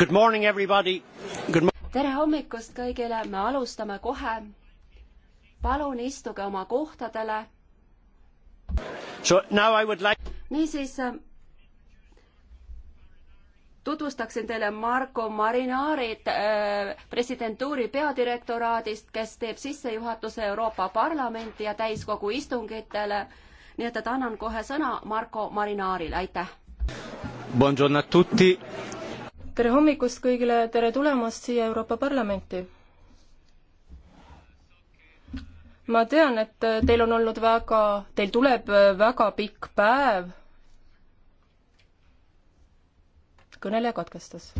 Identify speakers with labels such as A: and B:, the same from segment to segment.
A: Good morning, everybody. Good mo-
B: tere hommikust kõigile, me alustame kohe. palun istuge oma kohtadele.
A: So now I would like
B: niisiis äh, tutvustaksin teile Marko Marinaarit äh, presidentuuri peadirektoraadist, kes teeb sissejuhatuse Euroopa Parlamenti ja täiskogu istungitele. nii et, et annan kohe
A: sõna Marko Marinaarile, aitäh. Buongiorno a tutti tere hommikust kõigile ja tere tulemast siia Euroopa Parlamenti! ma tean, et teil on olnud väga, teil tuleb väga pikk päev. kõneleja katkestas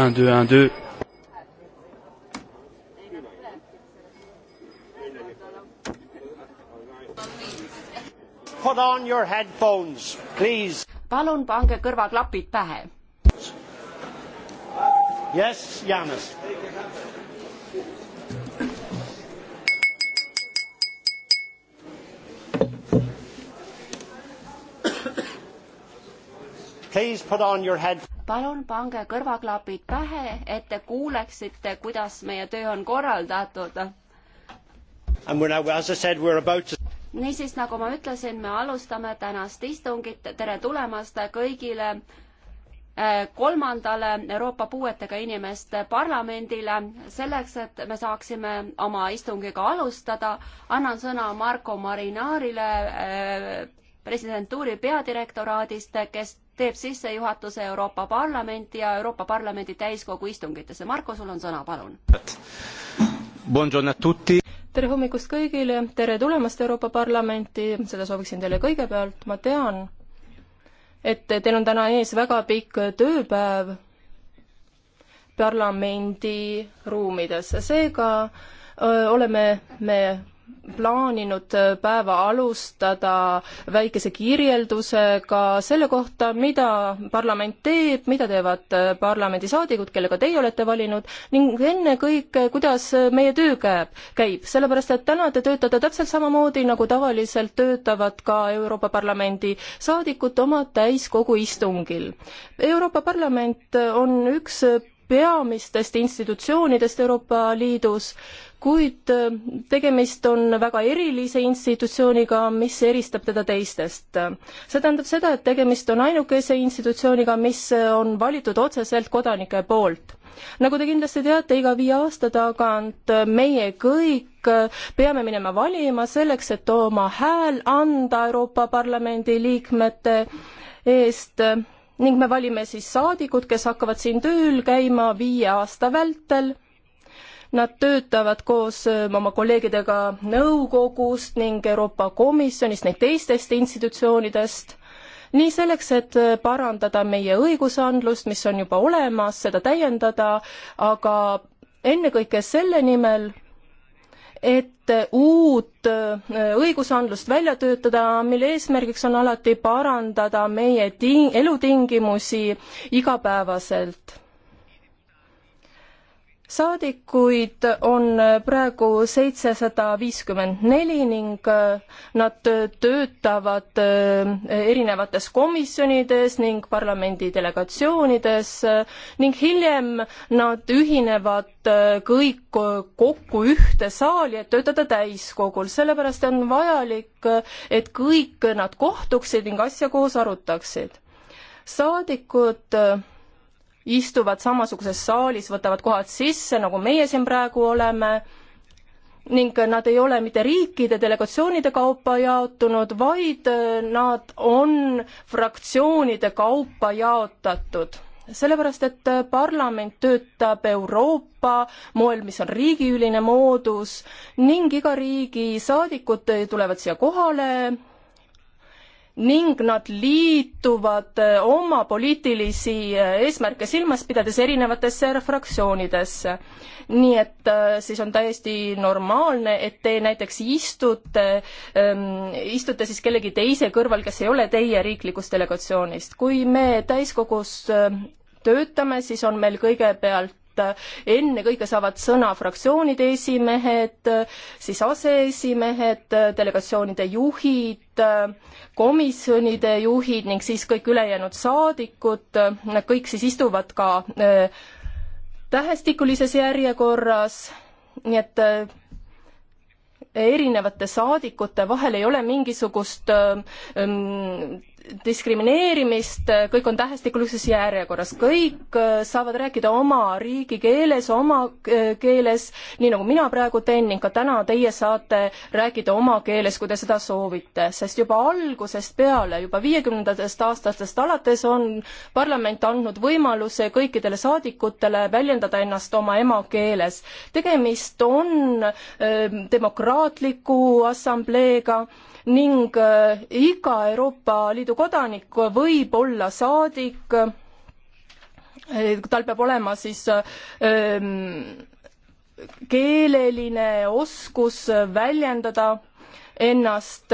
B: 1, 2, 1, 2. Put on your headphones, please. palun pange kõrvaklapid pähe.
A: Yes, Jaanus. Please put on your head
B: palun pange kõrvaklapid pähe, et te kuuleksite, kuidas meie töö on korraldatud. To... niisiis, nagu ma ütlesin, me alustame tänast istungit, tere tulemast kõigile eh, kolmandale Euroopa puuetega inimeste parlamendile. selleks, et me saaksime oma istungiga alustada, annan sõna Marko Marinaarile, eh, presidentuuri peadirektoraadist, kes teeb sissejuhatuse Euroopa Parlamenti ja Euroopa Parlamendi täiskogu istungitesse. Marko, sul on sõna, palun.
A: tere hommikust kõigile, tere tulemast Euroopa Parlamenti, seda sooviksin teile kõigepealt, ma tean, et teil on täna ees väga pikk tööpäev parlamendi ruumides, seega öö, oleme me plaaninud äh, päeva alustada väikese kirjeldusega selle kohta, mida parlament teeb, mida teevad äh, parlamendisaadikud, kellega teie olete valinud, ning ennekõike, kuidas äh, meie töö käib, käib, sellepärast et täna te töötate täpselt samamoodi, nagu tavaliselt töötavad ka Euroopa Parlamendi saadikud oma täiskogu istungil. Euroopa Parlament on üks peamistest institutsioonidest Euroopa Liidus, kuid äh, tegemist on väga erilise institutsiooniga, mis eristab teda teistest. see tähendab seda, et tegemist on ainukese institutsiooniga, mis äh, on valitud otseselt kodanike poolt nagu te kindlasti teate, iga viie aasta tagant äh, meie kõik peame minema valima selleks, et oma hääl anda Euroopa Parlamendi liikmete eest ning me valime siis saadikud, kes hakkavad siin tööl käima viie aasta vältel Nad töötavad koos äh, oma kolleegidega nõukogust ning Euroopa Komisjonist ning teistest institutsioonidest nii selleks, et äh, parandada meie õigusandlust, mis on juba olemas, seda täiendada, aga ennekõike selle nimel, et äh, uut õigusandlust välja töötada, mille eesmärgiks on alati parandada meie ting-, elutingimusi igapäevaselt saadikuid on praegu seitsesada viiskümmend neli ning äh, nad töötavad äh, erinevates komisjonides ning parlamendi delegatsioonides äh, ning hiljem nad ühinevad kõik kokku ühte saali, et töötada täiskogul, sellepärast on vajalik, et kõik nad kohtuksid ning asja koos arutaksid. saadikud istuvad samasuguses saalis, võtavad kohad sisse, nagu meie siin praegu oleme, ning nad ei ole mitte riikide delegatsioonide kaupa jaotunud, vaid äh, nad on fraktsioonide kaupa jaotatud sellepärast, et äh, parlament töötab Euroopa moel, mis on riigiüline moodus ning iga riigi saadikud äh, tulevad siia kohale ning nad liituvad äh, oma poliitilisi äh, eesmärke silmas pidades erinevatesse fraktsioonidesse. nii et äh, siis on täiesti normaalne, et te näiteks istute, ähm, istute siis kellegi teise kõrval, kes ei ole teie riiklikust delegatsioonist. kui me täiskogus töötame, siis on meil kõigepealt ennekõike saavad sõna fraktsioonide esimehed, siis aseesimehed, delegatsioonide juhid, komisjonide juhid ning siis kõik ülejäänud saadikud, nad kõik siis istuvad ka äh, tähestikulises järjekorras, nii et äh, erinevate saadikute vahel ei ole mingisugust äh, diskrimineerimist, kõik on tähestikulises järjekorras, kõik äh, saavad rääkida oma riigikeeles, oma äh, keeles, nii nagu mina praegu teen ning ka täna teie saate rääkida oma keeles, kui te seda soovite, sest juba algusest peale, juba viiekümnendatest aastatest alates on parlament andnud võimaluse kõikidele saadikutele väljendada ennast oma emakeeles. tegemist on öö, äh, demokraatliku assambleega, ning äh, iga Euroopa Liidu kodanik võib olla saadik, äh, tal peab olema siis äh, ähm, keeleline oskus väljendada ennast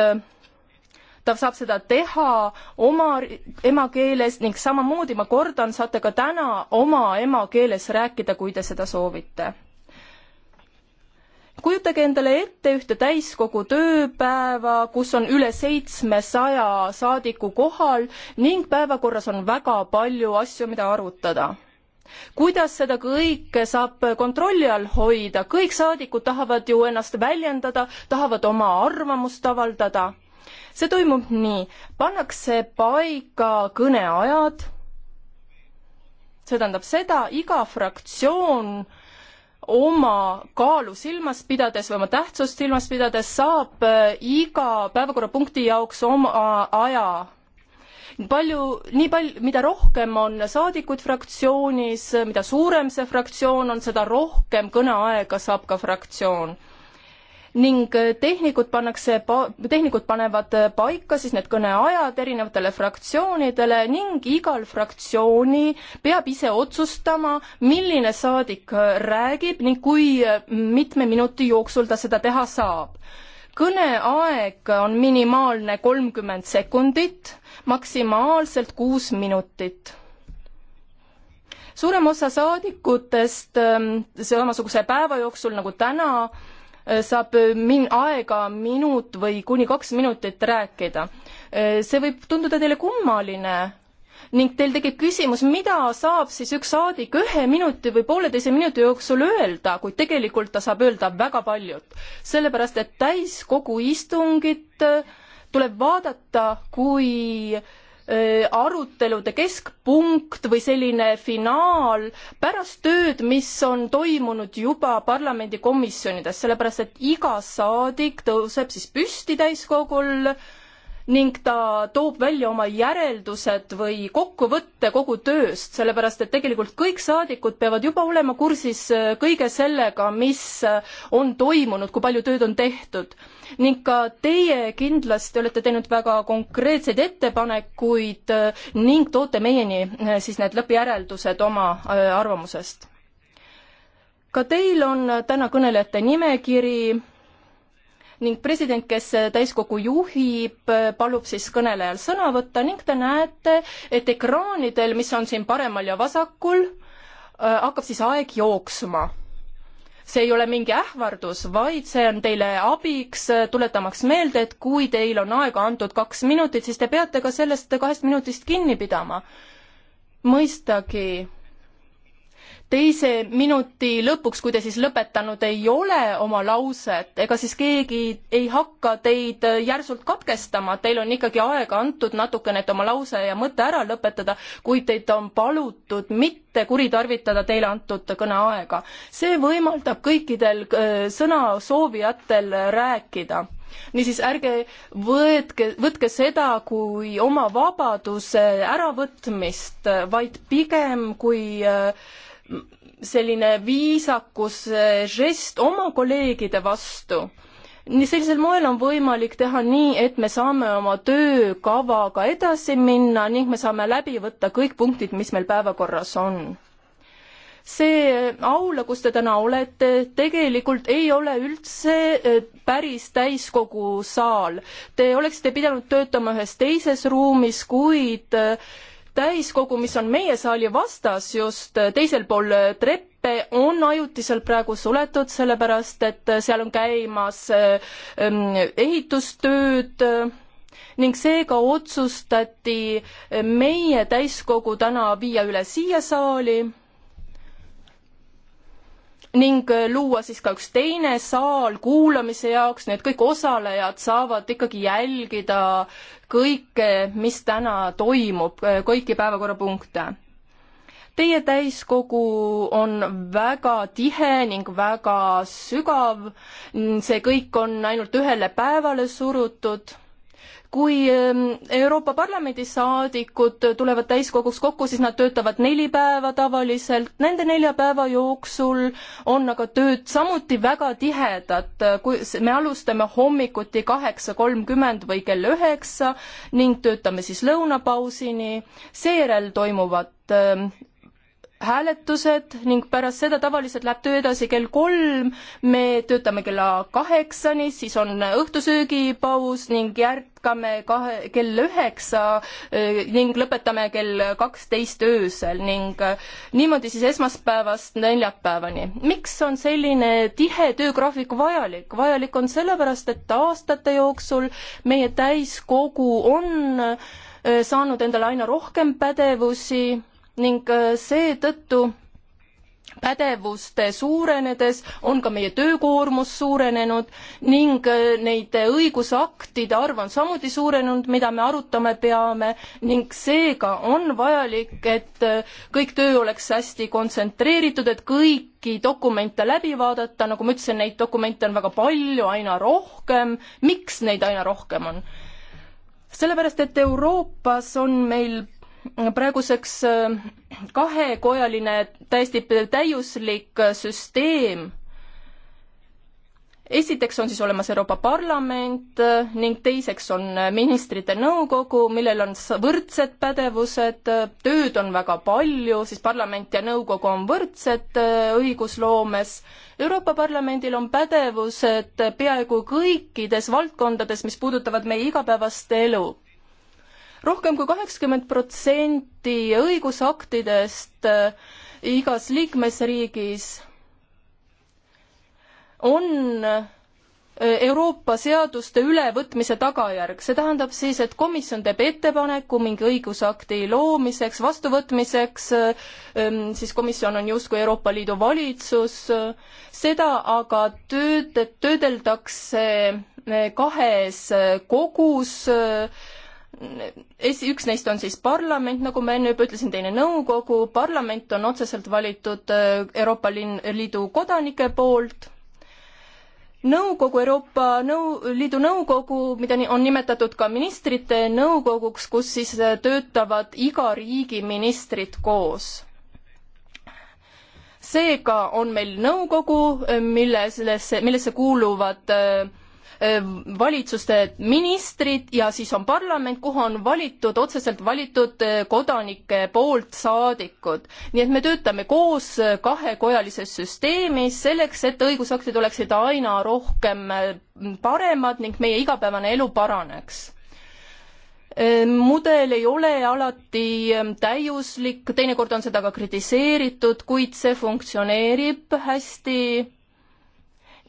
A: ta saab seda teha oma emakeeles ning samamoodi, ma kordan, saate ka täna oma emakeeles rääkida, kui te seda soovite kujutage endale ette ühte täiskogu tööpäeva, kus on üle seitsmesaja saadiku kohal ning päevakorras on väga palju asju, mida arutada kuidas seda kõike saab kontrolli all hoida, kõik saadikud tahavad ju ennast väljendada, tahavad oma arvamust avaldada. see toimub nii, pannakse paika kõneajad, see tähendab seda, iga fraktsioon oma kaalu silmas pidades või oma tähtsust silmas pidades saab äh, iga päevakorrapunkti jaoks oma aja. palju, nii palju, mida rohkem on saadikuid fraktsioonis, äh, mida suurem see fraktsioon on, seda rohkem kõneaega saab ka fraktsioon ning äh, tehnikud pannakse, tehnikud panevad äh, paika siis need kõneajad erinevatele fraktsioonidele ning igal fraktsiooni peab ise otsustama, milline saadik äh, räägib ning kui mitme minuti jooksul ta seda teha saab kõneaeg on minimaalne kolmkümmend sekundit, maksimaalselt kuus minutit suurem osa saadikutest ähm, samasuguse päeva jooksul nagu täna Äh, saab äh, min-, aega minut või kuni kaks minutit rääkida. Äh, see võib tunduda teile kummaline ning teil tekib küsimus, mida saab siis üks saadik ühe minuti või pooleteise minuti jooksul öelda, kuid tegelikult ta saab öelda väga paljut. sellepärast, et täiskogu istungit tuleb vaadata kui äh, arutelude keskpunkt või selline finaal pärast tööd, mis on toimunud juba parlamendikomisjonides, sellepärast et iga saadik tõuseb siis püsti täiskogul ning ta toob välja oma järeldused või kokkuvõtte kogu tööst, sellepärast et tegelikult kõik saadikud peavad juba olema kursis kõige sellega, mis on toimunud, kui palju tööd on tehtud ning ka teie kindlasti olete teinud väga konkreetseid ettepanekuid äh, ning toote meieni äh, siis need lõppjäreldused oma äh, arvamusest. ka teil on täna kõnelejate nimekiri ning president, kes täiskogu juhib, palub siis kõnelejal sõna võtta ning te näete, et ekraanidel, mis on siin paremal ja vasakul, hakkab siis aeg jooksma see ei ole mingi ähvardus, vaid see on teile abiks, tuletamaks meelde, et kui teil on aega antud kaks minutit, siis te peate ka sellest kahest minutist kinni pidama. mõistagi teise minuti lõpuks, kui te siis lõpetanud ei ole oma lauset, ega siis keegi ei hakka teid äh, järsult katkestama, teil on ikkagi aega antud natukene, et oma lause ja mõte ära lõpetada, kuid teid on palutud mitte kuritarvitada teile antud kõneaega. see võimaldab kõikidel äh, sõnasoovijatel rääkida niisiis ärge võetke, võtke seda kui oma vabaduse äravõtmist, vaid pigem kui äh, selline viisakus eh, žest oma kolleegide vastu. nii sellisel moel on võimalik teha nii, et me saame oma töökavaga edasi minna ning me saame läbi võtta kõik punktid, mis meil päevakorras on see aula, kus te täna olete, tegelikult ei ole üldse eh, päris täiskogu saal. Te oleksite pidanud töötama ühes teises ruumis, kuid eh, täiskogu, mis on meie saali vastas just teisel pool treppe, on ajutiselt praegu suletud, sellepärast et seal on käimas ähm, ehitustööd ning seega otsustati meie täiskogu täna viia üle siia saali ning äh, luua siis ka üks teine saal kuulamise jaoks, nii et kõik osalejad saavad ikkagi jälgida kõike, mis täna toimub, äh, kõiki päevakorrapunkte. Teie täiskogu on väga tihe ning väga sügav, see kõik on ainult ühele päevale surutud kui ehm, Euroopa Parlamendi saadikud tulevad täiskoguks kokku, siis nad töötavad neli päeva tavaliselt, nende nelja päeva jooksul on aga tööd samuti väga tihedad, kui me alustame hommikuti kaheksa kolmkümmend või kell üheksa ning töötame siis lõunapausini, seejärel toimuvad ehm, hääletused ning pärast seda tavaliselt läheb töö edasi kell kolm, me töötame kella kaheksani, siis on õhtusöögipaus ning jätkame kahe, kell üheksa eh, ning lõpetame kell kaksteist öösel ning eh, niimoodi siis esmaspäevast neljapäevani. miks on selline tihe töögraafik vajalik? vajalik on sellepärast, et aastate jooksul meie täiskogu on eh, saanud endale aina rohkem pädevusi ning äh, seetõttu pädevuste suurenedes on ka meie töökoormus suurenenud ning äh, neid õigusaktide arv on samuti suurenenud, mida me arutama peame ning seega on vajalik, et äh, kõik töö oleks hästi kontsentreeritud, et kõiki dokumente läbi vaadata, nagu ma ütlesin, neid dokumente on väga palju, aina rohkem. miks neid aina rohkem on? sellepärast, et Euroopas on meil praeguseks äh, kahekojaline, täiesti täiuslik äh, süsteem. esiteks on siis olemas Euroopa Parlament äh, ning teiseks on ministrite nõukogu, millel on võrdsed pädevused, tööd on väga palju, siis parlament ja nõukogu on võrdsed õigusloomes. Euroopa Parlamendil on pädevused peaaegu kõikides valdkondades, mis puudutavad meie igapäevast elu rohkem kui kaheksakümmend protsenti õigusaktidest äh, igas liikmesriigis on äh, Euroopa seaduste ülevõtmise tagajärg, see tähendab siis, et komisjon teeb ettepaneku mingi õigusakti loomiseks, vastuvõtmiseks, äh, ähm, siis komisjon on justkui Euroopa Liidu valitsus, seda aga tööd, töödeldakse kahes kogus esi, üks neist on siis parlament, nagu ma enne juba ütlesin, teine nõukogu, parlament on otseselt valitud äh, Euroopa linn, Liidu kodanike poolt, nõukogu, Euroopa Nõu-, Liidu Nõukogu, mida on nimetatud ka ministrite nõukoguks, kus siis äh, töötavad iga riigi ministrid koos seega on meil nõukogu, milles, äh, millesse, millesse kuuluvad äh, Ehm, valitsuste ministrid ja siis on parlament, kuhu on valitud, otseselt valitud eh, kodanike poolt saadikud. nii et me töötame koos eh, kahekojalises süsteemis selleks, et õigusaktid oleksid aina rohkem eh, paremad ning meie igapäevane elu paraneks ehm, mudel ei ole alati ehm, täiuslik, teinekord on seda ka kritiseeritud, kuid see funktsioneerib hästi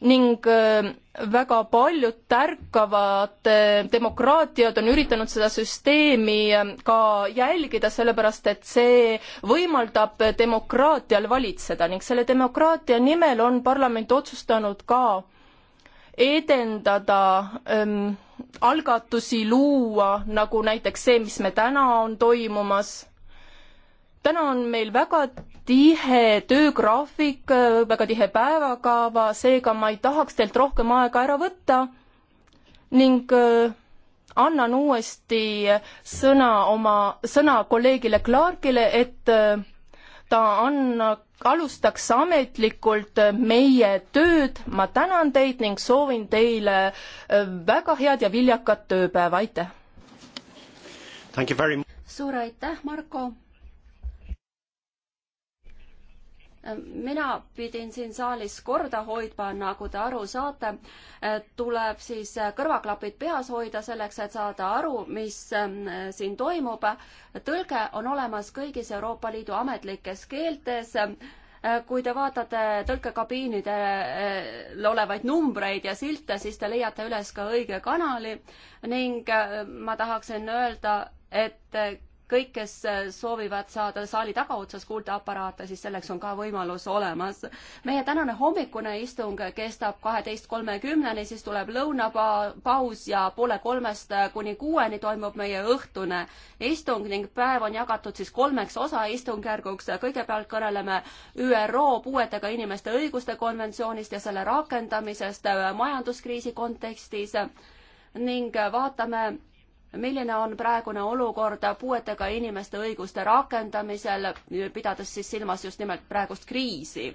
A: ning äh, väga paljud tärkavad äh, demokraatiad on üritanud seda süsteemi äh, ka jälgida, sellepärast et see võimaldab demokraatial valitseda ning selle demokraatia nimel on parlament otsustanud ka edendada ähm, algatusi luua, nagu näiteks see, mis me täna on toimumas täna on meil väga tihe töögraafik, väga tihe päevakava, seega ma ei tahaks teilt rohkem aega ära võtta ning äh, annan uuesti sõna oma, sõna kolleegile Clarkile, et äh, ta anna, alustaks ametlikult äh, meie tööd. ma tänan teid ning soovin teile väga head ja viljakat tööpäeva, aitäh!
B: suur aitäh, Marko! mina pidin siin saalis korda hoidma, nagu te aru saate, tuleb siis kõrvaklapid peas hoida selleks, et saada aru, mis ähm, siin toimub. tõlge on olemas kõigis Euroopa Liidu ametlikes keeltes. kui te vaatate tõlkekabiinidel äh, olevaid numbreid ja silte, siis te leiate üles ka õige kanali ning äh, ma tahaksin öelda, et kõik, kes äh, soovivad saada saali tagaotsas kuuldeaparaate, siis selleks on ka võimalus olemas. meie tänane hommikune istung kestab kaheteist kolmekümneni, siis tuleb lõunapaus ja poole kolmest äh, kuni kuueni toimub meie õhtune istung ning päev on jagatud siis kolmeks osaistungjärguks. kõigepealt kõneleme ÜRO puuetega inimeste õiguste konventsioonist ja selle rakendamisest äh, majanduskriisi kontekstis ning vaatame milline on praegune olukord puuetega inimeste õiguste rakendamisel, pidades siis silmas just nimelt praegust kriisi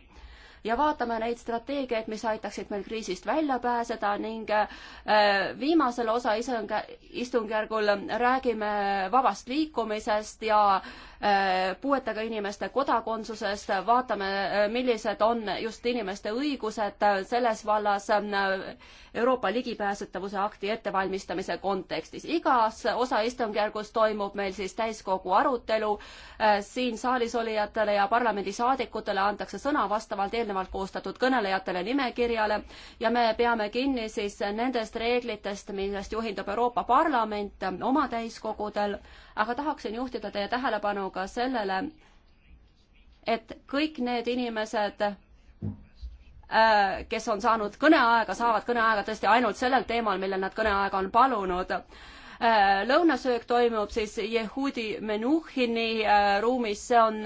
B: ja vaatame neid strateegiaid, mis aitaksid meil kriisist välja pääseda ning äh, viimasel osa istungjärgul räägime vabast liikumisest ja äh, puuetega inimeste kodakondsusest, vaatame, äh, millised on just inimeste õigused selles vallas Euroopa ligipääsetavuse akti ettevalmistamise kontekstis. igas osaistungjärgus toimub meil siis täiskogu arutelu, siin saalis olijatele ja parlamendisaadikutele antakse sõna vastavalt eelnevale eelnevalt koostatud kõnelejatele nimekirjale ja me peame kinni siis nendest reeglitest, millest juhindub Euroopa Parlament oma täiskogudel, aga tahaksin juhtida teie tähelepanu ka sellele, et kõik need inimesed, äh, kes on saanud kõneaega, saavad kõneaega tõesti ainult sellel teemal, millel nad kõneaega on palunud äh, lõunasöök toimub siis Yehudi Menuhini äh, ruumis, see on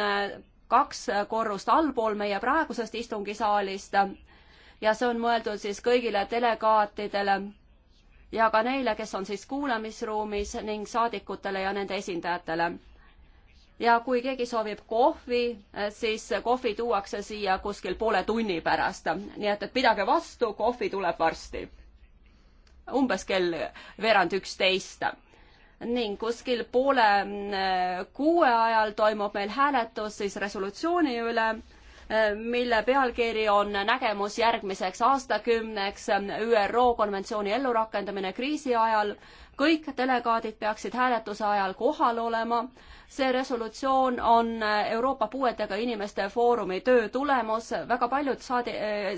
B: kaks korrust allpool meie praegusest istungisaalist ja see on mõeldud siis kõigile delegaatidele ja ka neile, kes on siis kuulamisruumis ning saadikutele ja nende esindajatele. ja kui keegi soovib kohvi, siis kohvi tuuakse siia kuskil poole tunni pärast, nii et, et pidage vastu, kohvi tuleb varsti. umbes kell veerand üksteist ning kuskil poole mm, kuue ajal toimub meil hääletus siis resolutsiooni üle, mm, mille pealkiri on Nägemus järgmiseks aastakümneks mm, ÜRO konventsiooni ellurakendamine kriisi ajal kõik delegaadid peaksid hääletuse ajal kohal olema. see resolutsioon on Euroopa Puuetega Inimeste Foorumi töö tulemus, väga paljud saadi,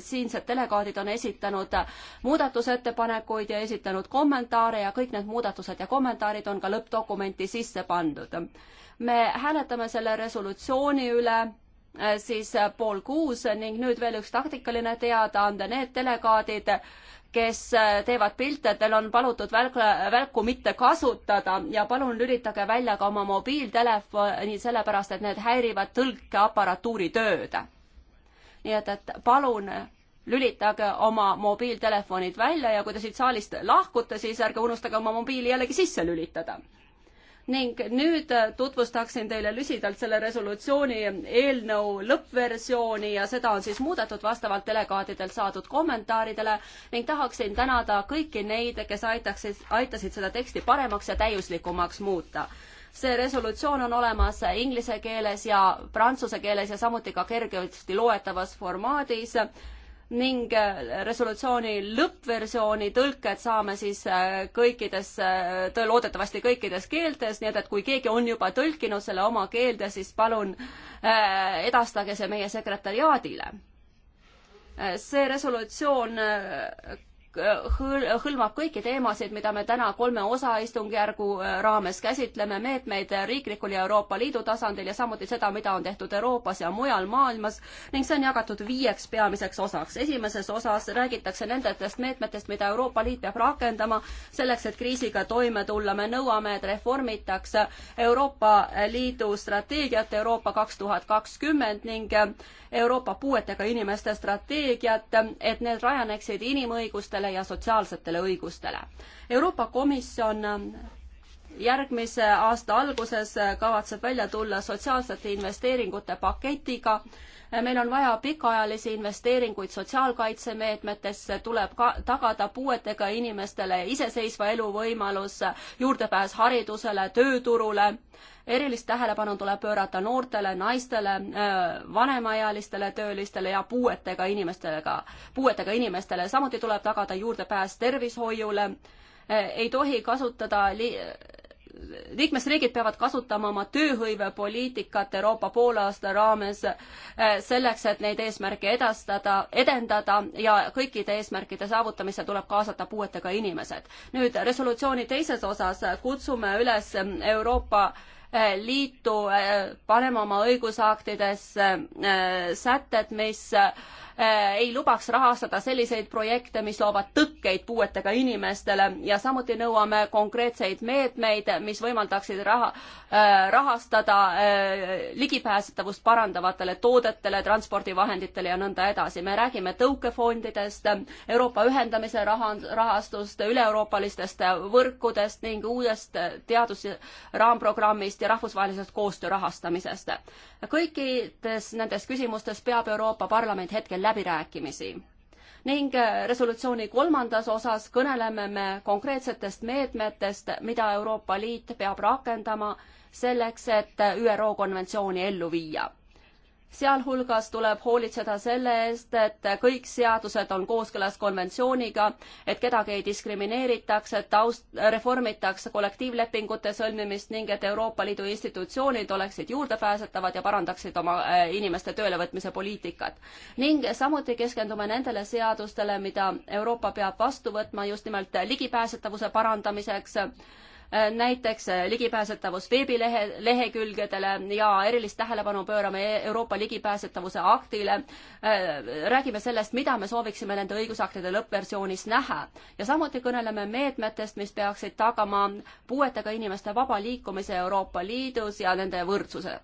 B: siinsed delegaadid on esitanud muudatusettepanekuid ja esitanud kommentaare ja kõik need muudatused ja kommentaarid on ka lõppdokumenti sisse pandud. me hääletame selle resolutsiooni üle eh, siis pool kuus ning nüüd veel üks taktikaline teadaande, need delegaadid, kes äh, teevad pilte, teil on palutud välk, välku mitte kasutada ja palun lülitage välja ka oma mobiiltelefoni, sellepärast et need häirivad tõlkeaparatuuri tööd. nii et, et palun lülitage oma mobiiltelefonid välja ja kui te siit saalist lahkute, siis ärge unustage oma mobiili jällegi sisse lülitada ning nüüd äh, tutvustaksin teile lüsidalt selle resolutsiooni eelnõu lõppversiooni ja seda on siis muudetud vastavalt delegaatidelt saadud kommentaaridele ning tahaksin tänada kõiki neid, kes aitaksid, aitasid seda teksti paremaks ja täiuslikumaks muuta see resolutsioon on olemas inglise keeles ja prantsuse keeles ja samuti ka kergesti loetavas formaadis ning äh, resolutsiooni lõppversiooni tõlked saame siis äh, kõikides, äh, loodetavasti kõikides keeltes, nii et, et kui keegi on juba tõlkinud selle oma keelde, siis palun edastage see meie sekretäriaadile. see resolutsioon hõlmab kõiki teemasid, mida me täna kolme osa istungjärgu äh, raames käsitleme, meetmeid riiklikul ja Euroopa Liidu tasandil ja samuti seda, mida on tehtud Euroopas ja mujal maailmas ning see on jagatud viieks peamiseks osaks. esimeses osas räägitakse nendest meetmetest, mida Euroopa Liit peab rakendama selleks, et kriisiga toime tulla. me nõuame, et reformitaks Euroopa Liidu strateegiat Euroopa kaks tuhat kakskümmend ning Euroopa puuetega inimeste strateegiat, et need rajaneksid inimõiguste õigustele ja sotsiaalsetele õigustele. Euroopa Komisjon ähm, järgmise aasta alguses äh, kavatseb välja tulla sotsiaalsete investeeringute paketiga. Äh, meil on vaja pikaajalisi investeeringuid sotsiaalkaitsemeetmetesse, tuleb ka tagada puuetega inimestele iseseisva elu võimalus, äh, juurdepääs haridusele, tööturule erilist tähelepanu tuleb pöörata noortele, naistele, äh, vanemaealistele töölistele ja puuetega inimestega, puuetega inimestele, samuti tuleb tagada juurdepääs tervishoiule, äh, ei tohi kasutada li-, liikmesriigid peavad kasutama oma tööhõivepoliitikat Euroopa poolaasta raames äh, selleks, et neid eesmärke edastada, edendada ja kõikide eesmärkide saavutamisse tuleb kaasata puuetega inimesed. nüüd resolutsiooni teises osas kutsume üles Euroopa Liitu eh, panema oma õigusaktidesse eh, sätted, mis eh, Äh, ei lubaks rahastada selliseid projekte, mis loovad tõkkeid puuetega inimestele ja samuti nõuame konkreetseid meetmeid, mis võimaldaksid raha, äh, rahastada äh, ligipääsetavust parandavatele toodetele, transpordivahenditele ja nõnda edasi. me räägime tõukefondidest, Euroopa ühendamise raha, rahastust, üle-euroopalistest võrkudest ning uuest teadusraamprogrammist ja rahvusvahelisest koostöö rahastamisest. kõikides nendes küsimustes peab Euroopa Parlament hetkel läbirääkimisi ning äh, resolutsiooni kolmandas osas kõneleme me konkreetsetest meetmetest, mida Euroopa Liit peab rakendama selleks, et äh, ÜRO konventsiooni ellu viia sealhulgas tuleb hoolitseda selle eest, et kõik seadused on kooskõlas konventsiooniga, et kedagi ei diskrimineeritaks, et taust, reformitakse kollektiivlepingute sõlmimist ning et Euroopa Liidu institutsioonid oleksid juurdepääsetavad ja parandaksid oma äh, inimeste töölevõtmise poliitikat. ning samuti keskendume nendele seadustele, mida Euroopa peab vastu võtma just nimelt ligipääsetavuse parandamiseks Äh, näiteks äh, ligipääsetavus veebilehe, lehekülgedele ja erilist tähelepanu pöörame e-, Euroopa ligipääsetavuse aktile. Äh, räägime sellest, mida me sooviksime nende õigusaktide lõppversioonis näha ja samuti kõneleme meetmetest, mis peaksid tagama puuetega inimeste vaba liikumise Euroopa Liidus ja nende võrdsuse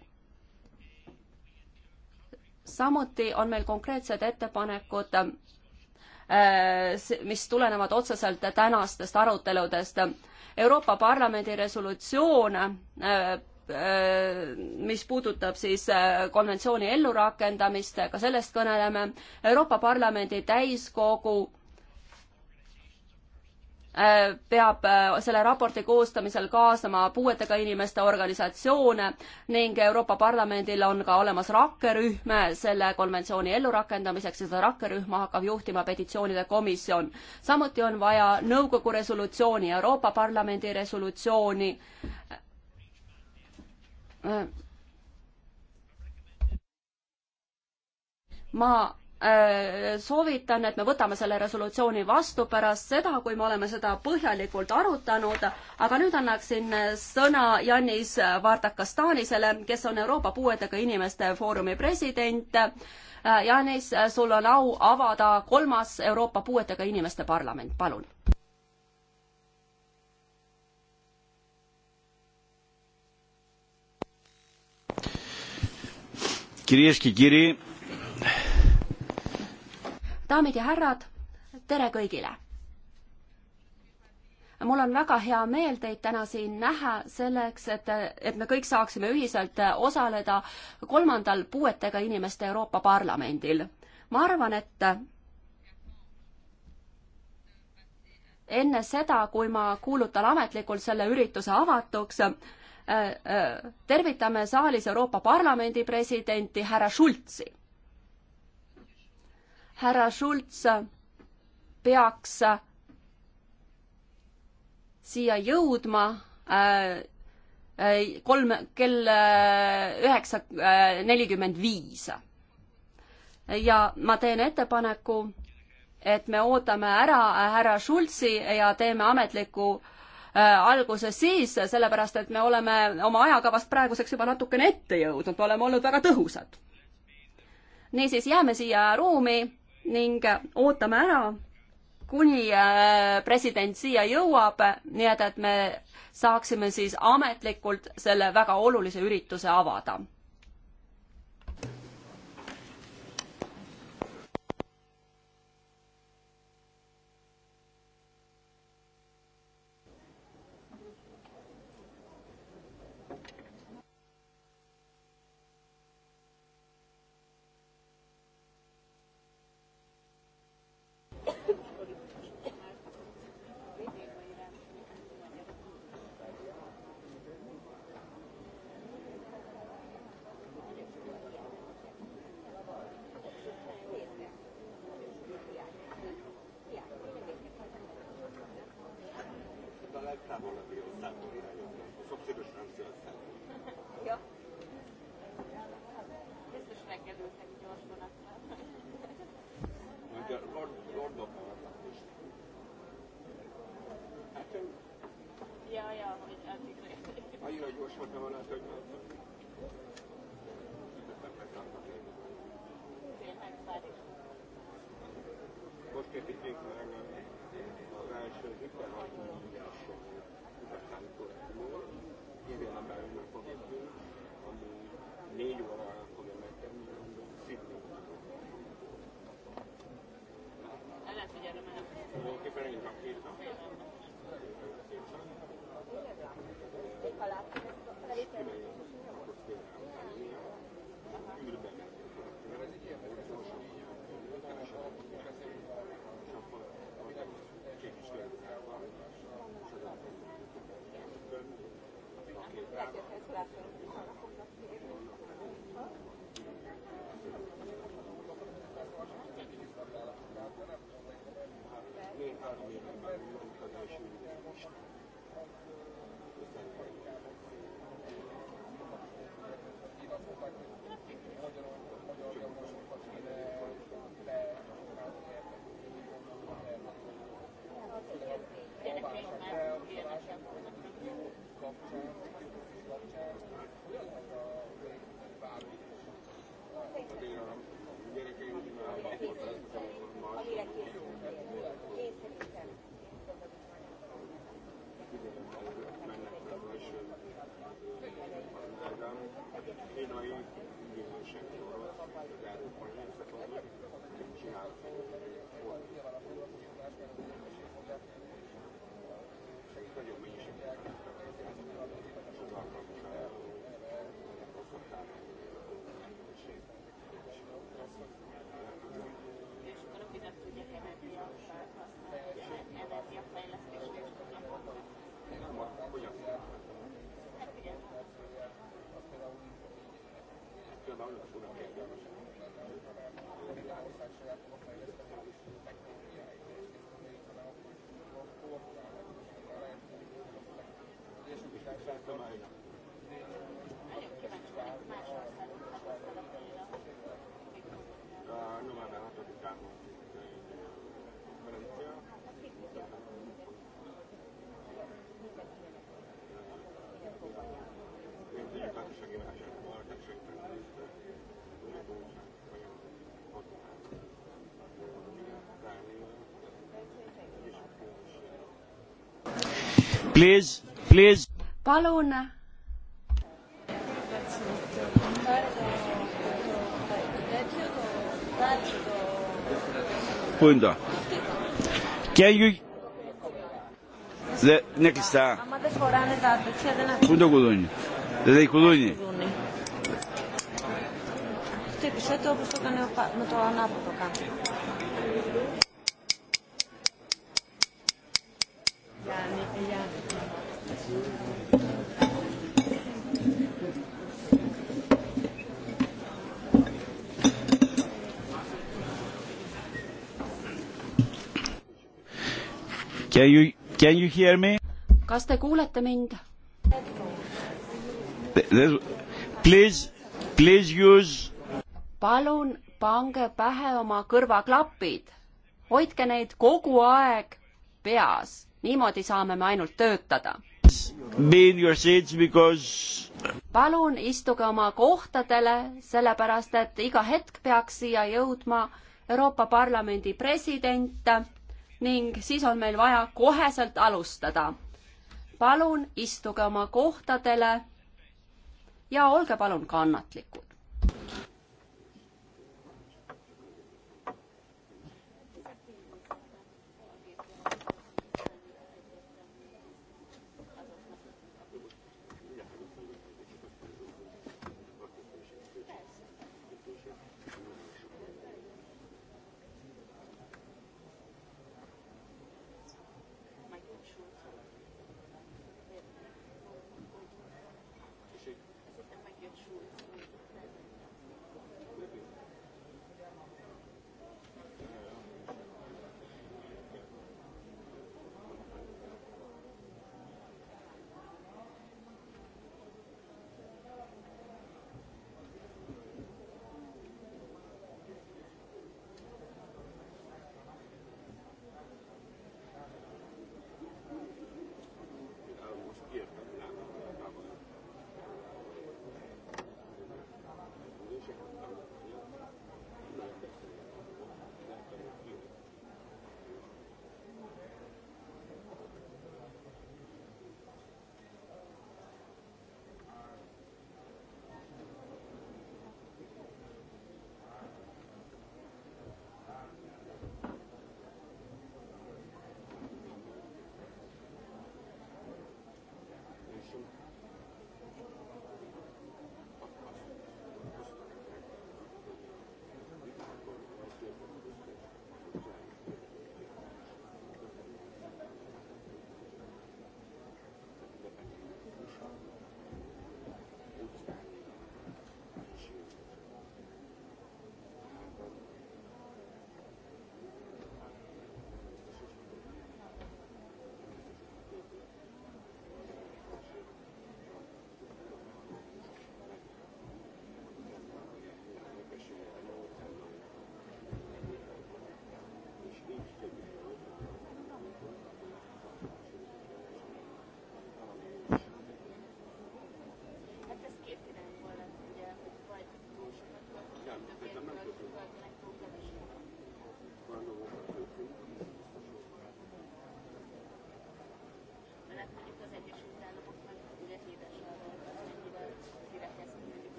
B: samuti on meil konkreetsed ettepanekud, mis tulenevad otseselt tänastest aruteludest Euroopa Parlamendi resolutsioon äh, äh, mis puudutab siis äh, konventsiooni ellurakendamist, ka sellest kõneleme. Euroopa Parlamendi täiskogu Äh, peab äh, selle raporti koostamisel kaasama puuetega inimeste organisatsioone ning Euroopa Parlamendil on ka olemas rakkerühm selle konventsiooni ellurakendamiseks ja seda rakkerühma hakkab juhtima petitsioonide komisjon. samuti on vaja nõukogu resolutsiooni, Euroopa Parlamendi resolutsiooni äh, ma Äh, soovitan, et me võtame selle resolutsiooni vastu pärast seda, kui me oleme seda põhjalikult arutanud, aga nüüd annaksin sõna Janis Vardakastanisele, kes on Euroopa Puuetega Inimeste Foorumi president. Äh, Janis, sul on au avada kolmas Euroopa Puuetega Inimeste Parlament, palun. Κυρίες και κύριοι, daamid ja härrad, tere kõigile! mul on väga hea meel teid täna siin näha, selleks et, et me kõik saaksime ühiselt osaleda kolmandal puuetega inimeste Euroopa Parlamendil. ma arvan, et enne seda, kui ma kuulutan ametlikult selle ürituse avatuks, äh, äh, tervitame saalis Euroopa Parlamendi presidenti härra Schulzi härra Schulz peaks siia jõudma äh, äh, kolm, kell äh, üheksa nelikümmend viis. ja ma teen ettepaneku, et me ootame ära härra Schulzi ja teeme ametliku alguse siis, sellepärast et me oleme oma ajakavast praeguseks juba natukene ette jõudnud, me oleme olnud väga tõhusad. niisiis, jääme siia ruumi ning ootame ära, kuni äh, president siia jõuab, nii et, et me saaksime siis ametlikult selle väga olulise ürituse avada Como que para mí. Thank you. Please, please. palun. Πούντα. Can you... Δε, είναι κλειστά. Άμα
A: δεν φοράνε τα τέτοια δεν ακούνε.
B: Πού είναι το κουδούνι. Δεν έχει κουδούνι.
C: Χτύπησε το όπως το έκανε με το ανάποδο κάτω.
B: Can you, can you hear me? kas te kuulete mind? Please, please use. palun pange pähe oma kõrvaklapid. hoidke neid kogu aeg peas, niimoodi saame me ainult töötada. Be in your seats because. palun istuge oma kohtadele, sellepärast et iga hetk peaks siia jõudma Euroopa Parlamendi president ning siis on meil vaja koheselt alustada. palun istuge oma kohtadele ja olge palun kannatlikud.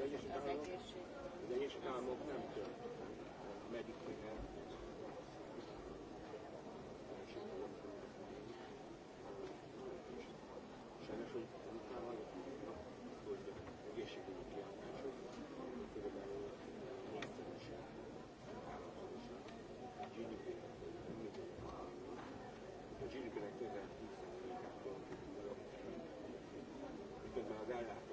C: Għaliex
B: għamu kemtu mediku
C: Ġiri bil-għaktu għal-għaktu għal-għaktu għal-għaktu għal-għaktu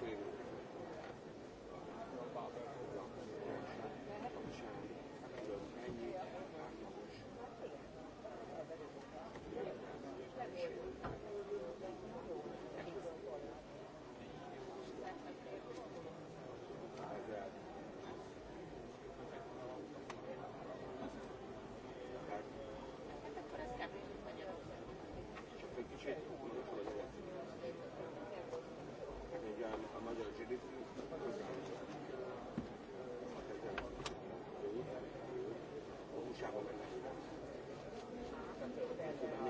A: Schwebe.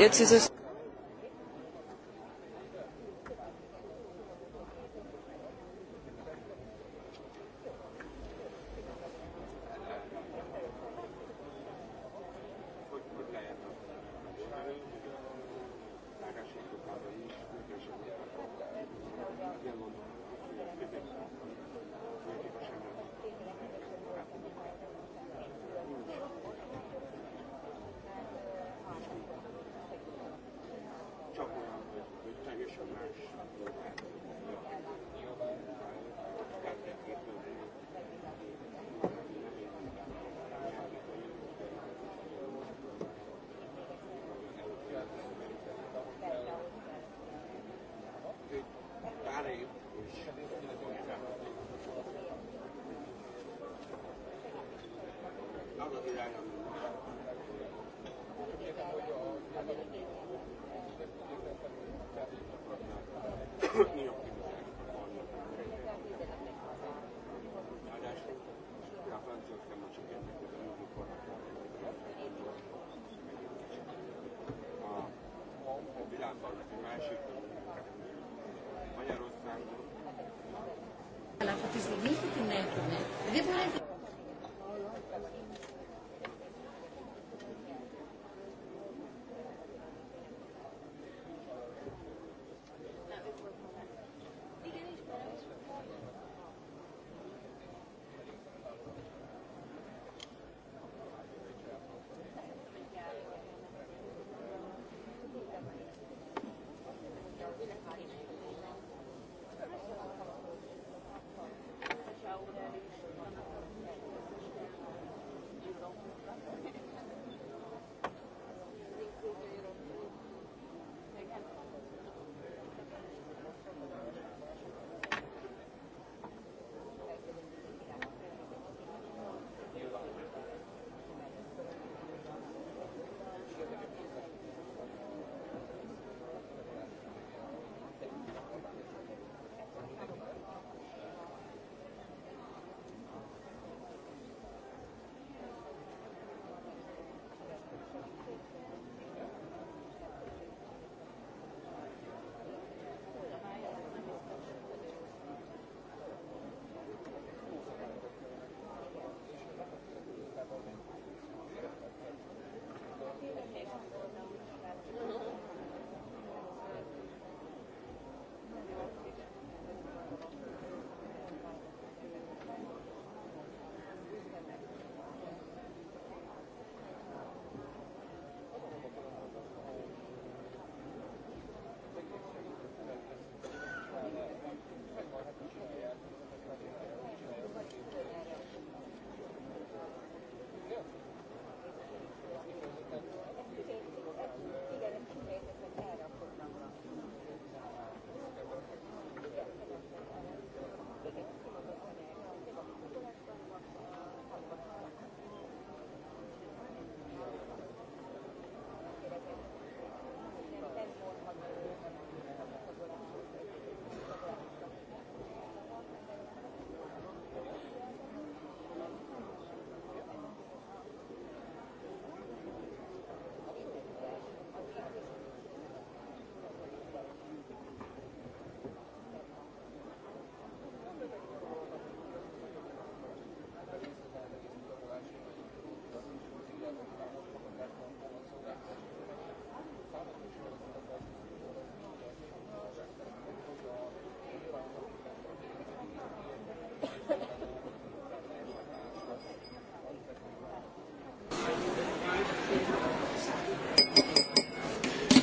A: jetzt ist es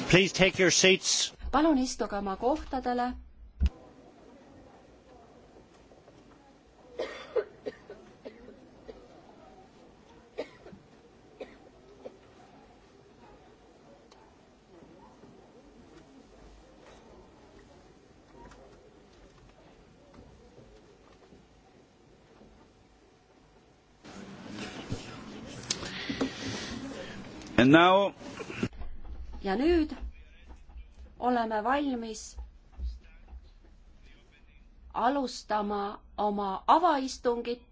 A: Please take your seats.
B: palun istuge oma kohtadele And now ja nüüd oleme valmis alustama oma avaistungit.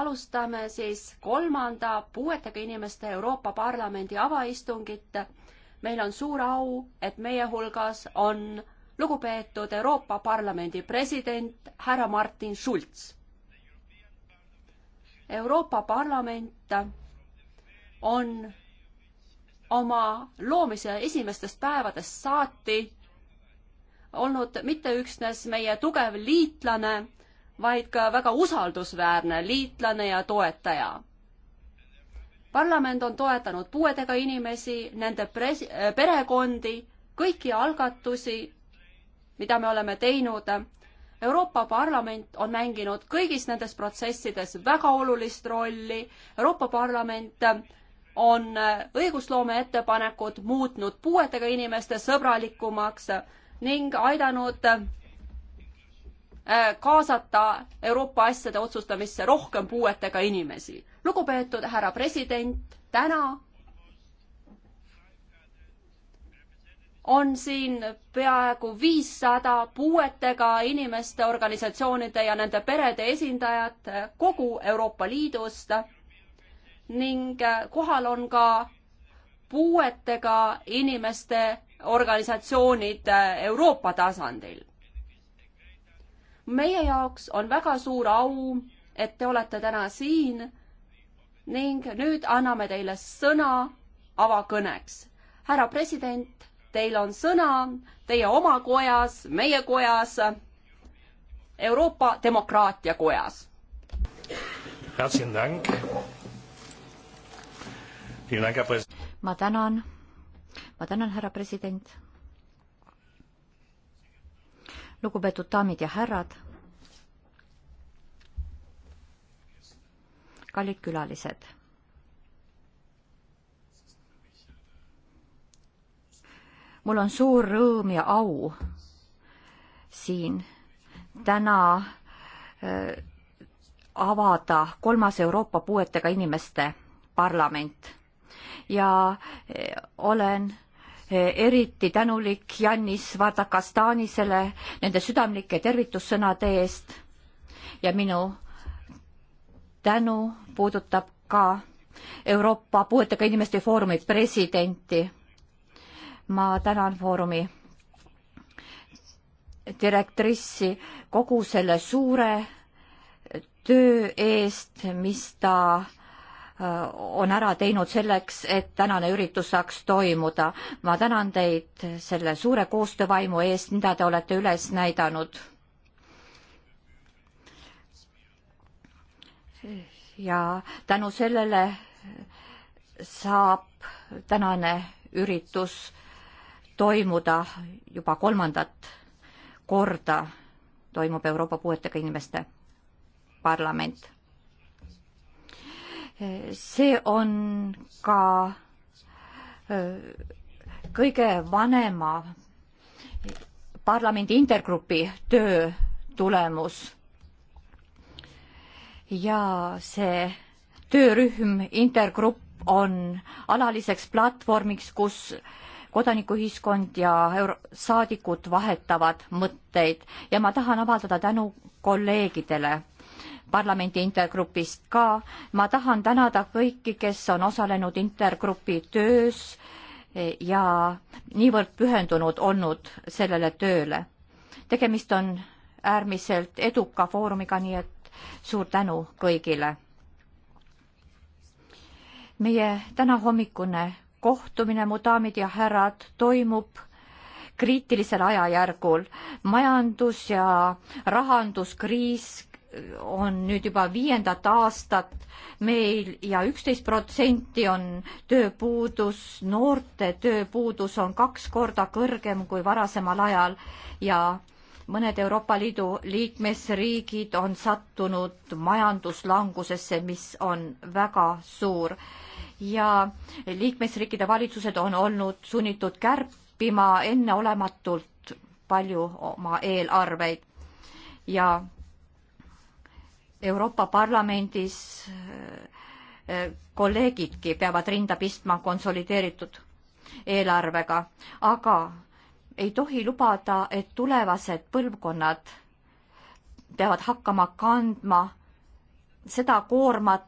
B: alustame siis kolmanda puuetega inimeste Euroopa Parlamendi avaistungit. meil on suur au, et meie hulgas on lugupeetud Euroopa Parlamendi president härra Martin Schulz. Euroopa Parlament on oma loomise esimestest päevadest saati olnud mitte üksnes meie tugev liitlane, vaid ka väga usaldusväärne liitlane ja toetaja. parlament on toetanud puuetega inimesi, nende pres-, perekondi, kõiki algatusi, mida me oleme teinud. Euroopa Parlament on mänginud kõigis nendes protsessides väga olulist rolli. Euroopa Parlament äh, on äh, õigusloome ettepanekud muutnud puuetega inimeste sõbralikumaks ning aidanud äh, kaasata Euroopa asjade otsustamisse rohkem puuetega inimesi. lugupeetud härra president, täna on siin peaaegu viissada puuetega inimeste organisatsioonide ja nende perede esindajat kogu Euroopa Liidust ning äh, kohal on ka puuetega inimeste organisatsioonid äh, Euroopa tasandil. meie jaoks on väga suur au, et te olete täna siin ning nüüd anname teile sõna avakõneks. härra president, teil on sõna teie oma kojas, meie kojas, Euroopa
C: Demokraatia Kojas ma tänan, ma tänan, härra president. lugupeetud daamid ja härrad. kallid külalised. mul on suur rõõm ja au siin täna äh, avada kolmas Euroopa puuetega inimeste parlament ja eh, olen eh, eriti tänulik Jannis Vardakastanisele nende südamlike tervitussõnade eest ja minu tänu puudutab ka Euroopa Puuetega Inimeste Foorumi presidenti. ma tänan Foorumi direktrissi kogu selle suure töö eest, mis ta Äh, on ära teinud selleks, et tänane üritus saaks toimuda. ma tänan teid selle suure koostöövaimu eest, mida te olete üles näidanud. ja tänu sellele saab tänane üritus toimuda juba kolmandat korda, toimub Euroopa Puuetega Inimeste Parlament see on ka kõige vanema parlamendi intergrupi töö tulemus. ja see töörühm, intergrupp on alaliseks platvormiks, kus kodanikuühiskond ja euro-, saadikud vahetavad mõtteid ja ma tahan avaldada tänu kolleegidele parlamendi intergrupist ka. ma tahan tänada kõiki, kes on osalenud intergrupi töös ja niivõrd pühendunud olnud sellele tööle. tegemist on äärmiselt eduka foorumiga, nii et suur tänu kõigile. meie tänahommikune kohtumine, mu daamid ja härrad, toimub kriitilisel ajajärgul. majandus ja rahanduskriis on nüüd juba viiendat aastat meil ja üksteist protsenti on tööpuudus, noorte tööpuudus on kaks korda kõrgem kui varasemal ajal ja mõned Euroopa Liidu liikmesriigid on sattunud majanduslangusesse, mis on väga suur ja liikmesriikide valitsused on olnud sunnitud kärpima enneolematult palju oma eelarveid ja Euroopa Parlamendis eh, eh, kolleegidki peavad rinda pistma konsolideeritud eelarvega, aga ei tohi lubada, et tulevased põlvkonnad peavad hakkama kandma seda koormat,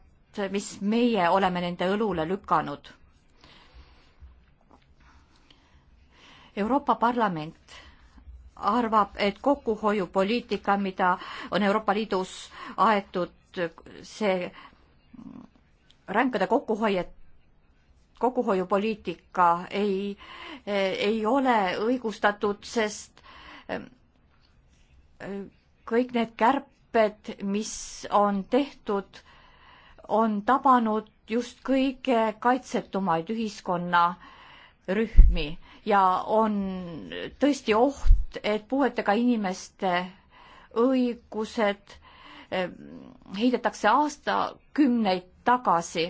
C: mis meie oleme nende õlule lükanud. Euroopa Parlament arvab, et kokkuhoiupoliitika, mida on Euroopa Liidus aetud, see ränkade kokkuhoiet, kokkuhoiupoliitika ei, ei ole õigustatud, sest ehm, kõik need kärped, mis on tehtud, on tabanud just kõige kaitsetumaid ühiskonna äh, rühmi ja on tõesti oht, et puuetega inimeste õigused eh, heidetakse aastakümneid tagasi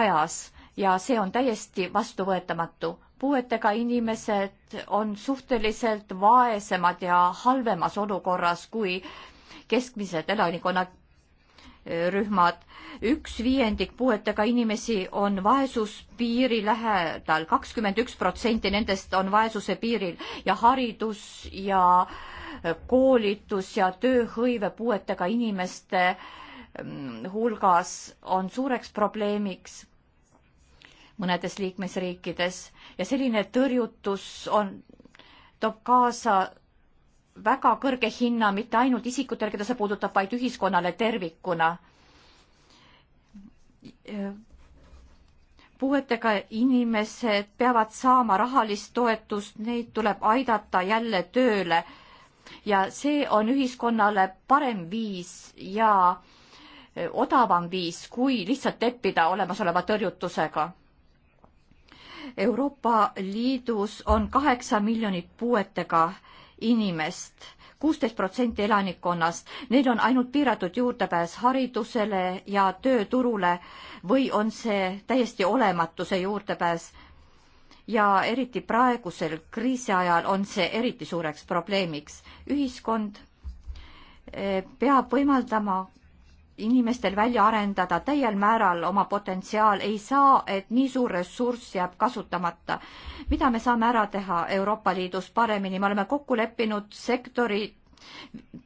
C: ajas ja see on täiesti vastuvõetamatu. puuetega inimesed on suhteliselt vaesemad ja halvemas olukorras kui keskmised elanikkonnad rühmad. üks viiendik puuetega inimesi on vaesuspiiri lähedal, kakskümmend üks protsenti nendest on vaesuse piiril ja haridus ja äh, koolitus ja tööhõive puuetega inimeste mm, hulgas on suureks probleemiks mõnedes liikmesriikides ja selline tõrjutus on, toob kaasa väga kõrge hinna mitte ainult isikutele, keda see puudutab, vaid ühiskonnale tervikuna. puuetega inimesed peavad saama rahalist toetust, neid tuleb aidata jälle tööle ja see on ühiskonnale parem viis ja odavam viis, kui lihtsalt leppida olemasoleva tõrjutusega Euroopa Liidus on kaheksa miljonit puuetega inimest kuusteist protsenti elanikkonnast, neil on ainult piiratud juurdepääs haridusele ja tööturule või on see täiesti olematu, see juurdepääs. ja eriti praegusel kriisi ajal on see eriti suureks probleemiks. ühiskond eh, peab võimaldama inimestel välja arendada täiel määral oma potentsiaal ei saa, et nii suur ressurss jääb kasutamata. mida me saame ära teha Euroopa Liidus paremini, me oleme kokku leppinud sektori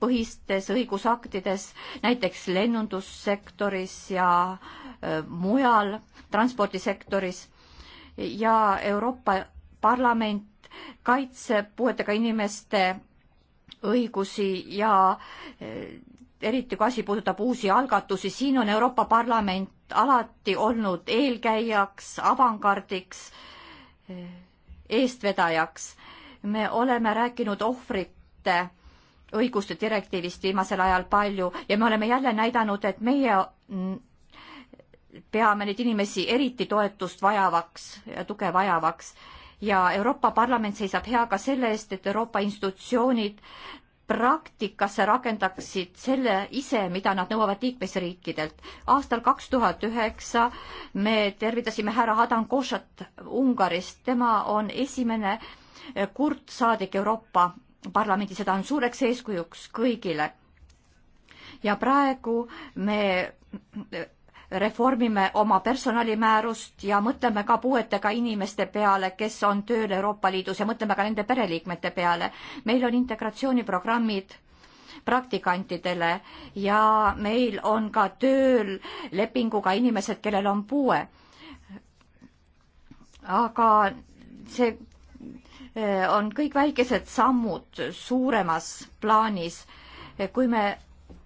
C: põhistes õigusaktides, näiteks lennundussektoris ja mujal transpordisektoris ja Euroopa Parlament kaitseb puuetega inimeste õigusi ja eriti kui asi puudutab uusi algatusi, siin on Euroopa Parlament alati olnud eelkäijaks, avangardiks, eestvedajaks. me oleme rääkinud ohvrite õiguste direktiivist viimasel ajal palju ja me oleme jälle näidanud, et meie peame neid inimesi eriti toetust vajavaks ja tuge vajavaks ja Euroopa Parlament seisab hea ka selle eest, et Euroopa institutsioonid praktikasse rakendaksid selle ise, mida nad nõuavad liikmesriikidelt. aastal kaks tuhat üheksa me tervitasime härra Adam Košat Ungarist, tema on esimene kurt saadik Euroopa Parlamendis ja ta on suureks eeskujuks kõigile. ja praegu me reformime oma personalimäärust ja mõtleme ka puuetega inimeste peale, kes on tööl Euroopa Liidus ja mõtleme ka nende pereliikmete peale. meil on integratsiooniprogrammid praktikantidele ja meil on ka tööl lepinguga inimesed, kellel on puue. aga see eh, on kõik väikesed sammud suuremas plaanis, eh, kui me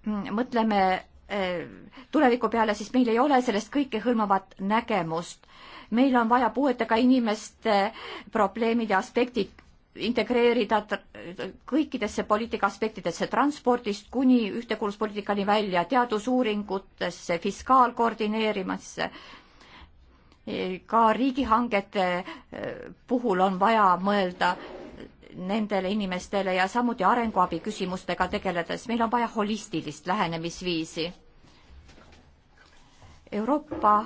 C: mm, mõtleme Äh, tuleviku peale, siis meil ei ole sellest kõikehõlmavat nägemust. meil on vaja puuetega inimeste probleemid ja aspektid integreerida kõikidesse poliitika aspektidesse, transpordist kuni ühtekuuluvuspoliitikani välja, teadusuuringutesse, fiskaalkoordineerimisse. ka riigihangete äh, puhul on vaja mõelda nendele inimestele ja samuti arenguabi küsimustega tegeledes. meil on vaja holistilist lähenemisviisi. Euroopa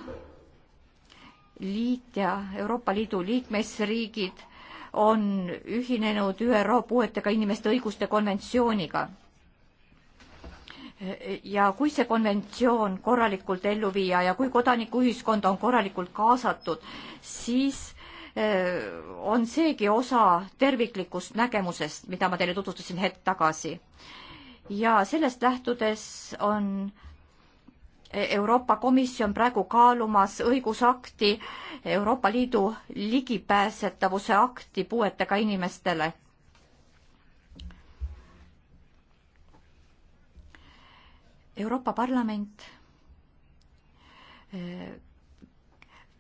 C: Liit ja Euroopa Liidu liikmesriigid on ühinenud ÜRO puuetega inimeste õiguste konventsiooniga. ja kui see konventsioon korralikult ellu viia ja kui kodanikuühiskond on korralikult kaasatud, siis on seegi osa terviklikust nägemusest, mida ma teile tutvustasin hetk tagasi. ja sellest lähtudes on Euroopa Komisjon praegu kaalumas õigusakti, Euroopa Liidu ligipääsetavuse akti puuetega inimestele. Euroopa Parlament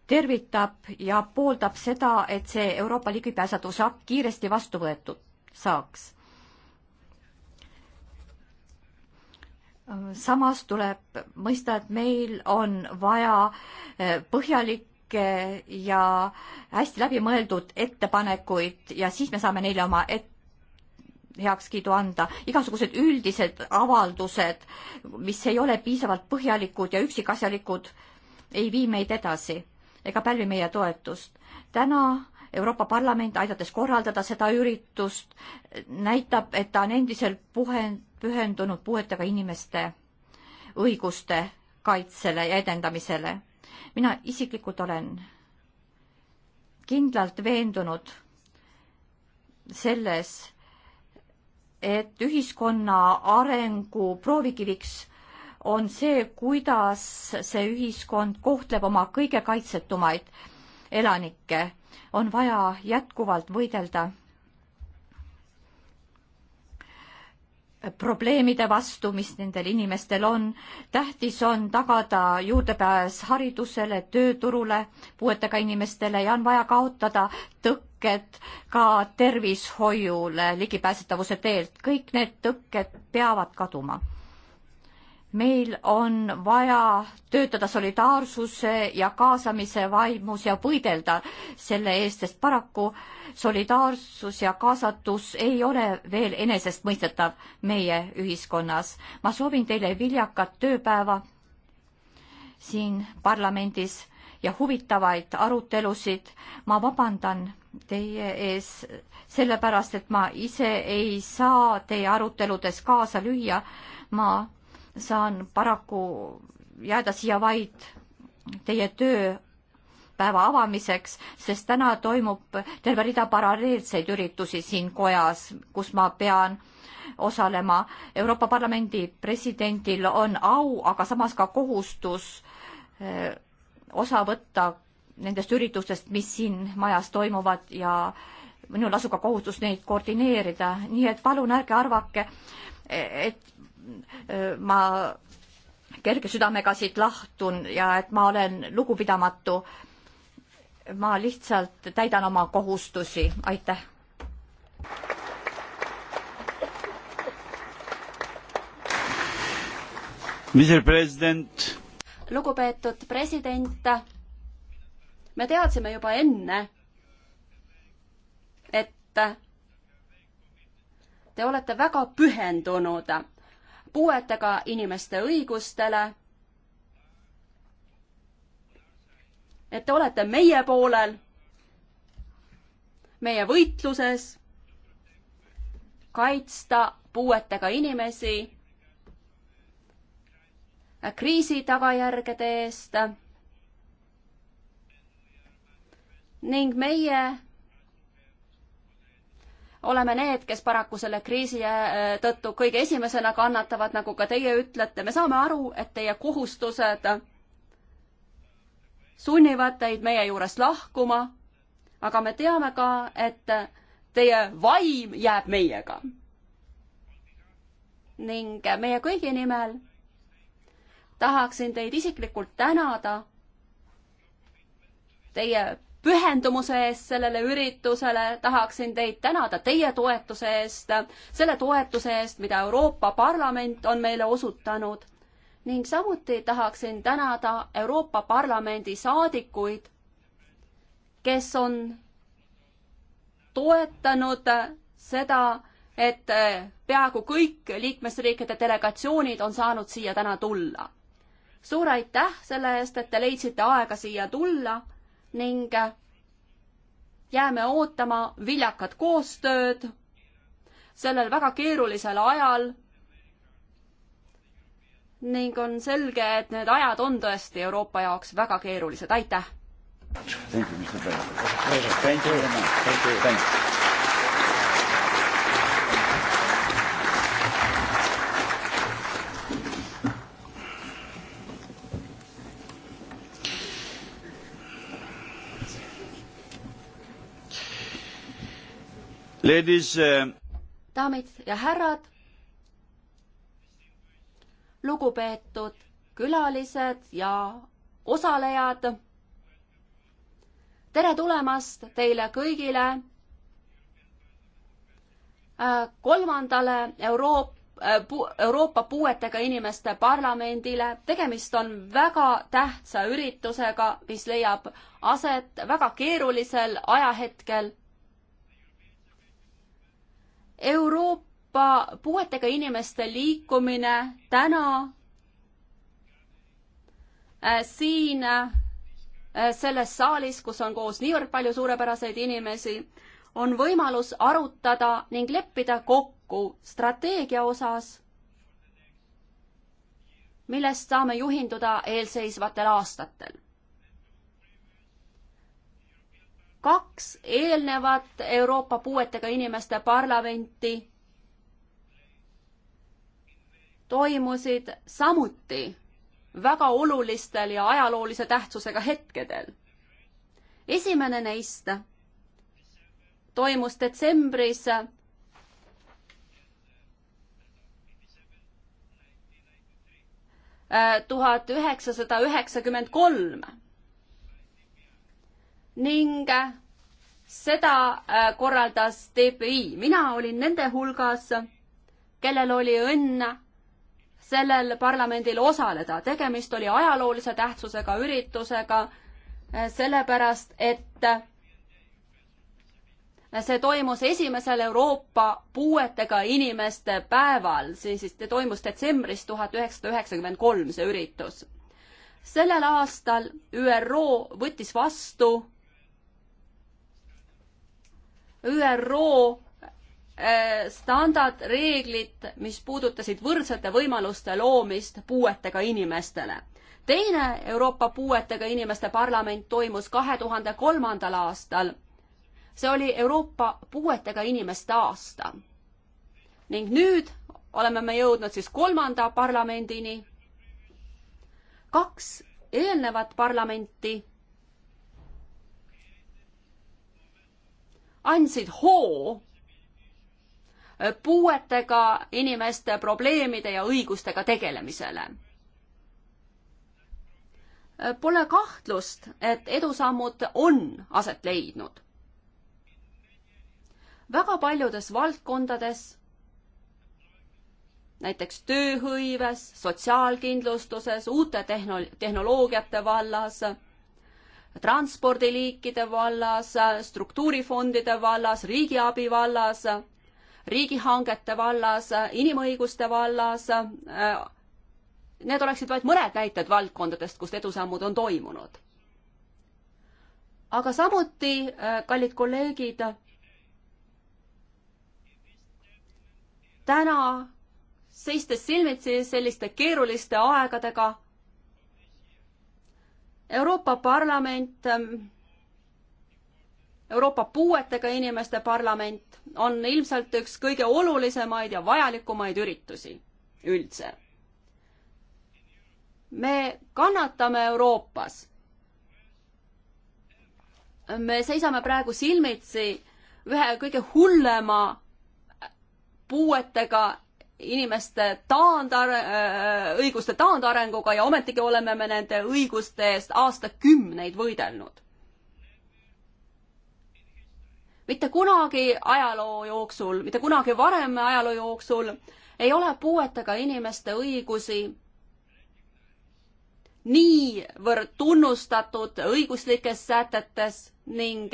C: tervitab ja pooldab seda, et see Euroopa ligipääsetavuse akt kiiresti vastu võetud saaks. samas tuleb mõista, et meil on vaja eh, põhjalikke ja hästi läbimõeldud ettepanekuid ja siis me saame neile oma et-, heakskiidu anda. igasugused üldised avaldused, mis ei ole piisavalt põhjalikud ja üksikasjalikud, ei vii meid edasi ega pälvi meie toetust. täna Euroopa Parlament, aidates korraldada seda üritust, näitab, et ta on endiselt puhen-, pühendunud puuetega inimeste õiguste kaitsele ja edendamisele. mina isiklikult olen kindlalt veendunud selles, et ühiskonna arengu proovikiviks on see, kuidas see ühiskond kohtleb oma kõige kaitsetumaid elanikke. on vaja jätkuvalt võidelda probleemide vastu, mis nendel inimestel on. tähtis on tagada juurdepääs haridusele, tööturule, puuetega inimestele ja on vaja kaotada tõkked ka tervishoiule ligipääsetavuse teelt. kõik need tõkked peavad kaduma meil on vaja töötada solidaarsuse ja kaasamise vaimus ja võidelda selle eest, sest paraku solidaarsus ja kaasatus ei ole veel enesestmõistetav meie ühiskonnas. ma soovin teile viljakat tööpäeva siin parlamendis ja huvitavaid arutelusid. ma vabandan teie ees sellepärast, et ma ise ei saa teie aruteludes kaasa lüüa. ma saan paraku jääda siia vaid teie tööpäeva avamiseks, sest täna toimub terve rida paralleelseid üritusi siin kojas, kus ma pean osalema. Euroopa Parlamendi presidendil on au, aga samas ka kohustus eh, osa võtta nendest üritustest, mis siin majas toimuvad ja minul lasub ka kohustus neid koordineerida, nii et palun ärge arvake, eh, et ma kerge südamega siit lahtun ja et ma olen lugupidamatu. ma lihtsalt täidan oma kohustusi, aitäh.
B: lugupeetud president, me teadsime juba enne, et te olete väga pühendunud puuetega inimeste õigustele. et te olete meie poolel, meie võitluses kaitsta puuetega inimesi kriisi tagajärgede eest. ning meie oleme need, kes paraku selle kriisi äh, tõttu kõige esimesena kannatavad, nagu ka teie ütlete, me saame aru, et teie kohustused sunnivad teid meie juurest lahkuma, aga me teame ka, et teie vaim jääb meiega. ning meie kõigi nimel tahaksin teid isiklikult tänada teie pühendumuse eest sellele üritusele, tahaksin teid tänada teie toetuse eest, selle toetuse eest, mida Euroopa Parlament on meile osutanud ning samuti tahaksin tänada Euroopa Parlamendi saadikuid, kes on toetanud seda, et peaaegu kõik liikmesriikide delegatsioonid on saanud siia täna tulla. suur aitäh selle eest, et te leidsite aega siia tulla ning jääme ootama viljakat koostööd sellel väga keerulisel ajal. ning on selge, et need ajad on tõesti Euroopa jaoks väga keerulised, aitäh!
C: Thank you, Mr. President. Thank you very much. Thank you. Thank you.
B: Ladies, uh... daamid ja härrad, lugupeetud külalised ja osalejad. tere tulemast teile kõigile eh, kolmandale Euroopa eh, Euroopa puuetega inimeste parlamendile. tegemist on väga tähtsa üritusega, mis leiab aset väga keerulisel ajahetkel Euroopa puuetega inimeste liikumine täna äh, siin äh, selles saalis, kus on koos niivõrd palju suurepäraseid inimesi, on võimalus arutada ning leppida kokku strateegia osas, millest saame juhinduda eelseisvatel aastatel kaks eelnevat Euroopa puuetega inimeste parlamenti toimusid samuti väga olulistel ja ajaloolise tähtsusega hetkedel. esimene neist toimus detsembris tuhat üheksasada üheksakümmend kolm ning äh, seda äh, korraldas TPI. mina olin nende hulgas, kellel oli õnn sellel parlamendil osaleda. tegemist oli ajaloolise tähtsusega üritusega, äh, sellepärast et see toimus esimesel Euroopa puuetega inimeste päeval, siis, siis toimus detsembris tuhat üheksasada üheksakümmend kolm see üritus. sellel aastal ÜRO võttis vastu ÜRO äh, standardreeglid, mis puudutasid võrdsete võimaluste loomist puuetega inimestele. teine Euroopa puuetega inimeste parlament toimus kahe tuhande kolmandal aastal. see oli Euroopa puuetega inimeste aasta. ning nüüd oleme me jõudnud siis kolmanda parlamendini. kaks eelnevat parlamenti andsid hoo äh, puuetega inimeste probleemide ja õigustega tegelemisele. Äh, pole kahtlust, et edusammud on aset leidnud. väga paljudes valdkondades, näiteks tööhõives, sotsiaalkindlustuses, uute tehno-, tehnoloogiate vallas transpordiliikide vallas, struktuurifondide vallas, riigiabi vallas, riigihangete vallas, inimõiguste vallas. Äh, need oleksid vaid mõned näited valdkondadest, kust edusammud on toimunud. aga samuti, äh, kallid kolleegid, täna seistes silmitsi selliste keeruliste aegadega Euroopa Parlament, ähm, Euroopa puuetega inimeste parlament on ilmselt üks kõige olulisemaid ja vajalikumaid üritusi üldse. me kannatame Euroopas. me seisame praegu silmitsi ühe kõige hullema puuetega inimeste taandar-, äh, õiguste taandarenguga ja ometigi oleme me nende õiguste eest aastakümneid võidelnud. mitte kunagi ajaloo jooksul, mitte kunagi varem ajaloo jooksul ei ole puuetega inimeste õigusi niivõrd tunnustatud õiguslikes sätetes ning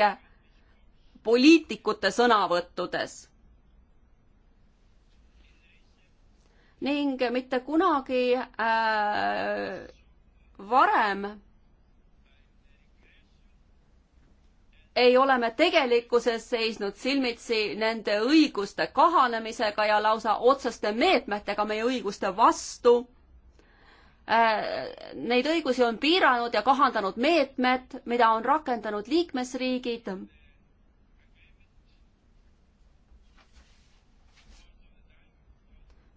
B: poliitikute sõnavõttudes ning mitte kunagi äh, varem ei ole me tegelikkuses seisnud silmitsi nende õiguste kahanemisega ja lausa otseste meetmetega meie õiguste vastu äh,. Neid õigusi on piiranud ja kahandanud meetmed, mida on rakendanud liikmesriigid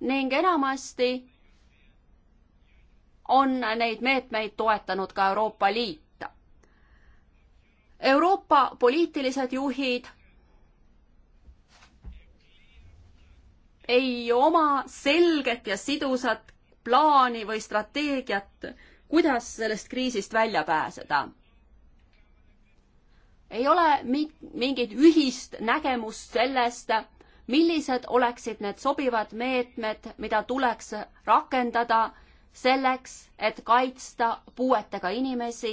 B: ning enamasti on neid meetmeid toetanud ka Euroopa Liit. Euroopa poliitilised juhid ei oma selget ja sidusat plaani või strateegiat, kuidas sellest kriisist välja pääseda. ei ole mingit ühist nägemust sellest, millised oleksid need sobivad meetmed, mida tuleks rakendada selleks, et kaitsta puuetega inimesi,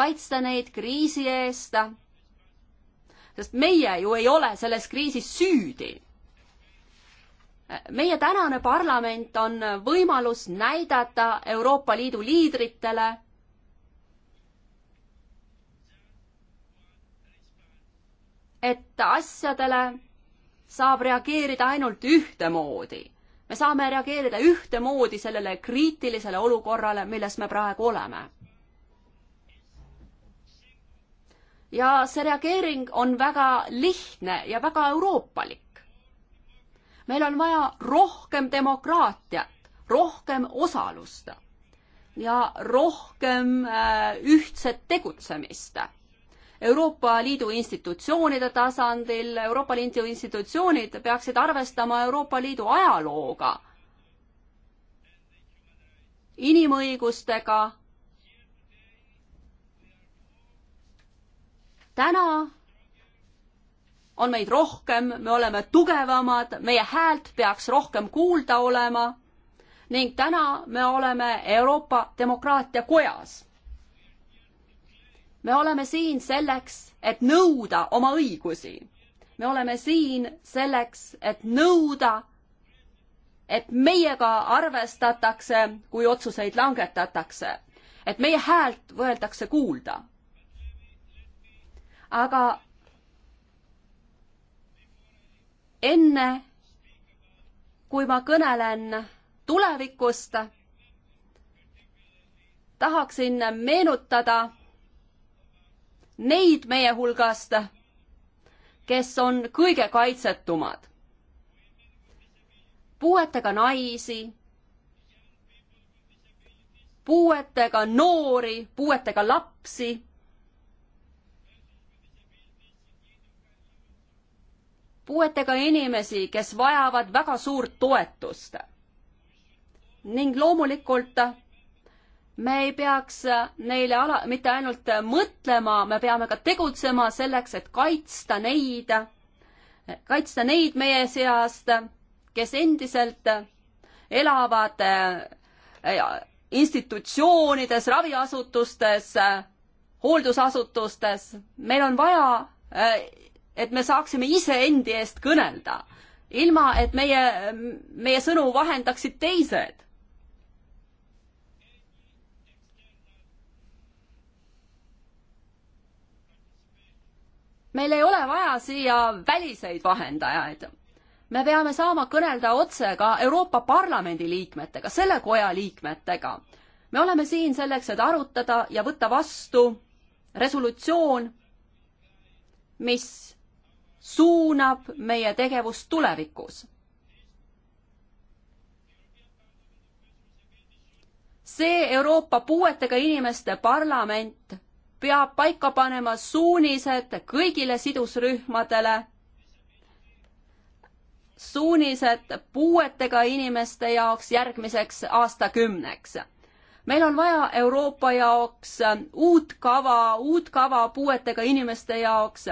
B: kaitsta neid kriisi eest, sest meie ju ei ole selles kriisis süüdi. meie tänane parlament on võimalus näidata Euroopa Liidu liidritele, et asjadele saab reageerida ainult ühtemoodi. me saame reageerida ühtemoodi sellele kriitilisele olukorrale, milles me praegu oleme. ja see reageering on väga lihtne ja väga euroopalik. meil on vaja rohkem demokraatiat, rohkem osalust ja rohkem äh, ühtset tegutsemist Euroopa Liidu institutsioonide tasandil, Euroopa Liidu institutsioonid peaksid arvestama Euroopa Liidu ajalooga, inimõigustega. täna on meid rohkem, me oleme tugevamad, meie häält peaks rohkem kuulda olema ning täna me oleme Euroopa demokraatia kojas me oleme siin selleks, et nõuda oma õigusi. me oleme siin selleks, et nõuda, et meiega arvestatakse, kui otsuseid langetatakse, et meie häält võetakse kuulda. aga enne, kui ma kõnelen tulevikust, tahaksin meenutada neid meie hulgast, kes on kõige kaitsetumad. puuetega naisi, puuetega noori, puuetega lapsi. puuetega inimesi, kes vajavad väga suurt toetust. ning loomulikult me ei peaks neile ala, mitte ainult mõtlema, me peame ka tegutsema selleks, et kaitsta neid, kaitsta neid meie seast, kes endiselt elavad eh, institutsioonides, raviasutustes, hooldusasutustes. meil on vaja, eh, et me saaksime iseendi eest kõnelda, ilma et meie, meie sõnu vahendaksid teised meil ei ole vaja siia väliseid vahendajaid. me peame saama kõnelda otse ka Euroopa Parlamendi liikmetega, selle koja liikmetega. me oleme siin selleks, et arutada ja võtta vastu resolutsioon, mis suunab meie tegevust tulevikus. see Euroopa puuetega inimeste parlament peab paika panema suunised kõigile sidusrühmadele, suunised puuetega inimeste jaoks järgmiseks aastakümneks. meil on vaja Euroopa jaoks uut kava, uut kava puuetega inimeste jaoks.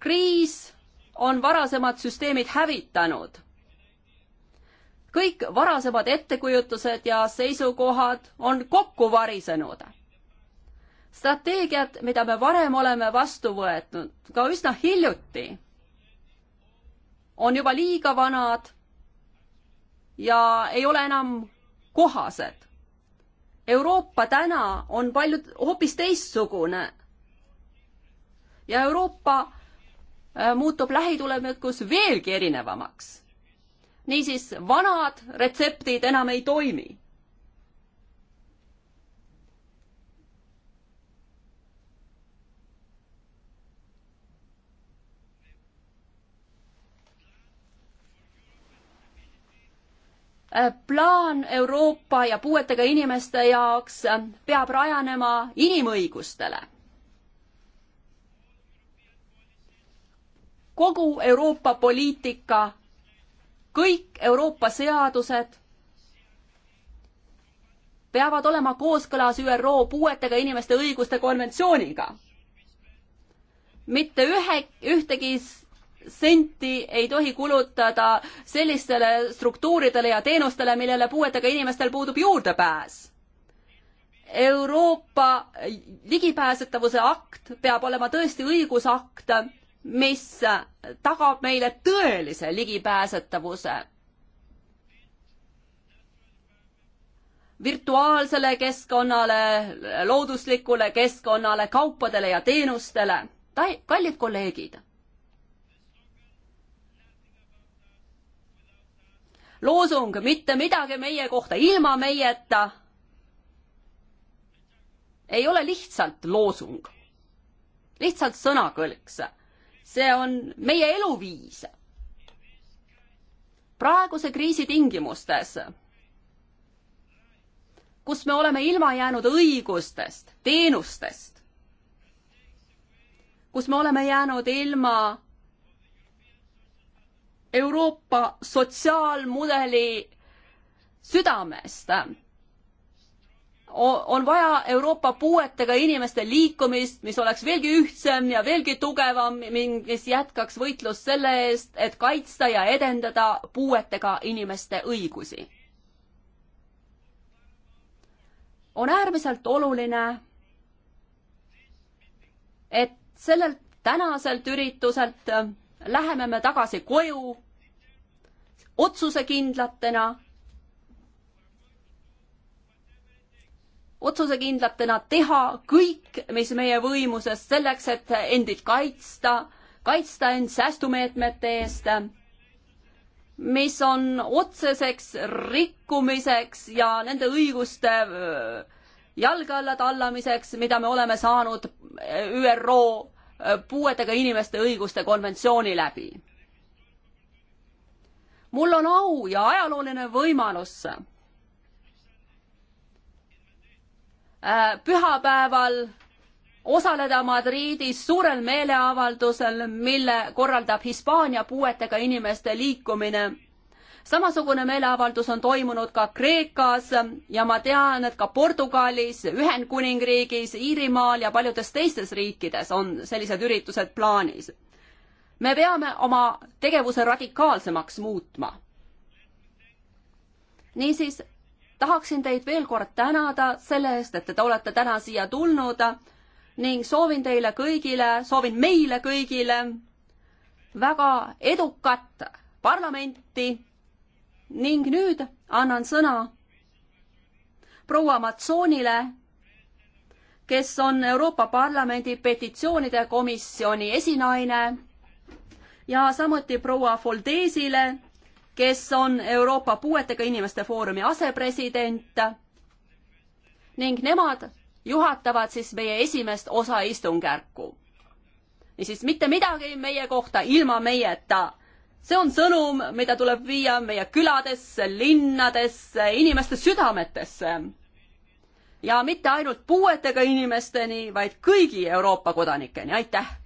B: kriis on varasemad süsteemid hävitanud. kõik varasemad ettekujutused ja seisukohad on kokku varisenud strateegiad, mida me varem oleme vastu võetnud, ka üsna hiljuti, on juba liiga vanad ja ei ole enam kohased. Euroopa täna on palju hoopis teistsugune. ja Euroopa äh, muutub lähitulevikus veelgi erinevamaks. niisiis, vanad retseptid enam ei toimi Äh, plaan Euroopa ja puuetega inimeste jaoks äh, peab rajanema inimõigustele. kogu Euroopa poliitika, kõik Euroopa seadused peavad olema kooskõlas ÜRO puuetega inimeste õiguste konventsiooniga. mitte ühe, ühtegi senti ei tohi kulutada sellistele struktuuridele ja teenustele, millele puuetega inimestel puudub juurdepääs. Euroopa ligipääsetavuse akt peab olema tõesti õigusakt, mis tagab meile tõelise ligipääsetavuse virtuaalsele keskkonnale, looduslikule keskkonnale, kaupadele ja teenustele. kallid kolleegid loosung mitte midagi meie kohta ilma meieta ei ole lihtsalt loosung, lihtsalt sõnakõlks. see on meie eluviis. praeguse kriisi tingimustes, kus me oleme ilma jäänud õigustest, teenustest, kus me oleme jäänud ilma Euroopa sotsiaalmudeli südamest. on vaja Euroopa puuetega inimeste liikumist, mis oleks veelgi ühtsem ja veelgi tugevam ning mis jätkaks võitlust selle eest, et kaitsta ja edendada puuetega inimeste õigusi. on äärmiselt oluline, et sellelt tänaselt ürituselt läheme me tagasi koju otsusekindlatena, otsusekindlatena teha kõik, mis meie võimuses selleks, et endid kaitsta, kaitsta end säästumeetmete eest, mis on otseseks rikkumiseks ja nende õiguste äh, jalge alla tallamiseks, mida me oleme saanud äh, ÜRO Äh, puuetega inimeste õiguste konventsiooni läbi. mul on au ja ajalooline võimalus äh, pühapäeval osaleda Madridis suurel meeleavaldusel, mille korraldab Hispaania puuetega inimeste liikumine samasugune meeleavaldus on toimunud ka Kreekas ja ma tean, et ka Portugalis, Ühendkuningriigis, Iirimaal ja paljudes teistes riikides on sellised üritused plaanis. me peame oma tegevuse radikaalsemaks muutma. niisiis, tahaksin teid veel kord tänada selle eest, et te olete täna siia tulnud ning soovin teile kõigile, soovin meile kõigile väga edukat parlamenti ning nüüd annan sõna proua Matsoonile, kes on Euroopa Parlamendi petitsioonide komisjoni esinaine ja samuti proua Foldesile, kes on Euroopa Puuetega Inimeste Foorumi asepresident ning nemad juhatavad siis meie esimest osa istungjärku. niisiis, mitte midagi meie kohta ilma meieta see on sõnum, mida tuleb viia meie küladesse, linnadesse, inimeste südametesse. ja mitte ainult puuetega inimesteni, vaid kõigi Euroopa kodanikeni, aitäh!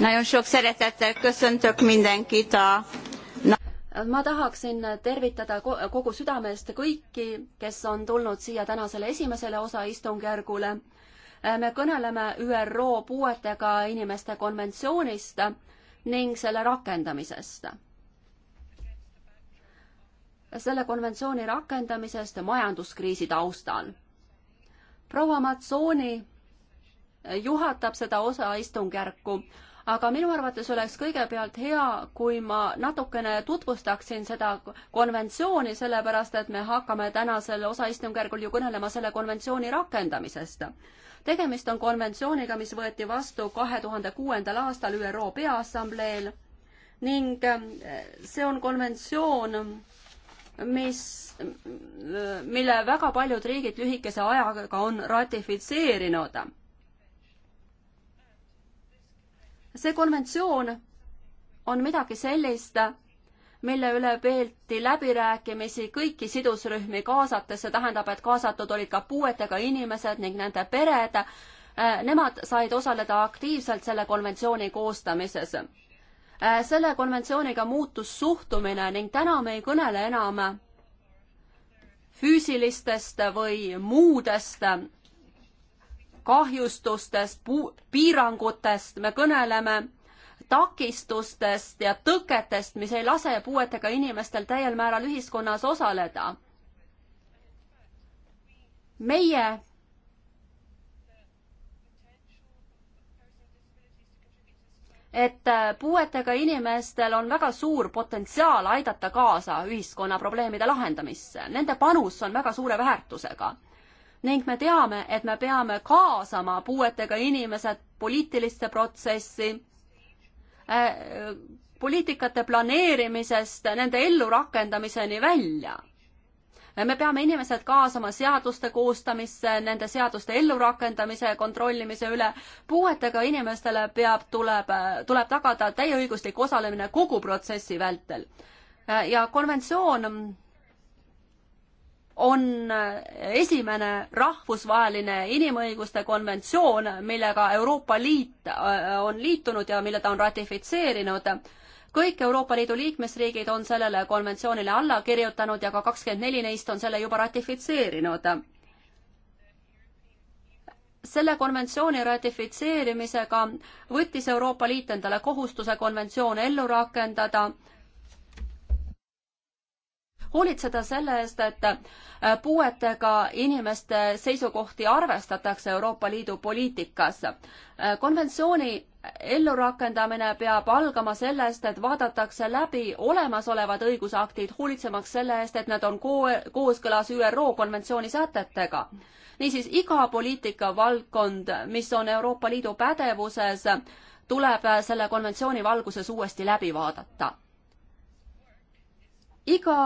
C: Nagyon sok szeretettel köszöntök mindenkit a
B: ma tahaksin tervitada kogu südamest kõiki, kes on tulnud siia tänasele esimesele osaistungjärgule. Äh, me kõneleme ÜRO puuetega inimeste konventsioonist ning selle rakendamisest. selle konventsiooni rakendamisest majanduskriisi taustal. proua Matsooni juhatab seda osaistungjärku aga minu arvates oleks kõigepealt hea, kui ma natukene tutvustaksin seda konventsiooni, sellepärast et me hakkame tänasel osaistungjärgul ju kõnelema selle konventsiooni rakendamisest. tegemist on konventsiooniga, mis võeti vastu kahe tuhande kuuendal aastal ÜRO Peaassambleel ning äh, see on konventsioon, mis, mille väga paljud riigid lühikese ajaga on ratifitseerinud see konventsioon on midagi sellist, mille üle peeti läbirääkimisi kõiki sidusrühmi kaasates, see tähendab, et kaasatud olid ka puuetega inimesed ning nende pered. Äh, nemad said osaleda aktiivselt selle konventsiooni koostamises. Äh, selle konventsiooniga muutus suhtumine ning täna me ei kõnele enam füüsilistest või muudest kahjustustest, piirangutest, me kõneleme takistustest ja tõketest, mis ei lase puuetega inimestel täiel määral ühiskonnas osaleda. meie et äh, puuetega inimestel on väga suur potentsiaal aidata kaasa ühiskonna probleemide lahendamisse. Nende panus on väga suure väärtusega ning me teame, et me peame kaasama puuetega inimesed poliitilisse protsessi äh,, poliitikate planeerimisest nende ellurakendamiseni välja. me peame inimesed kaasama seaduste koostamisse, nende seaduste ellurakendamise kontrollimise üle. puuetega inimestele peab, tuleb, tuleb tagada täieõiguslik osalemine kogu protsessi vältel. Äh, ja konventsioon on äh, esimene rahvusvaheline inimõiguste konventsioon, millega Euroopa Liit äh, on liitunud ja mille ta on ratifitseerinud. kõik Euroopa Liidu liikmesriigid on sellele konventsioonile alla kirjutanud ja ka kakskümmend neli neist on selle juba ratifitseerinud. selle konventsiooni ratifitseerimisega võttis Euroopa Liit endale kohustuse konventsioon ellu rakendada hoolitseda selle eest, et äh, puuetega inimeste seisukohti arvestatakse Euroopa Liidu poliitikas. Äh, konventsiooni ellurakendamine peab algama sellest, et vaadatakse läbi olemasolevad õigusaktid, hoolitsemaks selle eest, et nad on ko kooskõlas ÜRO konventsiooni sätetega. niisiis iga poliitikavaldkond, mis on Euroopa Liidu pädevuses, tuleb äh, selle konventsiooni valguses uuesti läbi vaadata. iga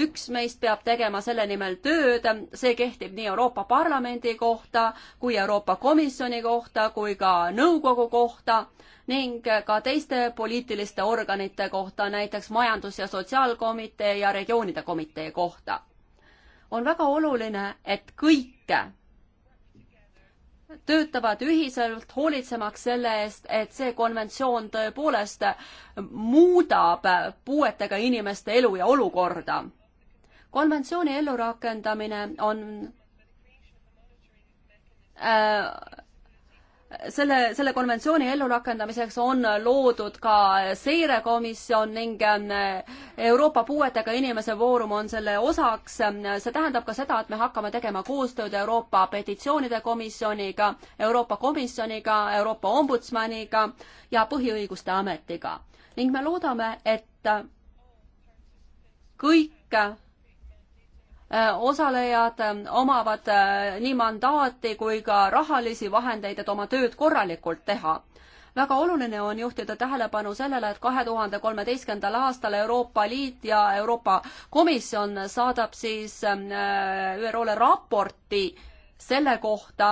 B: üks meist peab tegema selle nimel tööd, see kehtib nii Euroopa Parlamendi kohta kui Euroopa Komisjoni kohta kui ka nõukogu kohta ning ka teiste poliitiliste organite kohta, näiteks Majandus- ja Sotsiaalkomitee ja Regioonide Komitee kohta. on väga oluline, et kõik töötavad ühiselt hoolitsemaks selle eest, et see konventsioon tõepoolest muudab puuetega inimeste elu ja olukorda konventsiooni ellurakendamine on äh, selle, selle konventsiooni ellurakendamiseks on loodud ka seirekomisjon ning äh, Euroopa Puuetega Inimese Foorum on selle osaks. see tähendab ka seda, et me hakkame tegema koostööd Euroopa Petitsioonide Komisjoniga, Euroopa Komisjoniga, Euroopa Ombudsmaniga ja Põhiõiguste Ametiga ning me loodame, et kõik Äh, osalejad äh, omavad äh, nii mandaati kui ka rahalisi vahendeid, et oma tööd korralikult teha väga oluline on juhtida tähelepanu sellele, et kahe tuhande kolmeteistkümnendal aastal Euroopa Liit ja Euroopa Komisjon saadab siis ÜRO-le raporti selle kohta,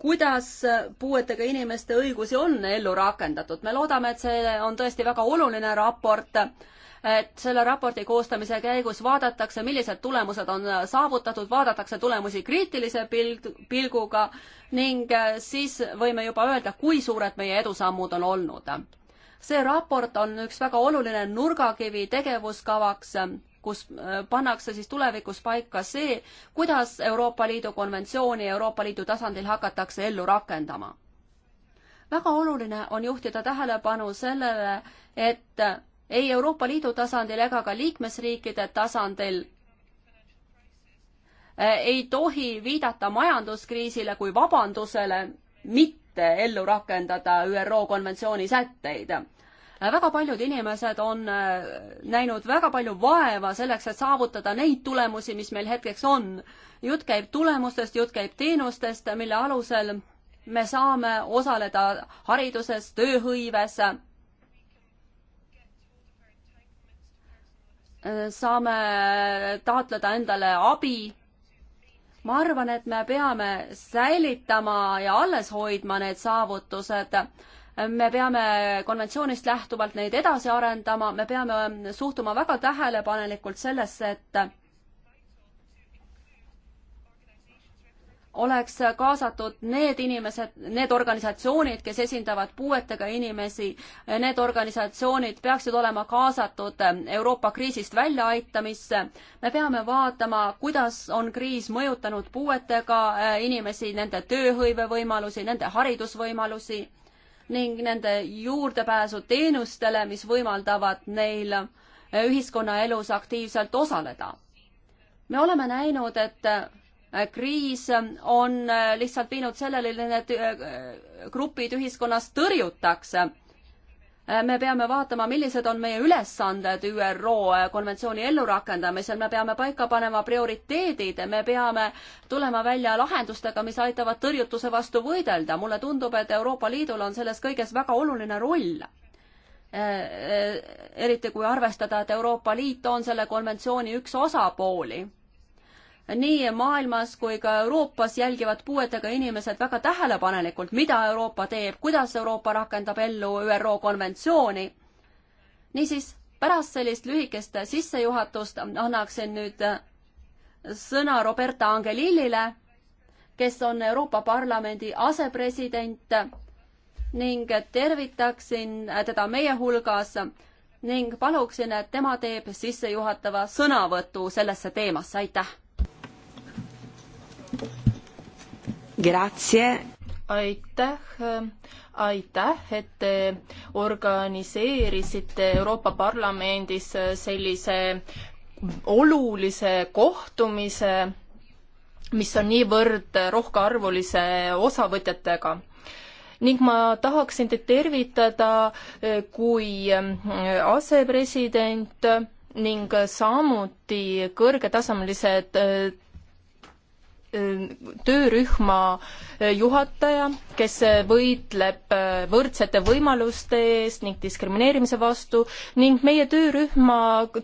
B: kuidas puuetega inimeste õigusi on ellu rakendatud. me loodame, et see on tõesti väga oluline raport et selle raporti koostamise käigus vaadatakse, millised tulemused on saavutatud, vaadatakse tulemusi kriitilise pilg, pilguga ning äh, siis võime juba öelda, kui suured meie edusammud on olnud. see raport on üks väga oluline nurgakivi tegevuskavaks, kus äh, pannakse siis tulevikus paika see, kuidas Euroopa Liidu konventsiooni Euroopa Liidu tasandil hakatakse ellu rakendama. väga oluline on juhtida tähelepanu sellele, et ei Euroopa Liidu tasandil ega ka liikmesriikide tasandil eh, ei tohi viidata majanduskriisile kui vabandusele mitte ellu rakendada ÜRO konventsiooni sätteid. Eh, väga paljud inimesed on eh, näinud väga palju vaeva selleks, et saavutada neid tulemusi, mis meil hetkeks on. jutt käib tulemustest, jutt käib teenustest, mille alusel me saame osaleda hariduses, tööhõives saame taotleda endale abi. ma arvan, et me peame säilitama ja alles hoidma need saavutused. me peame konventsioonist lähtuvalt neid edasi arendama, me peame suhtuma väga tähelepanelikult sellesse, et oleks kaasatud need inimesed, need organisatsioonid, kes esindavad puuetega inimesi, need organisatsioonid peaksid olema kaasatud Euroopa kriisist väljaaitamisse. me peame vaatama, kuidas on kriis mõjutanud puuetega äh, inimesi, nende tööhõivevõimalusi, nende haridusvõimalusi ning nende juurdepääsu teenustele, mis võimaldavad neil äh, ühiskonnaelus aktiivselt osaleda. me oleme näinud, et Äh, kriis äh, on äh, lihtsalt viinud sellele, et need grupid ühiskonnas tõrjutakse. me peame vaatama, millised on meie ülesanded ÜRO konventsiooni ellurakendamisel, me peame paika panema prioriteedid, me peame tulema välja lahendustega, mis aitavad tõrjutuse vastu võidelda. mulle tundub, et Euroopa Liidul on selles kõiges väga oluline roll eriti kui arvestada, et Euroopa Liit on selle konventsiooni üks osapooli nii maailmas kui ka Euroopas jälgivad puuetega inimesed väga tähelepanelikult, mida Euroopa teeb, kuidas Euroopa rakendab ellu ÜRO konventsiooni. niisiis, pärast sellist lühikest sissejuhatust annaksin nüüd sõna Roberta Angelillile, kes on Euroopa Parlamendi asepresident ning tervitaksin teda meie hulgas ning paluksin, et tema teeb sissejuhatava sõnavõtu sellesse teemasse, aitäh! Grazie.
A: aitäh, aitäh, et te organiseerisite Euroopa Parlamendis sellise olulise kohtumise, mis on niivõrd rohkearvulise osavõtjatega ning ma tahaksin teid tervitada eh, kui eh, asepresident ning samuti kõrgetasemelised eh, töörühma juhataja, kes võitleb äh, võrdsete võimaluste eest ning diskrimineerimise vastu ning meie töörühma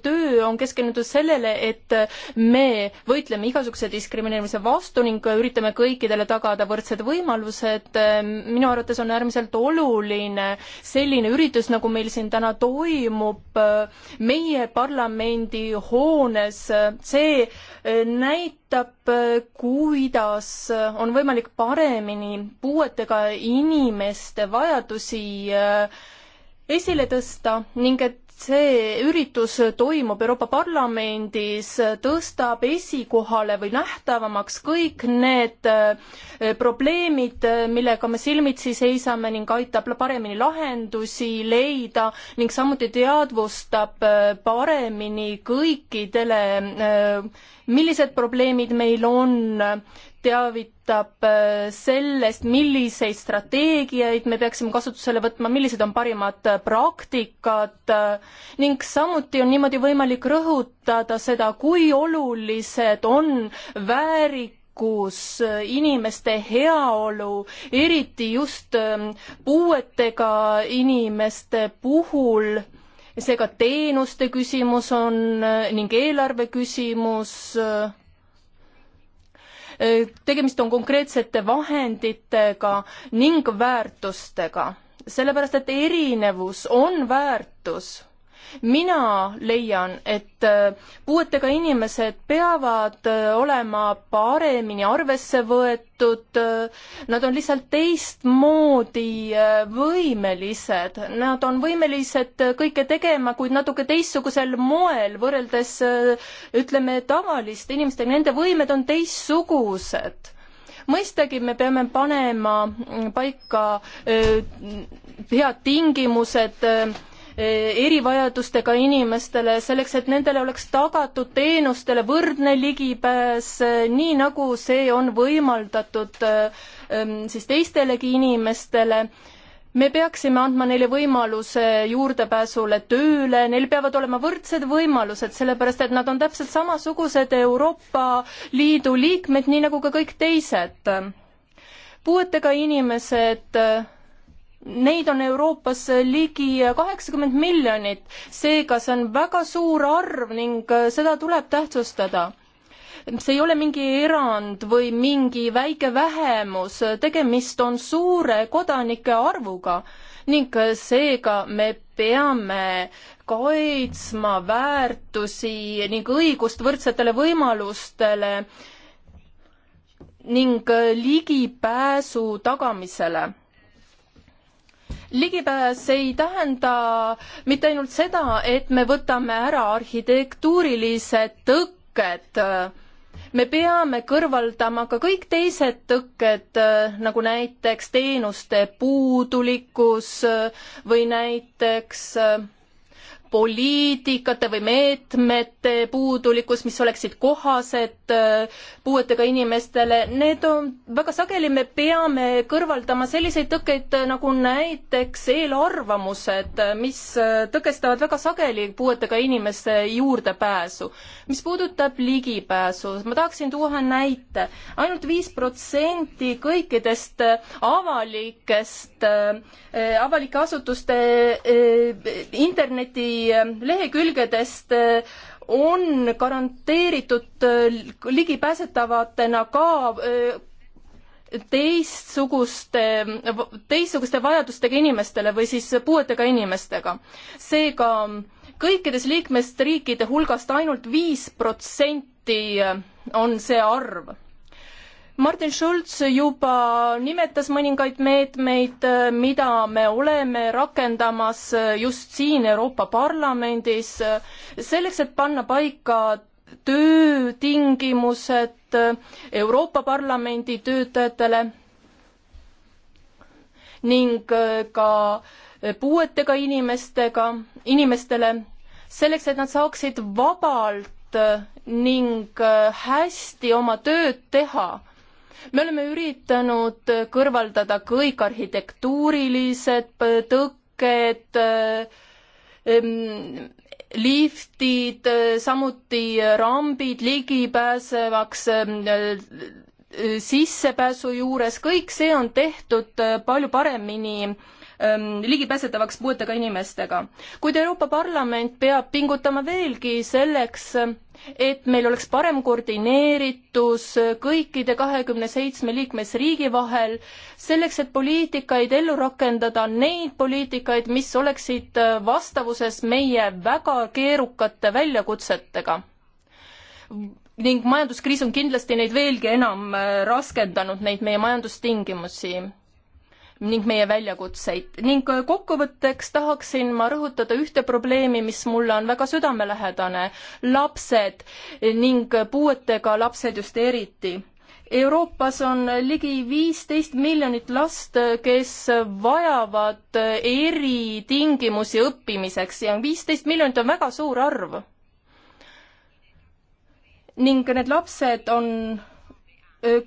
A: töö on keskendunud sellele, et me võitleme igasuguse diskrimineerimise vastu ning üritame kõikidele tagada võrdsed võimalused. Äh, minu arvates on äärmiselt oluline selline üritus, nagu meil siin täna toimub äh, meie parlamendi hoones, see näitab, näitab, kuidas on võimalik paremini puuetega inimeste vajadusi äh, esile tõsta ning et see üritus toimub Euroopa Parlamendis, tõstab esikohale või nähtavamaks kõik need äh, probleemid, millega me silmitsi seisame ning aitab paremini lahendusi leida ning samuti teadvustab äh, paremini kõikidele äh, millised probleemid meil on, teavitab äh, sellest, milliseid strateegiaid me peaksime kasutusele võtma, millised on parimad äh, praktikad äh, ning samuti on niimoodi võimalik rõhutada seda, kui olulised on väärikus, inimeste heaolu, eriti just ähm, puuetega inimeste puhul seega teenuste küsimus on ning eelarve küsimus äh, Äh, tegemist on konkreetsete vahenditega ning väärtustega, sellepärast et erinevus on väärtus mina leian, et äh, puuetega inimesed peavad äh, olema paremini arvesse võetud, äh, nad on lihtsalt teistmoodi võimelised, nad on võimelised kõike tegema, kuid natuke teistsugusel moel, võrreldes ütleme, tavaliste inimestega, nende võimed on teistsugused mõistagi me peame panema mm, paika öö, head tingimused öö, Eh, erivajadustega inimestele, selleks et nendele oleks tagatud teenustele võrdne ligipääs, eh, nii nagu see on võimaldatud eh, siis teistelegi inimestele me peaksime andma neile võimaluse juurdepääsule tööle, neil peavad olema võrdsed võimalused, sellepärast et nad on täpselt samasugused Euroopa Liidu liikmed, nii nagu ka kõik teised. puuetega inimesed Neid on Euroopas ligi kaheksakümmend miljonit, seega see on väga suur arv ning seda tuleb tähtsustada see ei ole mingi erand või mingi väike vähemus, tegemist on suure kodanike arvuga ning seega me peame kaitsma väärtusi ning õigust võrdsetele võimalustele ning ligipääsu tagamisele ligipääs ei tähenda mitte ainult seda, et me võtame ära arhitektuurilised tõkked, me peame kõrvaldama ka kõik teised tõkked, nagu näiteks teenuste puudulikkus või näiteks poliitikate või meetmete puudulikkus, mis oleksid kohased äh, puuetega inimestele, need on, väga sageli me peame kõrvaldama selliseid tõkkeid äh, nagu näiteks eelarvamused, äh, mis tõkestavad väga sageli puuetega inimeste juurdepääsu. mis puudutab ligipääsu, ma tahaksin tuua näite ainult. ainult viis protsenti kõikidest avalikest, avalike asutuste interneti lehekülgedest eh, on garanteeritud eh, ligipääsetavatena ka eh, teistsuguste, teistsuguste vajadustega inimestele või siis puuetega inimestega. seega kõikides liikmesriikide hulgast ainult viis protsenti on see arv Martin Schulz juba nimetas mõningaid meetmeid, äh, mida me oleme rakendamas äh, just siin Euroopa Parlamendis, äh, selleks, et panna paika töötingimused Euroopa Parlamendi töötajatele ning ka puuetega inimestega, inimestele, selleks, et nad saaksid vabalt ning hästi oma tööd teha me oleme üritanud kõrvaldada kõik arhitektuurilised tõkked, äh, liftid, äh, samuti rambid ligipääsevaks äh, sissepääsu juures, kõik see on tehtud palju paremini ähm, ligipääsetavaks puuetega inimestega. kuid Euroopa Parlament peab pingutama veelgi selleks, et meil oleks parem koordineeritus kõikide kahekümne seitsme liikmesriigi vahel, selleks et poliitikaid ellu rakendada, neid poliitikaid, mis oleksid vastavuses meie väga keerukate väljakutsetega. ning majanduskriis on kindlasti neid veelgi enam äh, raskendanud, neid meie majandustingimusi ning meie väljakutseid ning kokkuvõtteks tahaksin ma rõhutada ühte probleemi, mis mulle on väga südamelähedane, lapsed ning puuetega lapsed just eriti. Euroopas on ligi viisteist miljonit last, kes vajavad eritingimusi õppimiseks ja viisteist miljonit on väga suur arv. ning need lapsed on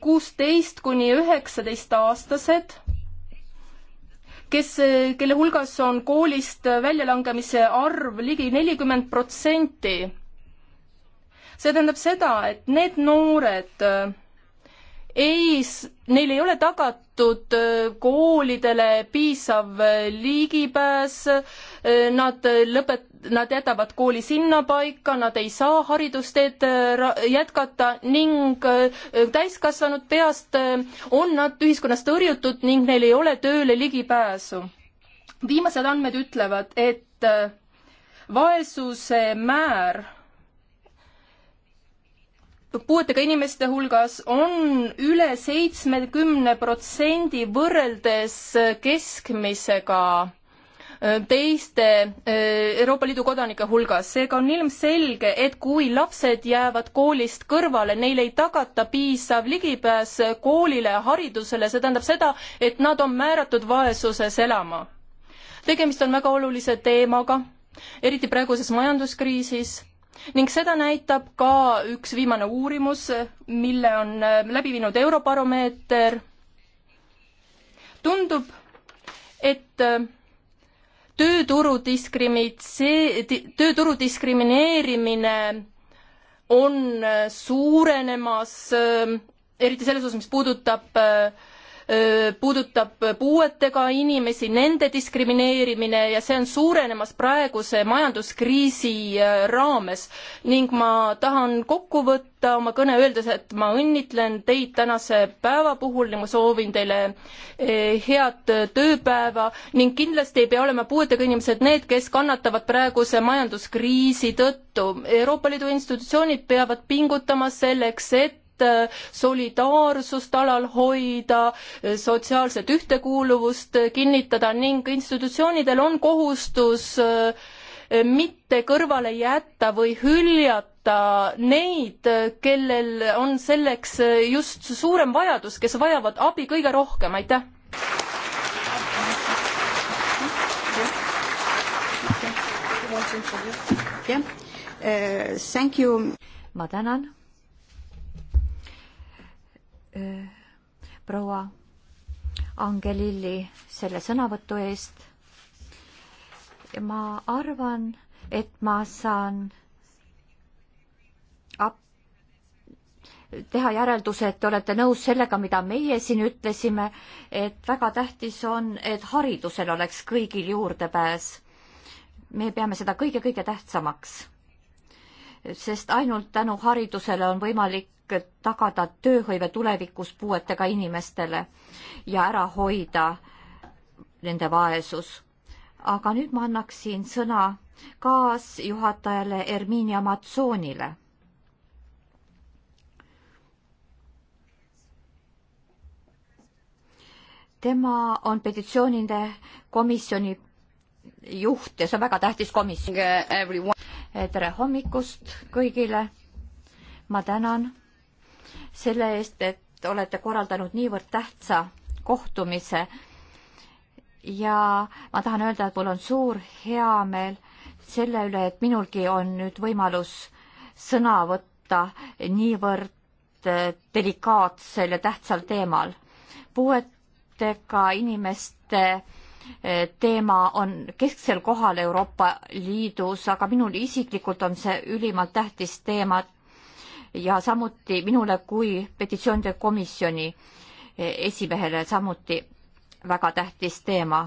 A: kuusteist kuni üheksateist aastased kes, kelle hulgas on koolist väljalangemise arv ligi nelikümmend protsenti. see tähendab seda, et need noored, ei, neil ei ole tagatud äh, koolidele piisav äh, ligipääs, äh, nad lõpet-, nad jätavad kooli sinnapaika, nad ei saa haridusteed jätkata ning täiskasvanud peast on nad ühiskonnast tõrjutud ning neil ei ole tööle ligipääsu. viimased andmed ütlevad, et vaesuse määr puuetega inimeste hulgas on üle seitsmekümne protsendi võrreldes keskmisega äh, teiste äh, Euroopa Liidu kodanike hulgas. seega on ilmselge, et kui lapsed jäävad koolist kõrvale, neile ei tagata piisav ligipääs koolile, haridusele, see tähendab seda, et nad on määratud vaesuses elama. tegemist on väga olulise teemaga, eriti praeguses majanduskriisis ning seda näitab ka üks viimane uurimus, mille on äh, läbi viinud Eurobaromeeter. tundub, et äh, tööturu diskriminitsee-, tööturu diskrimineerimine on äh, suurenemas, eriti selles osas, mis puudutab äh, puudutab puuetega inimesi, nende diskrimineerimine ja see on suurenemas praeguse majanduskriisi raames. ning ma tahan kokku võtta oma kõne, öeldes, et ma õnnitlen teid tänase päeva puhul ja ma soovin teile head tööpäeva ning kindlasti ei pea olema puuetega inimesed need, kes kannatavad praeguse majanduskriisi tõttu. Euroopa Liidu institutsioonid peavad pingutama selleks, et solidaarsust alal hoida, sotsiaalset ühtekuuluvust kinnitada ning institutsioonidel on kohustus mitte kõrvale jätta või hüljata neid, kellel on selleks just suurem vajadus, kes vajavad abi kõige rohkem, aitäh!
C: ma tänan proua Angelilli selle sõnavõtu eest. ma arvan, et ma saan teha järelduse, et te olete nõus sellega, mida meie siin ütlesime, et väga tähtis on, et haridusel oleks kõigil juurdepääs. me peame seda kõige-kõige tähtsamaks sest ainult tänu haridusele on võimalik tagada tööhõive tulevikus puuetega inimestele ja ära hoida nende vaesus. aga nüüd ma annaksin sõna kaasjuhatajale Erminia Matsoonile. tema on petitsioonide komisjoni juht ja see on väga tähtis komisjon tere hommikust kõigile. ma tänan selle eest, et olete korraldanud niivõrd tähtsa kohtumise. ja ma tahan öelda, et mul on suur heameel selle üle, et minulgi on nüüd võimalus sõna võtta niivõrd äh, delikaatsel ja tähtsal teemal. puuetega inimeste Eh, teema on kesksel kohal Euroopa Liidus, aga minul isiklikult on see ülimalt tähtis teema ja samuti minule kui petitsioonide komisjoni eh, esimehele samuti väga tähtis teema.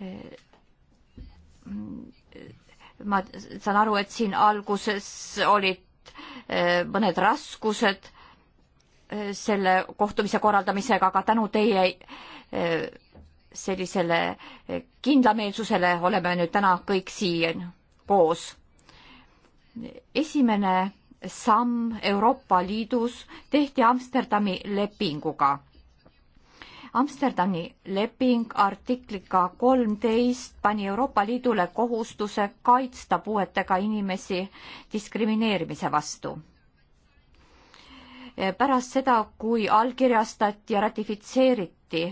C: Eh, ma saan aru, et siin alguses olid mõned raskused selle kohtumise korraldamisega, aga tänu teie sellisele eh, kindlameelsusele oleme nüüd täna kõik siin koos. esimene samm Euroopa Liidus tehti Amsterdami lepinguga. Amsterdami leping artikliga kolmteist pani Euroopa Liidule kohustuse kaitsta puuetega inimesi diskrimineerimise vastu. Eh, pärast seda, kui allkirjastati ja ratifitseeriti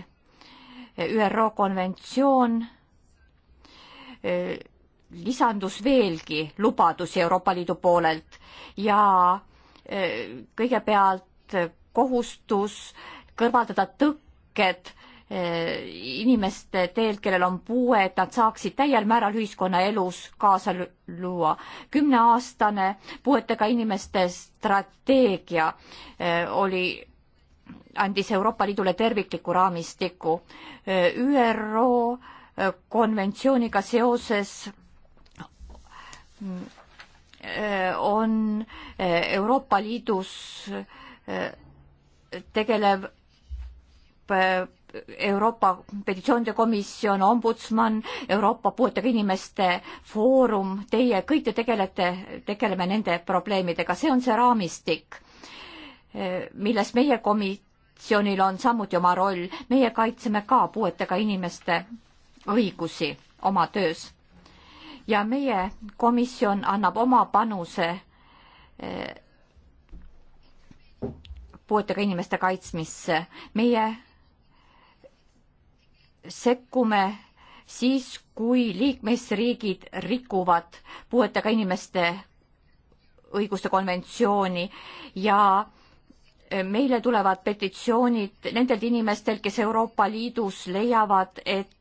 C: ÜRO konventsioon e, lisandus veelgi lubadusi Euroopa Liidu poolelt ja e, kõigepealt kohustus kõrvaldada tõkked e, inimeste teelt, kellel on puue, et nad saaksid täiel määral ühiskonnaelus kaasa luua. kümneaastane puuetega inimeste strateegia oli andis Euroopa Liidule tervikliku raamistiku ÜRO konventsiooniga seoses on Euroopa Liidus tegelev Euroopa petitsioonide komisjon, ombudsman, Euroopa puuetega inimeste foorum, teie kõik te tegelete, tegeleme nende probleemidega, see on see raamistik milles meie komisjonil on samuti oma roll, meie kaitseme ka puuetega inimeste õigusi oma töös. ja meie komisjon annab oma panuse eh, puuetega inimeste kaitsmisse. meie sekkume siis, kui liikmesriigid rikuvad puuetega inimeste õiguste konventsiooni ja meile tulevad petitsioonid nendelt inimestelt, kes Euroopa Liidus leiavad, et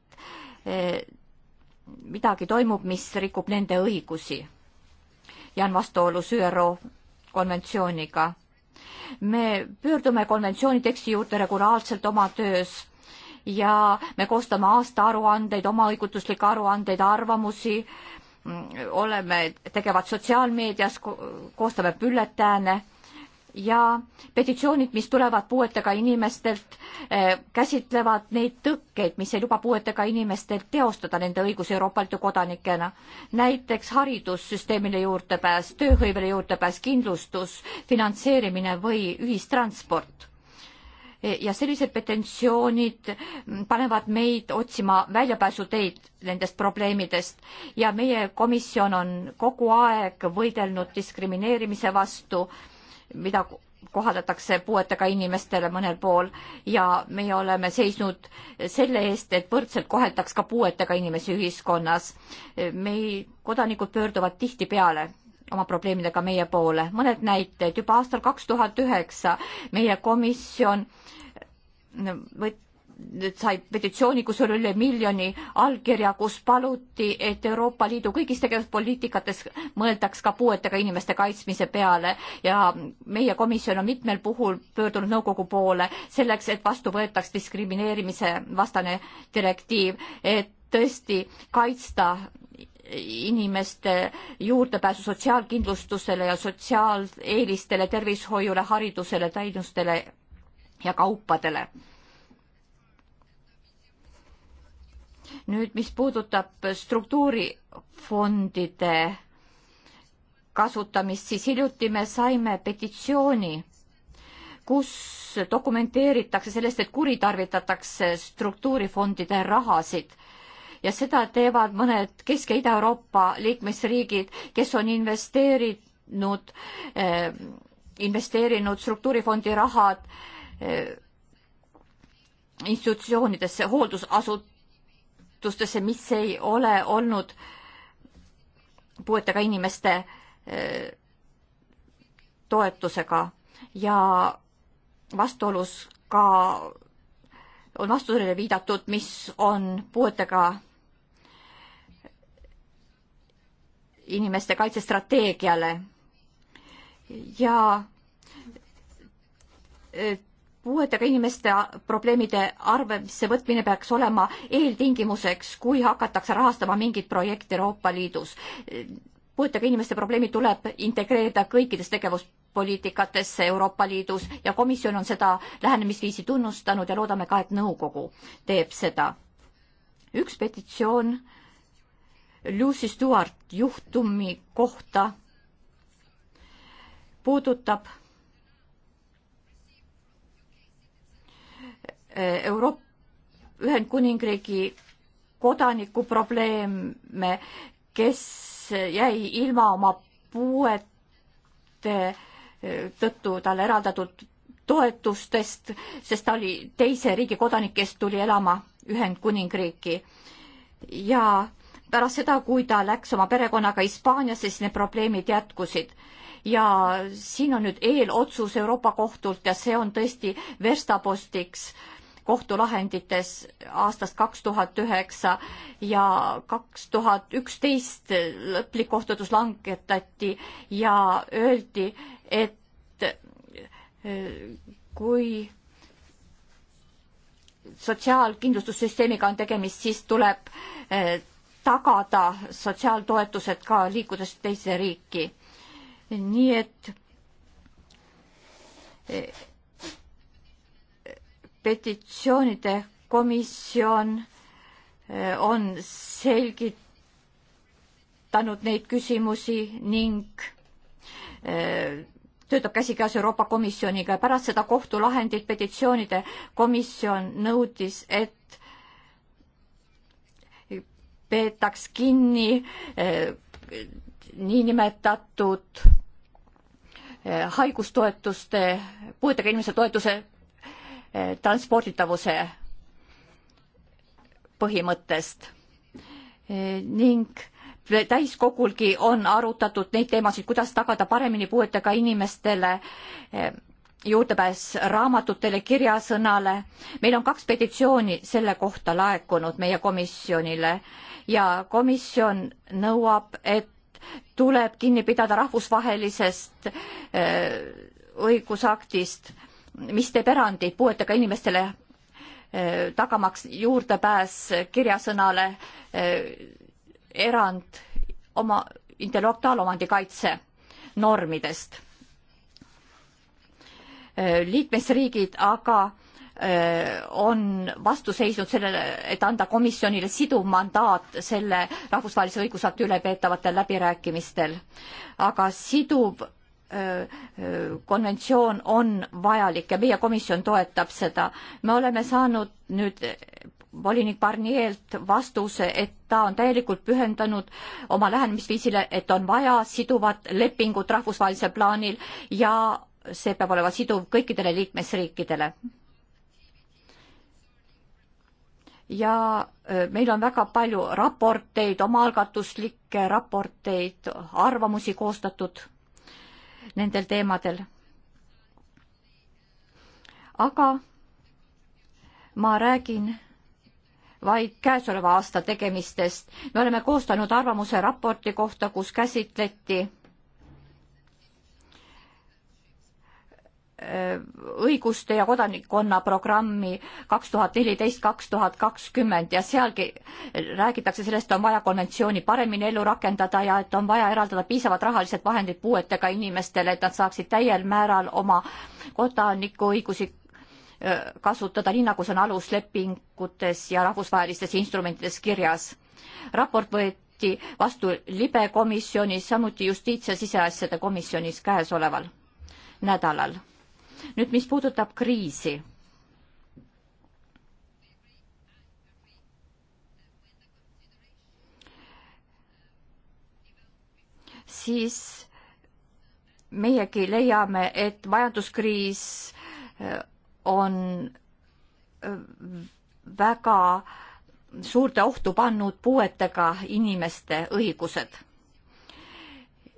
C: eh, midagi toimub, mis rikub nende õigusi ja on vastuolus ÜRO konventsiooniga. me pöördume konventsiooni teksti juurde regulaarselt oma töös ja me koostame aastaaruandeid, omaõigutuslikke aruandeid, arvamusi, mm, oleme tegevad sotsiaalmeedias, koostame bülletääne ja petitsioonid, mis tulevad puuetega inimestelt, eh, käsitlevad neid tõkkeid, mis ei luba puuetega inimestel teostada nende õigusi Euroopa Liidu kodanikena. näiteks haridussüsteemile juurdepääs, tööhõivele juurdepääs, kindlustus, finantseerimine või ühistransport eh, ja sellised petentsioonid mm, panevad meid otsima väljapääsuteid nendest probleemidest ja meie komisjon on kogu aeg võidelnud diskrimineerimise vastu äh, mida kohaldatakse puuetega inimestele mõnel pool ja meie oleme seisnud selle eest, et võrdselt koheldaks ka puuetega inimesi ühiskonnas. meil kodanikud pöörduvad tihtipeale oma probleemidega meie poole. mõned näited, juba aastal kaks tuhat üheksa meie komisjon võt-, sai petitsiooni, kus oli üle miljoni allkirja, kus paluti, et Euroopa Liidu kõigis tegevuspoliitikates mõeldaks ka puuetega inimeste kaitsmise peale ja meie komisjon on mitmel puhul pöördunud nõukogu poole selleks, et vastu võetaks diskrimineerimise vastane direktiiv, et tõesti kaitsta inimeste juurdepääsu sotsiaalkindlustusele ja sotsiaaleelistele, tervishoiule, haridusele, teenustele ja kaupadele nüüd, mis puudutab struktuurifondide kasutamist, siis hiljuti me saime petitsiooni, kus dokumenteeritakse sellest, et kuritarvitatakse struktuurifondide rahasid ja seda teevad mõned Kesk- ja Ida-Euroopa liikmesriigid, kes on investeerinud eh,, investeerinud struktuurifondi rahad eh, institutsioonidesse, hooldusasut-, muutustesse, mis ei ole olnud puuetega inimeste eh, toetusega ja vastuolus ka on vastusele viidatud, mis on puuetega inimeste kaitsestrateegiale ja eh, puuetega inimeste probleemide arvesse võtmine peaks olema eeltingimuseks, kui hakatakse rahastama mingit projekti Euroopa Liidus. puuetega inimeste probleemid tuleb integreerida kõikides tegevuspoliitikatesse Euroopa Liidus ja komisjon on seda lähenemisviisi tunnustanud ja loodame ka, et nõukogu teeb seda. üks petitsioon Lucy Stewart juhtumi kohta puudutab Euroopa Ühendkuningriigi kodaniku probleeme, kes jäi ilma oma puuete eh, tõttu talle eraldatud toetustest, sest ta oli teise riigi kodanik, kes tuli elama Ühendkuningriiki. ja pärast seda, kui ta läks oma perekonnaga Hispaaniasse, siis need probleemid jätkusid. ja siin on nüüd eelotsus Euroopa Kohtult ja see on tõesti verstapostiks äh, kohtulahendites aastast kaks tuhat üheksa ja kaks tuhat üksteist lõplik kohtutus langetati ja öeldi, et äh, kui sotsiaalkindlustussüsteemiga on tegemist, siis tuleb äh, tagada sotsiaaltoetused ka liikudes teise riiki. nii et äh, petitsioonide komisjon eh, on selgitanud neid küsimusi ning eh, töötab käsikäes Euroopa Komisjoniga ja pärast seda kohtulahendit petitsioonide komisjon nõudis, et peetaks kinni eh, niinimetatud haigustoetuste, puuetega inimese toetuse Eh, transporditavuse põhimõttest eh, ning täiskogulgi on arutatud neid teemasid, kuidas tagada paremini puuetega inimestele eh, juurdepääs raamatutele, kirjasõnale. meil on kaks petitsiooni selle kohta laekunud meie komisjonile ja komisjon nõuab, et tuleb kinni pidada rahvusvahelisest õigusaktist mis teeb erandi puuetega inimestele eh, tagamaks juurdepääs kirjasõnale, eh, erand oma intellektuaalomandi kaitse normidest. Eh, liikmesriigid aga on vastu seisnud sellele, et anda komisjonile siduv mandaat selle rahvusvahelise õigusakti üle peetavatel läbirääkimistel. aga siduv konventsioon on vajalik ja meie komisjon toetab seda. me oleme saanud nüüd volinik Barnielt vastuse, et ta on täielikult pühendanud oma lähenemisviisile, et on vaja siduvat lepingut rahvusvahelisel plaanil ja see peab olema siduv kõikidele liikmesriikidele. ja äh, meil on väga palju raporteid, omaalgatuslikke raporteid, arvamusi koostatud nendel teemadel. aga ma räägin vaid käesoleva aasta tegemistest. me oleme koostanud arvamuse raporti kohta, kus käsitleti õiguste ja kodanikkonna programmi kaks tuhat neliteist, kaks tuhat kakskümmend ja sealgi räägitakse sellest, on vaja konventsiooni paremini ellu rakendada ja et on vaja eraldada piisavad rahalised vahendid puuetega inimestele, et nad saaksid täiel määral oma kodanikuõigusi kasutada, nii nagu see on aluslepingutes ja rahvusvahelistes instrumentides kirjas. raport võeti võeti vastu libe komisjonis, samuti justiits- ja siseasjade komisjonis käesoleval nädalal nüüd, mis puudutab kriisi. siis meiegi leiame, et majanduskriis äh, on äh, väga suurte ohtu pannud puuetega inimeste õigused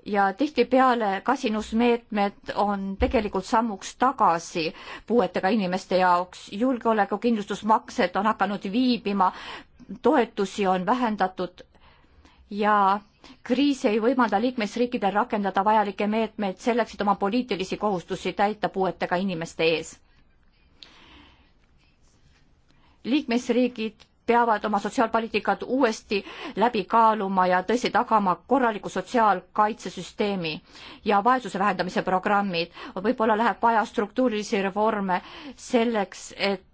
C: ja tihtipeale kasinusmeetmed on tegelikult sammuks tagasi puuetega inimeste jaoks. julgeolekukindlustusmaksed on hakanud viibima, toetusi on vähendatud ja kriis ei võimalda liikmesriikidel rakendada vajalikke meetmeid selleks, et oma poliitilisi kohustusi täita puuetega inimeste ees. liikmesriigid peavad oma sotsiaalpoliitikat uuesti läbi kaaluma ja tõesti tagama korraliku sotsiaalkaitsesüsteemi ja vaesuse vähendamise programmid. võib-olla läheb vaja struktuurilisi reforme selleks, et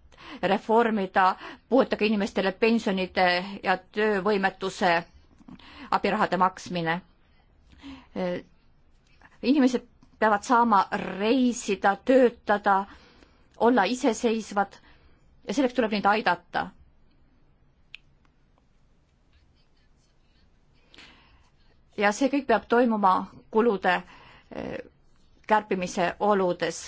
C: reformida puuetega inimestele pensionide ja töövõimetuse abirahade maksmine. inimesed peavad saama reisida, töötada, olla iseseisvad ja selleks tuleb neid aidata ja see kõik peab toimuma kulude eh, kärpimise oludes.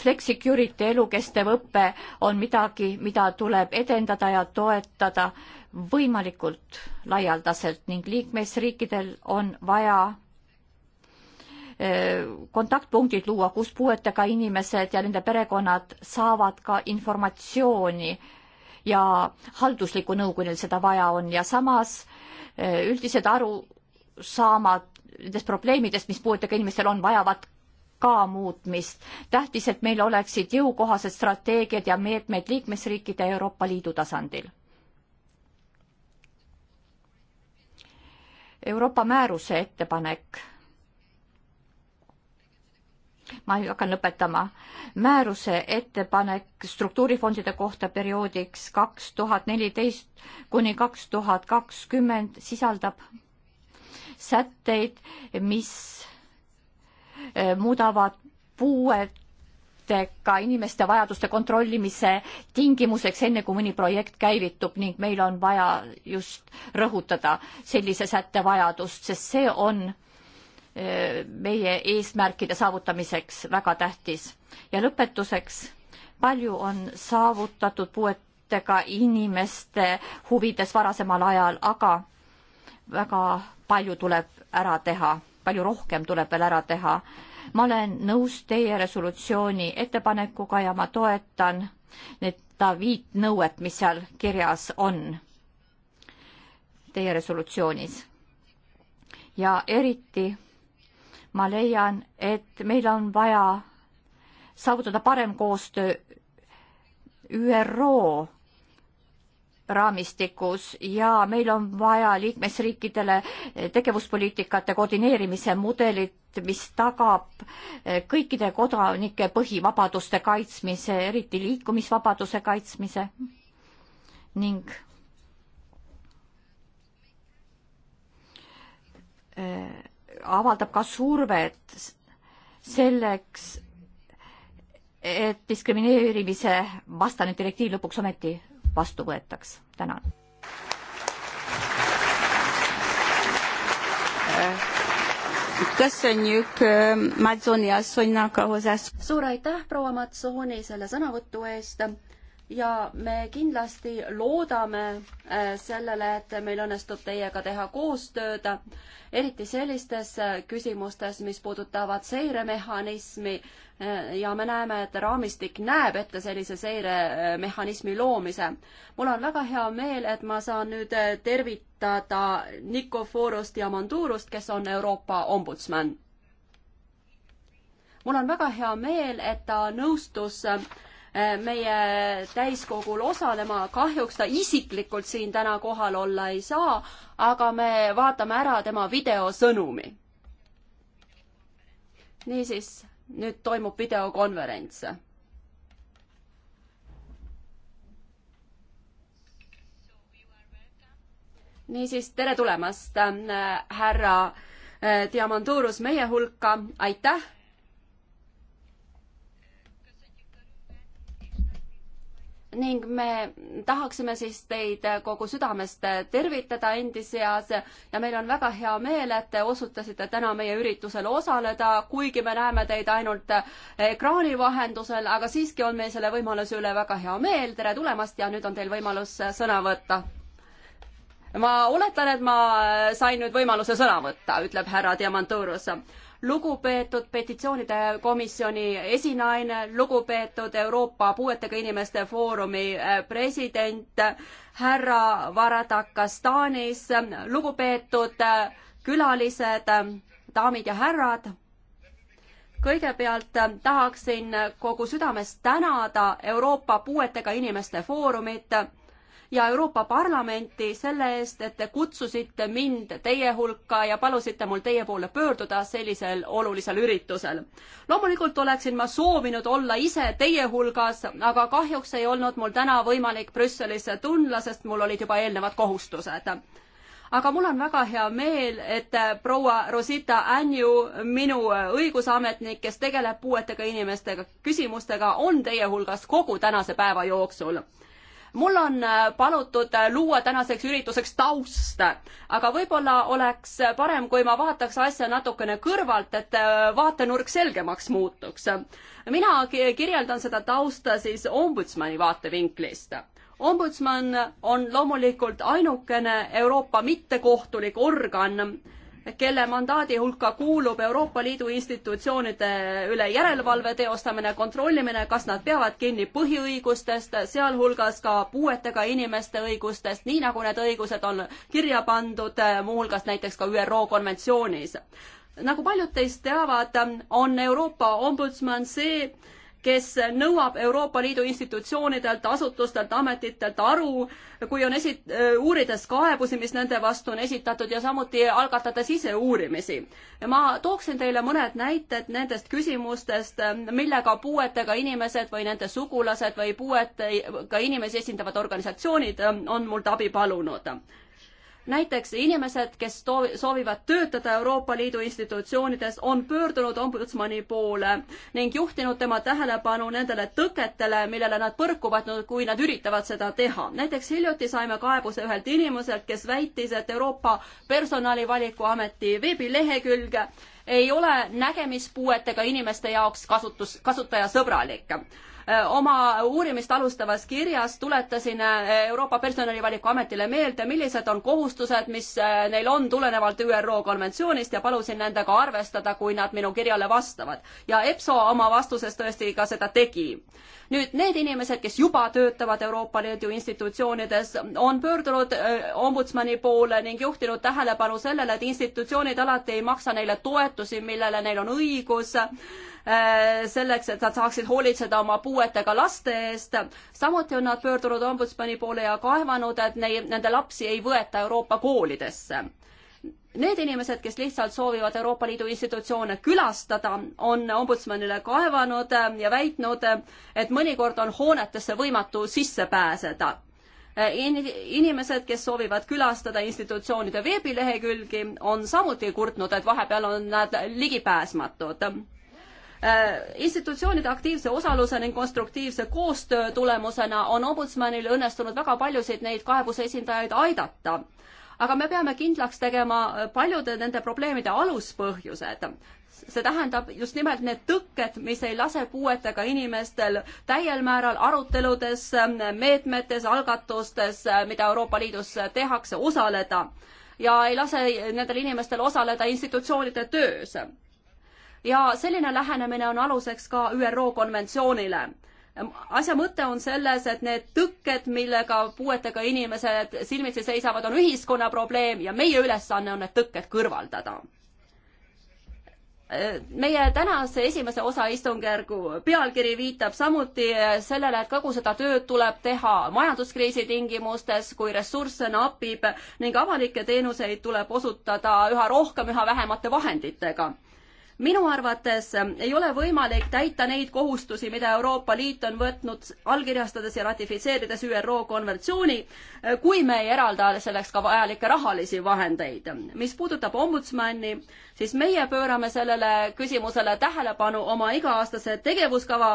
C: Flexicurity elukestev õpe on midagi, mida tuleb edendada ja toetada võimalikult laialdaselt ning liikmesriikidel on vaja eh, kontaktpunktid luua, kus puuetega inimesed ja nende perekonnad saavad ka informatsiooni ja halduslikku nõu, kui neil seda vaja on ja samas Eh, üldised arusaamad nendest probleemidest, mis puuetega inimestel on, vajavad ka muutmist. tähtis, et meil oleksid jõukohased strateegiad ja meetmed liikmesriikide ja Euroopa Liidu tasandil. Euroopa määruse ettepanek ma hakkan lõpetama. määruse ettepanek struktuurifondide kohta perioodiks kaks tuhat neliteist kuni kaks tuhat kakskümmend sisaldab sätteid, mis eh, muudavad puuetega inimeste vajaduste kontrollimise tingimuseks, enne kui mõni projekt käivitub ning meil on vaja just rõhutada sellise sätte vajadust, sest see on meie eesmärkide saavutamiseks väga tähtis. ja lõpetuseks, palju on saavutatud puuetega inimeste huvides varasemal ajal, aga väga palju tuleb ära teha, palju rohkem tuleb veel ära teha. ma olen nõus teie resolutsiooni ettepanekuga ja ma toetan seda viit nõuet, mis seal kirjas on teie resolutsioonis. ja eriti ma leian, et meil on vaja saavutada parem koostöö ÜRO raamistikus ja meil on vaja liikmesriikidele tegevuspoliitikate koordineerimise mudelit, mis tagab kõikide kodanike põhivabaduste kaitsmise, eriti liikumisvabaduse kaitsmise ning äh, avaldab ka survet selleks, et diskrimineerimise vastane direktiiv lõpuks ometi vastu võetaks. tänan.
B: suur aitäh, proua Matsooni, selle sõnavõtu eest ja me kindlasti loodame äh, sellele, et meil õnnestub teiega teha koostööd, eriti sellistes äh, küsimustes, mis puudutavad seiremehhanismi äh, ja me näeme, et raamistik näeb ette sellise seiremehhanismi loomise. mul on väga hea meel, et ma saan nüüd tervitada Nikoforost ja Mandurust, kes on Euroopa ombudsman. mul on väga hea meel, et ta nõustus Äh, meie täiskogul osalema, kahjuks ta isiklikult siin täna kohal olla ei saa, aga me vaatame ära tema videosõnumi. niisiis, nüüd toimub videokonverents niisiis, tere tulemast äh,, härra äh, Diamanturus meie hulka, aitäh ning me tahaksime siis teid kogu südamest tervitada endi seas ja meil on väga hea meel, et te osutasite täna meie üritusel osaleda, kuigi me näeme teid ainult ekraani vahendusel, aga siiski on meil selle võimaluse üle väga hea meel, tere tulemast ja nüüd on teil võimalus sõna võtta. ma oletan, et ma sain nüüd võimaluse sõna võtta, ütleb härra Diamantourus lugupeetud petitsioonide komisjoni esinaine, lugupeetud Euroopa Puuetega Inimeste Foorumi äh, president härra Varadakastanis, lugupeetud äh, külalised, äh, daamid ja härrad. kõigepealt tahaksin kogu südamest tänada Euroopa Puuetega Inimeste Foorumit ja Euroopa Parlamenti selle eest, et te kutsusite mind teie hulka ja palusite mul teie poole pöörduda sellisel olulisel üritusel. loomulikult oleksin ma soovinud olla ise teie hulgas, aga kahjuks ei olnud mul täna võimalik Brüsselisse tulla, sest mul olid juba eelnevad kohustused aga mul on väga hea meel, et äh, proua Rosita Anju, minu äh, õigusametnik, kes tegeleb puuetega inimestega küsimustega, on teie hulgas kogu tänase päeva jooksul mul on äh, palutud äh, luua tänaseks ürituseks taust, aga võib-olla oleks parem, kui ma vaataks asja natukene kõrvalt, et äh, vaatenurk selgemaks muutuks. mina kirjeldan seda tausta siis ombudsmani vaatevinklist. ombudsman on loomulikult ainukene Euroopa mittekohtulik organ, kelle mandaadi hulka kuulub Euroopa Liidu institutsioonide üle järelevalve teostamine, kontrollimine, kas nad peavad kinni põhiõigustest, sealhulgas ka puuetega inimeste õigustest, nii nagu need õigused on kirja pandud, eh, muuhulgas näiteks ka ÜRO konventsioonis. nagu paljud teist teavad, on Euroopa ombudsman see, kes nõuab Euroopa Liidu institutsioonidelt, asutustelt, ametitelt aru, kui on esi-, äh, uurides kaebusi, mis nende vastu on esitatud ja samuti algatades ise uurimisi. ma tooksin teile mõned näited nendest küsimustest, äh, millega puuetega inimesed või nende sugulased või puuetega inimesi esindavad organisatsioonid äh, on mult abi palunud näiteks inimesed, kes soovivad töötada Euroopa Liidu institutsioonides, on pöördunud ombudsmani poole ning juhtinud tema tähelepanu nendele tõketele, millele nad põrkuvad, kui nad üritavad seda teha. näiteks hiljuti saime kaebuse ühelt inimeselt, kes väitis, et Euroopa Personalivalikuameti veebilehekülg ei ole nägemispuuetega inimeste jaoks kasutus, kasutajasõbralik Äh, oma uurimist alustavas kirjas tuletasin äh, Euroopa Personalivaliku Ametile meelde, millised on kohustused, mis äh, neil on tulenevalt ÜRO konventsioonist ja palusin nendega arvestada, kui nad minu kirjale vastavad. ja EPSO oma vastuses tõesti ka seda tegi nüüd need inimesed, kes juba töötavad Euroopa Liidu institutsioonides, on pöördunud äh, ombudsmani poole ning juhtinud tähelepanu sellele, et institutsioonid alati ei maksa neile toetusi, millele neil on õigus äh, selleks, et nad saaksid hoolitseda oma puuetega laste eest. samuti on nad pöördunud ombudsmani poole ja kaevanud, et neid, nende lapsi ei võeta Euroopa koolidesse Need inimesed, kes lihtsalt soovivad Euroopa Liidu institutsioone külastada, on ombudsmanile kaevanud ja väitnud, et mõnikord on hoonetesse võimatu sisse pääseda inimesed, kes soovivad külastada institutsioonide veebilehekülgi, on samuti kurtnud, et vahepeal on nad ligipääsmatud. Äh, institutsioonide aktiivse osaluse ning konstruktiivse koostöö tulemusena on ombudsmanil õnnestunud väga paljusid neid kaebuse esindajaid aidata aga me peame kindlaks tegema paljude nende probleemide aluspõhjused see tähendab just nimelt need tõkked, mis ei lase puuetega inimestel täiel määral aruteludes, meetmetes, algatustes, mida Euroopa Liidus tehakse, osaleda ja ei lase nendel inimestel osaleda institutsioonide töös. ja selline lähenemine on aluseks ka ÜRO konventsioonile Ehm, asja mõte on selles, et need tõkked, millega puuetega inimesed silmitsi seisavad, on ühiskonna probleem ja meie ülesanne on need tõkked kõrvaldada. Ehm, meie tänase esimese osa istungjärgu pealkiri viitab samuti eh, sellele, et kogu seda tööd tuleb teha majanduskriisi tingimustes, kui ressursse napib ning avalikke teenuseid tuleb osutada üha rohkem, üha vähemate vahenditega minu arvates ähm, ei ole võimalik täita neid kohustusi, mida Euroopa Liit on võtnud allkirjastades ja ratifitseerides ÜRO konventsiooni, äh, kui me ei eralda selleks ka vajalikke rahalisi vahendeid. mis puudutab ombudsmani, siis meie pöörame sellele küsimusele tähelepanu oma iga-aastase tegevuskava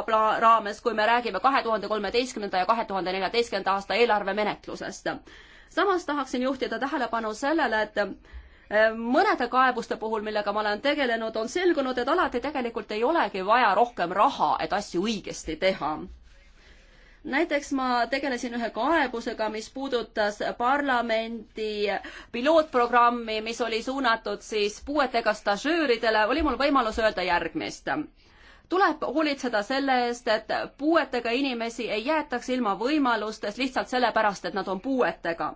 B: raames, kui me räägime kahe tuhande kolmeteistkümnenda ja kahe tuhande neljateistkümnenda aasta eelarvemenetlusest samas tahaksin juhtida tähelepanu sellele, et Ehm, mõnede kaebuste puhul, millega ma olen tegelenud, on selgunud, et alati tegelikult ei olegi vaja rohkem raha, et asju õigesti teha. näiteks ma tegelesin ühe kaebusega, mis puudutas parlamendi pilootprogrammi, mis oli suunatud siis puuetega stažööridele, oli mul võimalus öelda järgmist tuleb hoolitseda selle eest, et puuetega inimesi ei jäetaks ilma võimalustest lihtsalt sellepärast, et nad on puuetega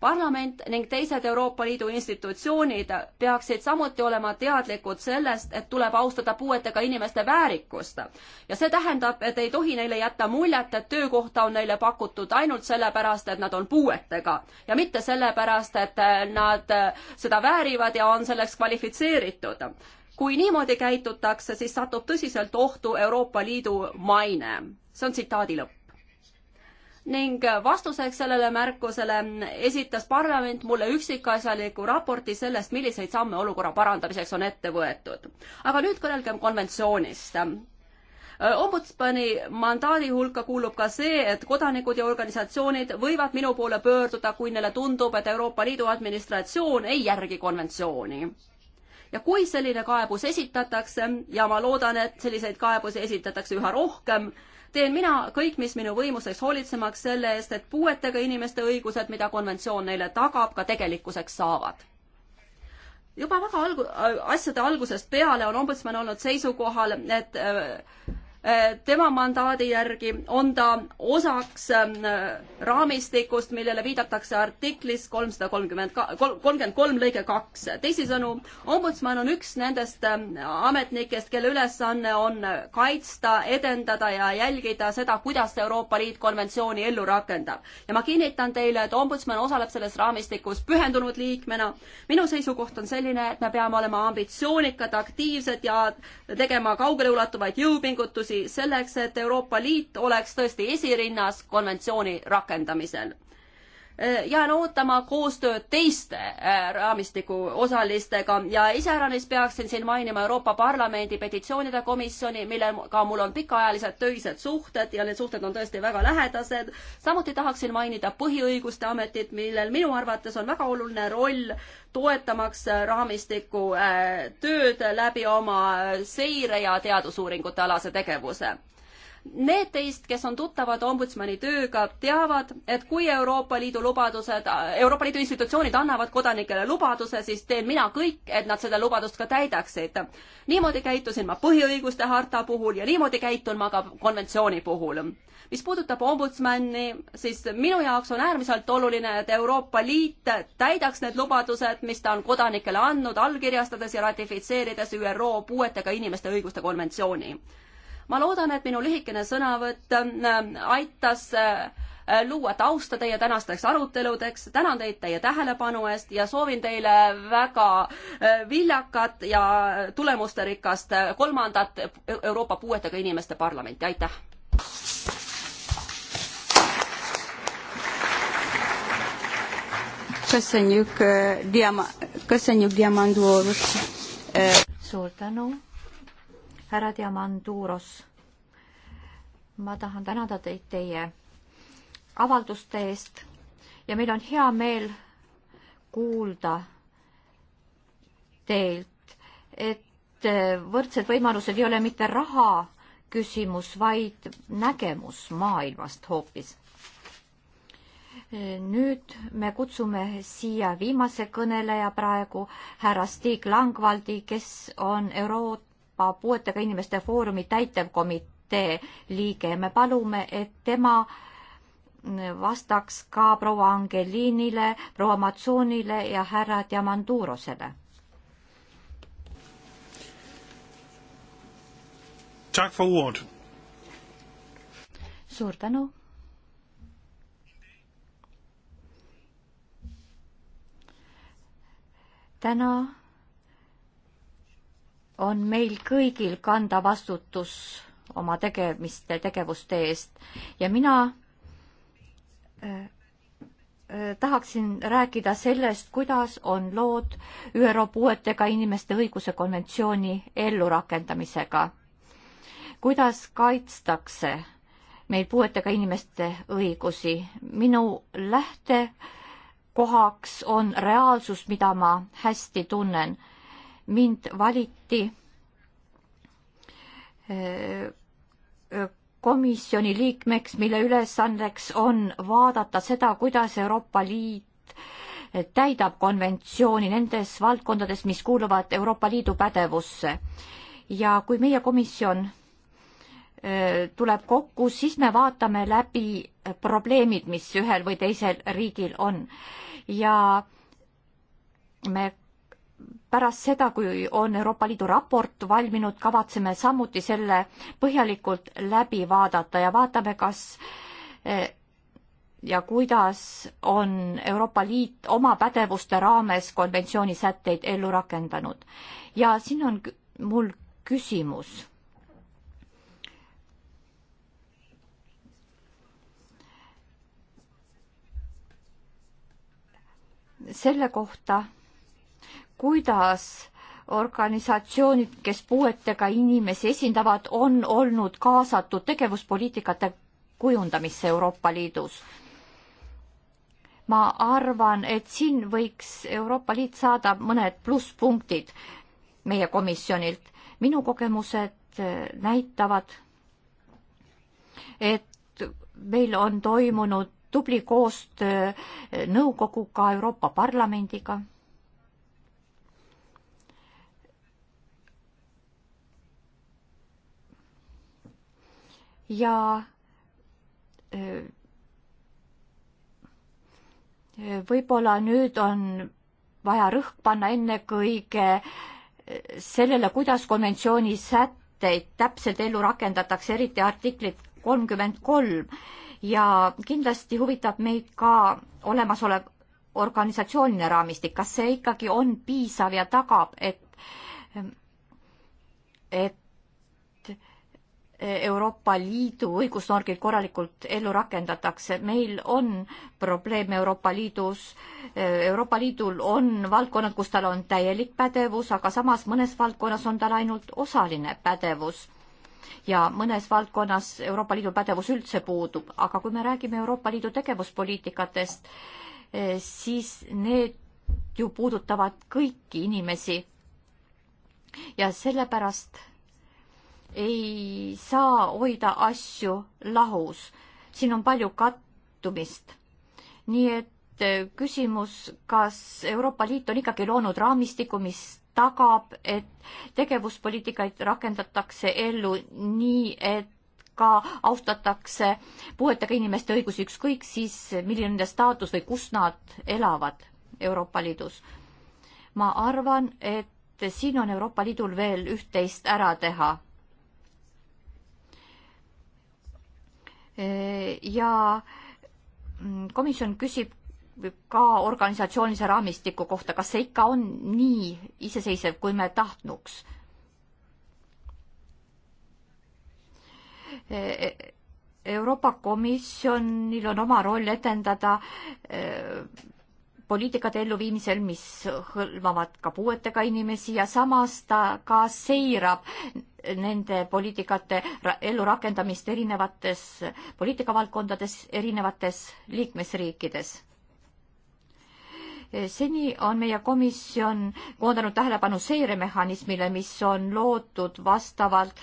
B: parlament ning teised Euroopa Liidu institutsioonid peaksid samuti olema teadlikud sellest, et tuleb austada puuetega inimeste väärikust. ja see tähendab, et ei tohi neile jätta muljet, et töökohta on neile pakutud ainult sellepärast, et nad on puuetega ja mitte sellepärast, et nad seda väärivad ja on selleks kvalifitseeritud kui niimoodi käitutakse, siis satub tõsiselt ohtu Euroopa Liidu maine. see on tsitaadi lõpp ning vastuseks sellele märkusele esitas parlament mulle üksikasjaliku raporti sellest, milliseid samme olukorra parandamiseks on ette võetud. aga nüüd kõnelgem konventsioonist. Ombudsmani mandaadi hulka kuulub ka see, et kodanikud ja organisatsioonid võivad minu poole pöörduda, kui neile tundub, et Euroopa Liidu administratsioon ei järgi konventsiooni ja kui selline kaebus esitatakse ja ma loodan, et selliseid kaebusi esitatakse üha rohkem, teen mina kõik, mis minu võimuses hoolitsemaks selle eest, et puuetega inimeste õigused, mida konventsioon neile tagab, ka tegelikkuseks saavad juba väga alg-, asjade algusest peale on ombudsman olnud seisukohal, et äh, Äh, tema mandaadi järgi on ta osaks ähm, äh, raamistikust, millele viidatakse artiklis kolmsada kolmkümmend, kolmkümmend kolm lõige kaks. teisisõnu, ombudsman on üks nendest ähm, ametnikest, kelle ülesanne on äh, kaitsta, edendada ja jälgida seda, kuidas Euroopa Liit konventsiooni ellu rakendab. ja ma kinnitan teile, et ombudsman osaleb selles raamistikus pühendunud liikmena. minu seisukoht on selline, et me peame olema ambitsioonikad, aktiivsed ja tegema kaugeleulatuvaid jõupingutusi, pingutusi selleks, et Euroopa Liit oleks tõesti esirinnas konventsiooni rakendamisel Äh, jään ootama koostööd teiste äh, raamistiku osalistega ja iseäranis peaksin siin mainima Euroopa Parlamendi petitsioonide komisjoni, millega mul on pikaajalised töised suhted ja need suhted on tõesti väga lähedased. samuti tahaksin mainida Põhiõiguste Ametit, millel minu arvates on väga oluline roll toetamaks äh, raamistiku tööd läbi oma seire ja teadusuuringute alase tegevuse Need teist, kes on tuttavad ombudsmani tööga, teavad, et kui Euroopa Liidu lubadused, Euroopa Liidu institutsioonid annavad kodanikele lubaduse, siis teen mina kõik, et nad seda lubadust ka täidaksid. niimoodi käitusin ma põhiõiguste harta puhul ja niimoodi käitun ma ka konventsiooni puhul. mis puudutab ombudsmani, siis minu jaoks on äärmiselt oluline, et Euroopa Liit täidaks need lubadused, mis ta on kodanikele andnud, allkirjastades ja ratifitseerides ÜRO puuetega inimeste õiguste konventsiooni ma loodan, et minu lühikene sõnavõtt äh, aitas äh, luua tausta teie tänasteks aruteludeks. tänan teid teie tähelepanu eest ja soovin teile väga äh, viljakat ja tulemusterikast kolmandat e-, Euroopa Puuetega Inimeste Parlamenti, aitäh!
C: köszönjük, Diama, köszönjük Diamandú suur tänu härra Diamanduros. ma tahan tänada teid teie avalduste eest ja meil on hea meel kuulda teilt, et võrdsed võimalused ei ole mitte raha küsimus, vaid nägemus maailmast hoopis. nüüd me kutsume siia viimase kõneleja praegu, härra Stig Langvaldi, kes on Euro-, Euroopa Puuetega Inimeste Foorumi täitevkomitee liige. me palume, et tema vastaks ka proua Angelinile, proua Matsoonile ja härra Diamandurosele. suur tänu täna on meil kõigil kanda vastutus oma tegemiste, tegevuste eest ja mina äh, äh, tahaksin rääkida sellest, kuidas on lood ÜRO puuetega inimeste õiguse konventsiooni ellurakendamisega. kuidas kaitstakse meil puuetega inimeste õigusi. minu lähtekohaks on reaalsus, mida ma hästi tunnen mind valiti eh, komisjoni liikmeks, mille ülesandeks on vaadata seda, kuidas Euroopa Liit täidab konventsiooni nendes valdkondades, mis kuuluvad Euroopa Liidu pädevusse. ja kui meie komisjon eh, tuleb kokku, siis me vaatame läbi probleemid, mis ühel või teisel riigil on. ja me pärast seda, kui on Euroopa Liidu raport valminud, kavatseme samuti selle põhjalikult läbi vaadata ja vaatame, kas ja kuidas on Euroopa Liit oma pädevuste raames konventsiooni sätteid ellu rakendanud. ja siin on mul küsimus. selle kohta kuidas organisatsioonid, kes puuetega inimesi esindavad, on olnud kaasatud tegevuspoliitikate kujundamisse Euroopa Liidus. ma arvan, et siin võiks Euroopa Liit saada mõned plusspunktid meie komisjonilt. minu kogemused äh, näitavad, et meil on toimunud tubli koostöö äh, nõukoguga, Euroopa Parlamendiga ja võib-olla nüüd on vaja rõhk panna ennekõige sellele, kuidas konventsiooni sätteid täpselt ellu rakendatakse, eriti artiklit kolmkümmend kolm ja kindlasti huvitab meid ka olemasolev organisatsiooniline raamistik, kas see ikkagi on piisav ja tagab, et et Euroopa Liidu õigusnormid korralikult ellu rakendatakse. meil on probleeme Euroopa Liidus. Euroopa Liidul on valdkonnad, kus tal on täielik pädevus, aga samas mõnes valdkonnas on tal ainult osaline pädevus. ja mõnes valdkonnas Euroopa Liidu pädevus üldse puudub, aga kui me räägime Euroopa Liidu tegevuspoliitikatest, eh, siis need ju puudutavad kõiki inimesi. ja sellepärast ei saa hoida asju lahus. siin on palju kattumist. nii et äh, küsimus, kas Euroopa Liit on ikkagi loonud raamistiku, mis tagab, et tegevuspoliitikaid rakendatakse ellu nii, et ka austatakse puuetega inimeste õigusi, ükskõik siis milline nende staatus või kus nad elavad Euroopa Liidus. ma arvan, et siin on Euroopa Liidul veel üht-teist ära teha Äh, ja mm, komisjon küsib ka organisatsioonilise raamistiku kohta, kas see ikka on nii iseseisev, kui me tahtnuks? Äh, Euroopa Komisjonil on oma roll etendada äh, poliitikate elluviimisel, mis hõlmavad ka puuetega inimesi ja samas ta ka seirab nende poliitikate ellurakendamist erinevates poliitikavaldkondades, erinevates liikmesriikides. seni on meie komisjon koondanud tähelepanu seiremehhanismile, mis on loodud vastavalt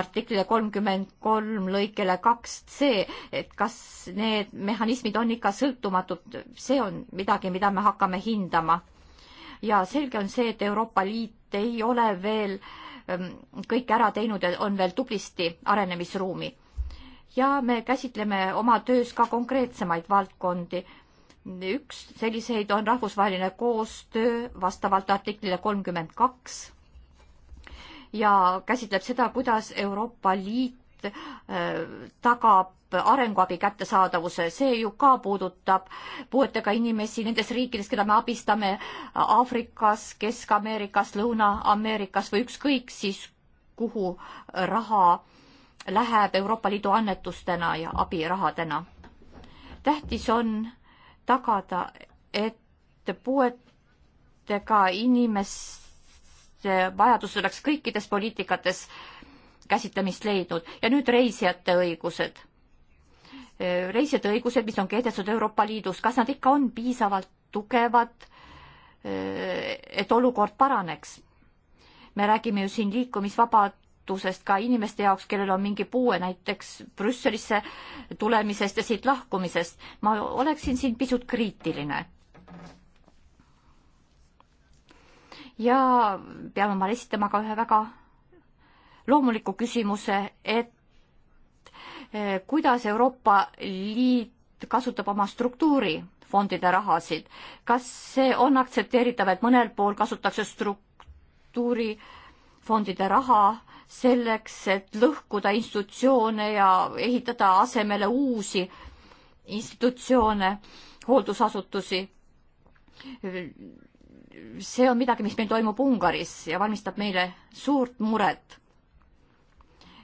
C: artiklile kolmkümmend kolm lõikele kaks C, et kas need mehhanismid on ikka sõltumatud, see on midagi, mida me hakkame hindama. ja selge on see, et Euroopa Liit ei ole veel äh, Ähm, kõik ära teinud ja on veel tublisti arenemisruumi. ja me käsitleme oma töös ka konkreetsemaid valdkondi. üks selliseid on rahvusvaheline koostöö vastavalt artiklile kolmkümmend kaks ja käsitleb seda, kuidas Euroopa Liit äh, tagab arenguabi kättesaadavuse, see ju ka puudutab puuetega inimesi nendes riikides, keda me abistame Aafrikas, Kesk-Ameerikas, Lõuna-Ameerikas või ükskõik siis, kuhu raha läheb Euroopa Liidu annetustena ja abirahadena. tähtis on tagada, et puuetega inimeste vajadus oleks kõikides poliitikates käsitlemist leidnud ja nüüd reisijate õigused reisijate õigused, mis on kehtestatud Euroopa Liidus, kas nad ikka on piisavalt tugevad, eh, et olukord paraneks? me räägime ju siin liikumisvabadusest ka inimeste jaoks, kellel on mingi puue, näiteks Brüsselisse tulemisest ja siit lahkumisest. ma oleksin siin pisut kriitiline. ja peame ma esitama ka ühe väga loomuliku küsimuse, et Eh, kuidas Euroopa Liit kasutab oma struktuurifondide rahasid. kas see on aktsepteeritav, et mõnel pool kasutatakse struktuurifondide raha selleks, et lõhkuda institutsioone ja ehitada asemele uusi institutsioone, hooldusasutusi? Eh, see on midagi, mis meil toimub Ungaris ja valmistab meile suurt muret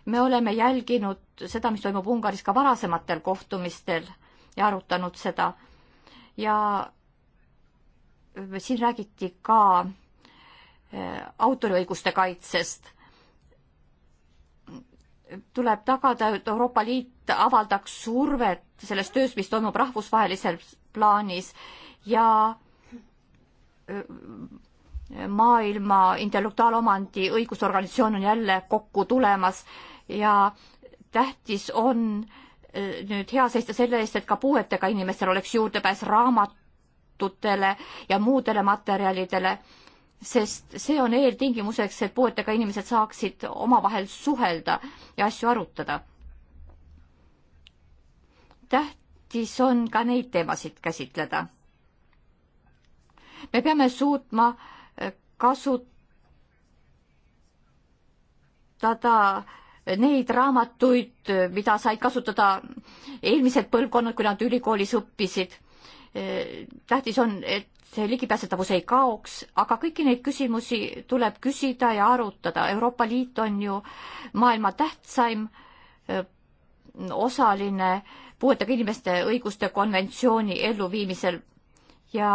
C: me oleme jälginud seda, mis toimub Ungaris ka varasematel kohtumistel ja arutanud seda. ja siin räägiti ka äh, autoriõiguste kaitsest. tuleb tagada, et Euroopa Liit avaldaks survet selles töös, mis toimub rahvusvahelisel plaanis ja äh, maailma intellektuaalomandi õigusorganisatsioon on jälle kokku tulemas ja tähtis on äh, nüüd hea seista selle eest, et ka puuetega inimestel oleks juurdepääs raamatutele ja muudele materjalidele, sest see on eeltingimuseks, et puuetega inimesed saaksid omavahel suhelda ja asju arutada. tähtis on ka neid teemasid käsitleda. me peame suutma äh, kasutada neid raamatuid, mida said kasutada eelmised põlvkonnad, kui nad ülikoolis õppisid. tähtis on, et see ligipääsetavus ei kaoks, aga kõiki neid küsimusi tuleb küsida ja arutada. Euroopa Liit on ju maailma tähtsaim eh, osaline puuetega inimeste õiguste konventsiooni elluviimisel ja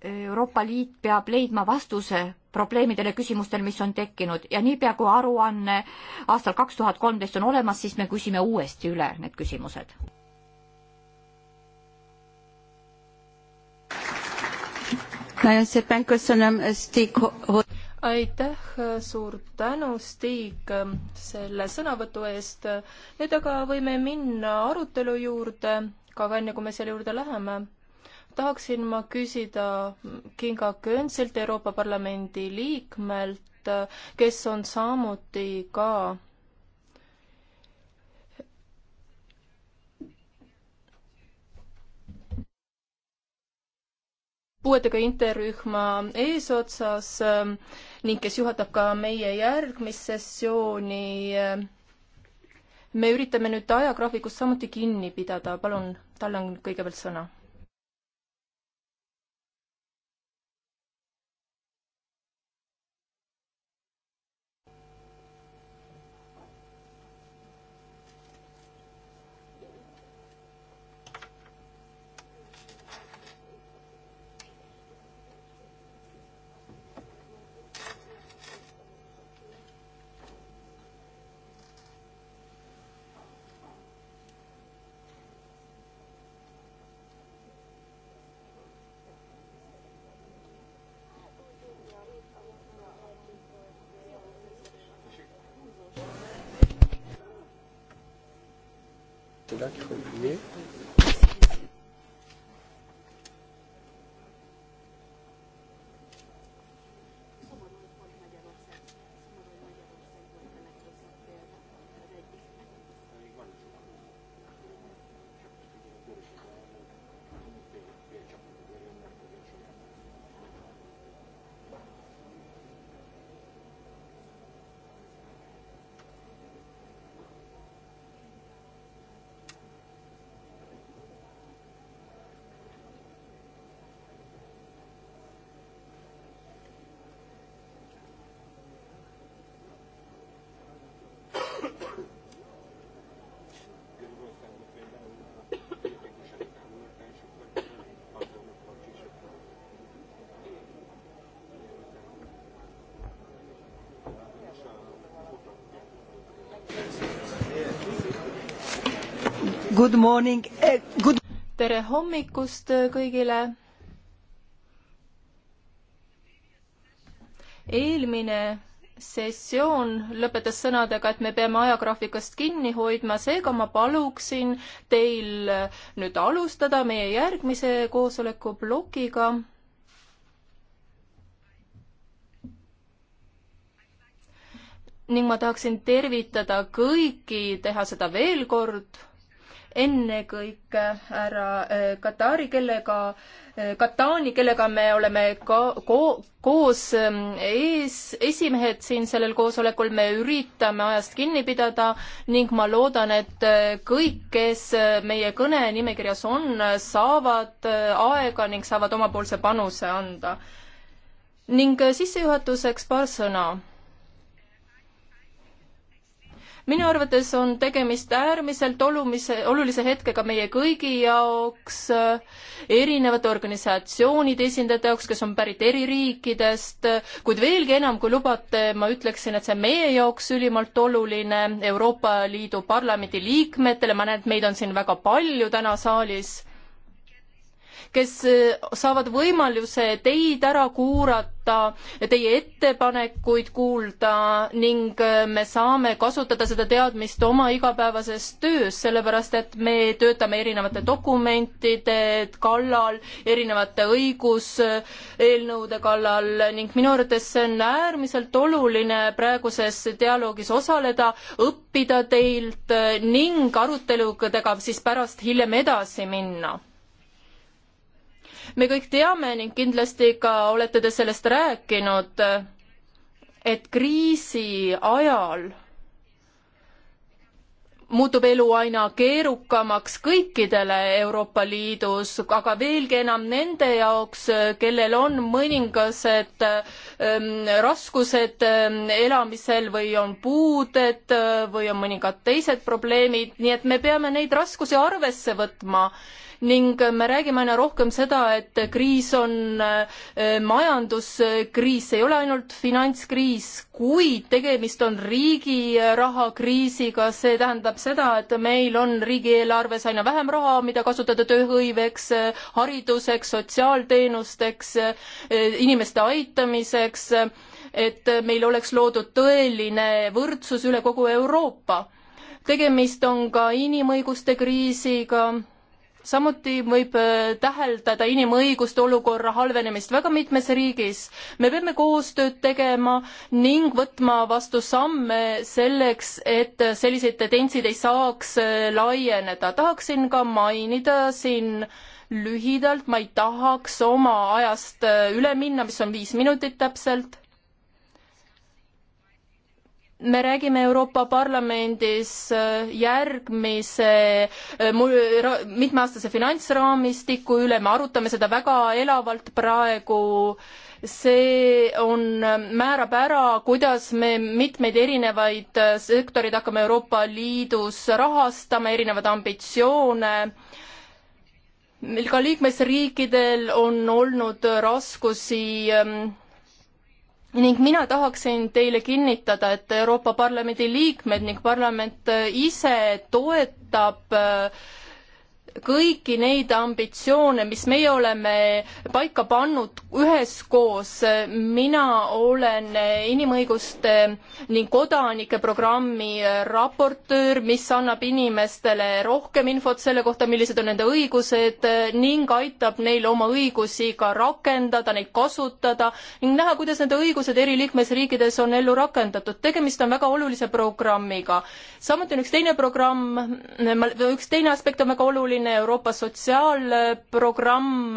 C: Euroopa Liit peab leidma vastuse probleemidele, küsimustele, mis on tekkinud ja niipea kui aruanne aastal kaks tuhat kolmteist on olemas, siis me küsime uuesti üle need küsimused.
A: aitäh, suur tänu, Stig, selle sõnavõtu eest. nüüd aga võime minna arutelu juurde, aga enne kui me selle juurde läheme tahaksin ma küsida Kinga Könselt, Euroopa Parlamendi liikmelt, kes on samuti ka puuetega interrühma eesotsas ähm, ning kes juhatab ka meie järgmist sessiooni. me üritame nüüd ajagraafikust samuti kinni pidada, palun, talle on kõigepealt sõna
C: c'est là qu'il faut le lier.
A: good morning eh, good.... tere hommikust kõigile. eelmine sessioon lõpetas sõnadega, et me peame ajagraafikast kinni hoidma, seega ma paluksin teil nüüd alustada meie järgmise koosoleku plokiga. ning ma tahaksin tervitada kõiki, teha seda veel kord ennekõike härra äh, Katari, kellega, äh, Katani, kellega me oleme ko-, ko-, koos ähm, ees, esimehed siin sellel koosolekul, me üritame ajast kinni pidada ning ma loodan, et äh, kõik, kes meie kõnenimekirjas on, saavad aega ning saavad omapoolse panuse anda. ning sissejuhatuseks paar sõna minu arvates on tegemist äärmiselt olumise, olulise hetkega meie kõigi jaoks, äh, erinevate organisatsioonide esindajate jaoks, kes on pärit eri riikidest, kuid veelgi enam, kui lubate, ma ütleksin, et see on meie jaoks ülimalt oluline, Euroopa Liidu Parlamendi liikmetele, ma näen, et meid on siin väga palju täna saalis kes eh, saavad võimaluse teid ära kuurata, teie ettepanekuid kuulda ning eh, me saame kasutada seda teadmist oma igapäevases töös, sellepärast et me töötame erinevate dokumentide kallal, erinevate õiguseelnõude kallal ning minu arvates see on äärmiselt oluline praeguses dialoogis osaleda, õppida teilt ning aruteludega siis pärast hiljem edasi minna me kõik teame ning kindlasti ka olete te sellest rääkinud, et kriisi ajal muutub elu aina keerukamaks kõikidele Euroopa Liidus, aga veelgi enam nende jaoks, kellel on mõningased ähm, raskused ähm, elamisel või on puuded äh, või on mõningad teised probleemid, nii et me peame neid raskusi arvesse võtma ning me räägime aina rohkem seda, et kriis on äh, majanduskriis, see ei ole ainult finantskriis, kuid tegemist on riigi äh, rahakriisiga, see tähendab seda, et meil on riigieelarves aina vähem raha, mida kasutada tööhõiveks, äh, hariduseks, sotsiaalteenusteks, inimeste aitamiseks, et meil oleks loodud tõeline võrdsus üle kogu Euroopa. tegemist on ka inimõiguste kriisiga samuti võib äh, täheldada inimõiguste olukorra halvenemist väga mitmes riigis. me peame koostööd tegema ning võtma vastu samme selleks, et sellised tendentsid ei saaks äh, laieneda. tahaksin ka mainida siin lühidalt, ma ei tahaks oma ajast äh, üle minna, mis on viis minutit täpselt me räägime Euroopa Parlamendis äh, järgmise äh, mitmeaastase finantsraamistiku üle, me arutame seda väga elavalt praegu, see on, äh, määrab ära, kuidas me mitmeid erinevaid sektoreid hakkame Euroopa Liidus rahastama, erinevaid ambitsioone ka liikmesriikidel on olnud raskusi ähm, ning mina tahaksin teile kinnitada, et Euroopa Parlamendi liikmed ning parlament ise toetab äh, kõiki neid ambitsioone, mis meie oleme paika pannud üheskoos. mina olen inimõiguste ning kodanike programmi raportöör, mis annab inimestele rohkem infot selle kohta, millised on nende õigused ning aitab neil oma õigusi ka rakendada, neid kasutada ning näha, kuidas nende õigused eri liikmesriikides on ellu rakendatud. tegemist on väga olulise programmiga. samuti on üks teine programm, üks teine aspekt on väga oluline, teine Euroopa sotsiaalprogramm,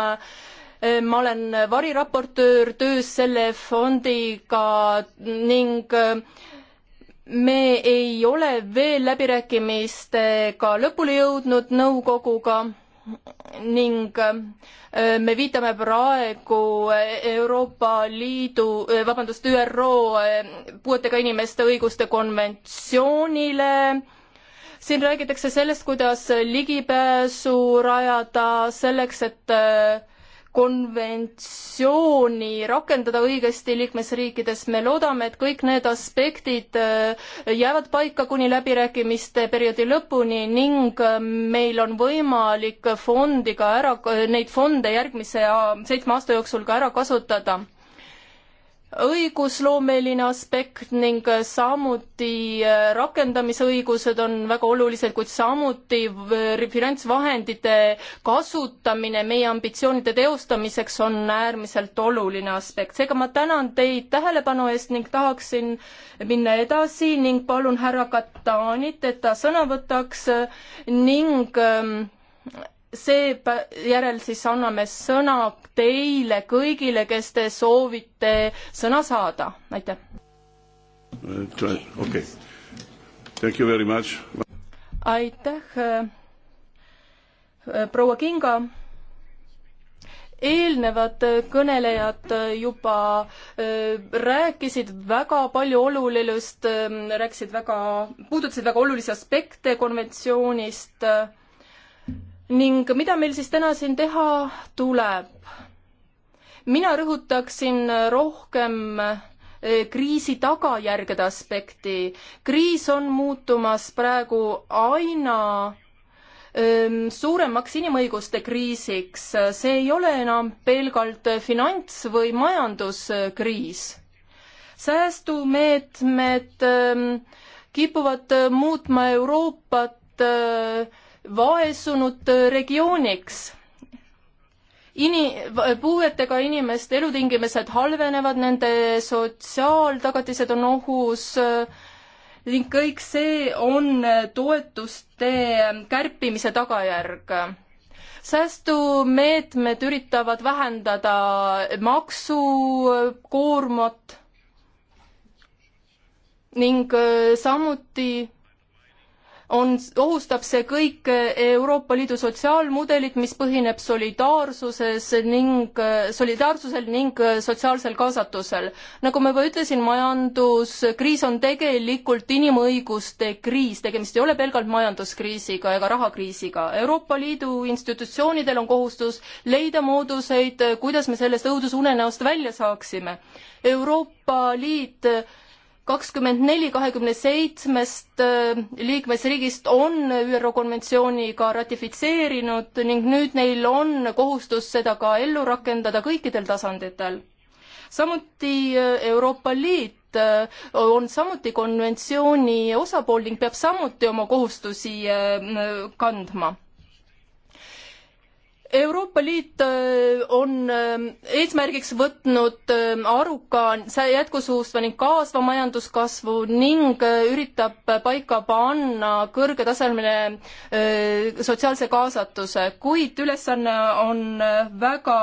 A: ma olen variraportöör töös selle fondiga ning me ei ole veel läbirääkimistega lõpule jõudnud nõukoguga ning äh, me viitame praegu äh, Euroopa Liidu, äh, vabandust, ÜRO puuetega inimeste õiguste konventsioonile siin räägitakse sellest, kuidas ligipääsu rajada selleks, et äh, konventsiooni rakendada õigesti liikmesriikides, me loodame, et kõik need aspektid äh, jäävad paika kuni läbirääkimiste perioodi lõpuni ning äh, meil on võimalik fondi ka ära, neid fonde järgmise seitsme aasta jooksul ka ära kasutada õigusloomeline aspekt ning samuti äh, rakendamisõigused on väga olulised, kuid samuti äh, finantsvahendite kasutamine meie ambitsioonide teostamiseks on äärmiselt oluline aspekt. seega ma tänan teid tähelepanu eest ning tahaksin minna edasi ning palun härra Katanit, et ta sõna võtaks ning ähm, seejärel siis anname sõna teile kõigile, kes te soovite sõna saada, aitäh.
B: okei, thank you very much.
A: aitäh, äh, proua Kinga eelnevad kõnelejad juba äh, rääkisid väga palju olulist, äh, rääkisid väga, puudutasid väga olulisi aspekte konventsioonist ning mida meil siis täna siin teha tuleb? mina rõhutaksin rohkem eh, kriisi tagajärgede aspekti. kriis on muutumas praegu aina ehm, suuremaks inimõiguste kriisiks, see ei ole enam pelgalt finants- või majanduskriis. säästumeetmed ehm, kipuvad muutma Euroopat eh, vaesunud äh, regiooniks ini-, puuetega inimeste elutingimused halvenevad, nende sotsiaaltagatised on ohus äh, ning kõik see on äh, toetuste kärpimise tagajärg. säästumeetmed üritavad vähendada maksukoormat ning samuti on, ohustab see kõik Euroopa Liidu sotsiaalmudelit, mis põhineb solidaarsuses ning, solidaarsusel ning sotsiaalsel kaasatusel. nagu ma juba ütlesin, majanduskriis on tegelikult inimõiguste kriis, tegemist ei ole pelgalt majanduskriisiga ega rahakriisiga. Euroopa Liidu institutsioonidel on kohustus leida mooduseid, kuidas me sellest õudusunenäost välja saaksime. Euroopa Liit kakskümmend neli kahekümne seitsmest äh, liikmesriigist on ÜRO konventsiooni ka ratifitseerinud ning nüüd neil on kohustus seda ka ellu rakendada kõikidel tasanditel. samuti äh, Euroopa Liit äh, on samuti konventsiooni osapool ning peab samuti oma kohustusi kandma Euroopa Liit äh, on äh, eesmärgiks võtnud äh, aruka jätkusuutva ning kaasva majanduskasvu ning üritab paika panna kõrgetasemeline sotsiaalse kaasatuse, kuid ülesanne on väga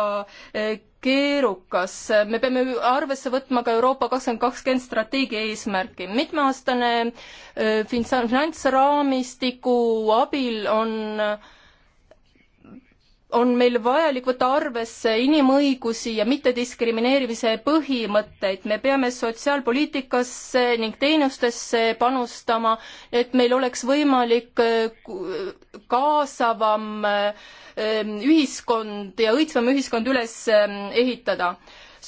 A: keerukas, me peame arvesse võtma ka Euroopa kakskümmend kakskümmend strateegia eesmärki. mitmeaastane finantsraamistiku abil on äh, on meil vajalik võtta arvesse inimõigusi ja mittediskrimineerimise põhimõtteid, me peame sotsiaalpoliitikasse ning teenustesse panustama, et meil oleks võimalik äh, kaasavam ähm, ühiskond ja õitsvam ühiskond üles ähm, ehitada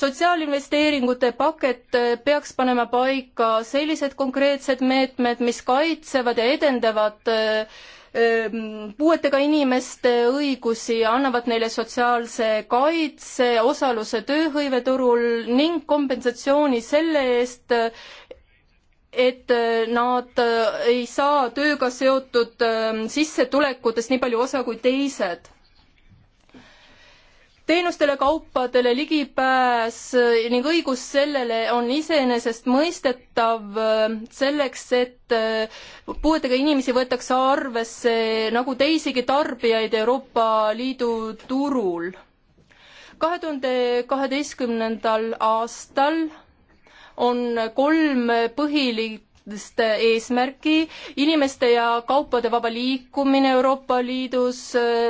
A: sotsiaalinvesteeringute pakett äh, peaks panema paika sellised konkreetsed meetmed, mis kaitsevad ja edendavad äh, puuetega inimeste õigusi, annavad neile sotsiaalse kaitse, osaluse tööhõiveturul ning kompensatsiooni selle eest, et nad ei saa tööga seotud sissetulekutest nii palju osa kui teised teenustele, kaupadele ligipääs eh, ning õigus sellele on iseenesestmõistetav eh, selleks, et eh, puuetega inimesi võetakse arvesse nagu teisigi tarbijaid Euroopa Liidu turul. kahe tuhande kaheteistkümnendal aastal on kolm põhilist üldist eesmärki, inimeste ja kaupade vaba liikumine Euroopa Liidus,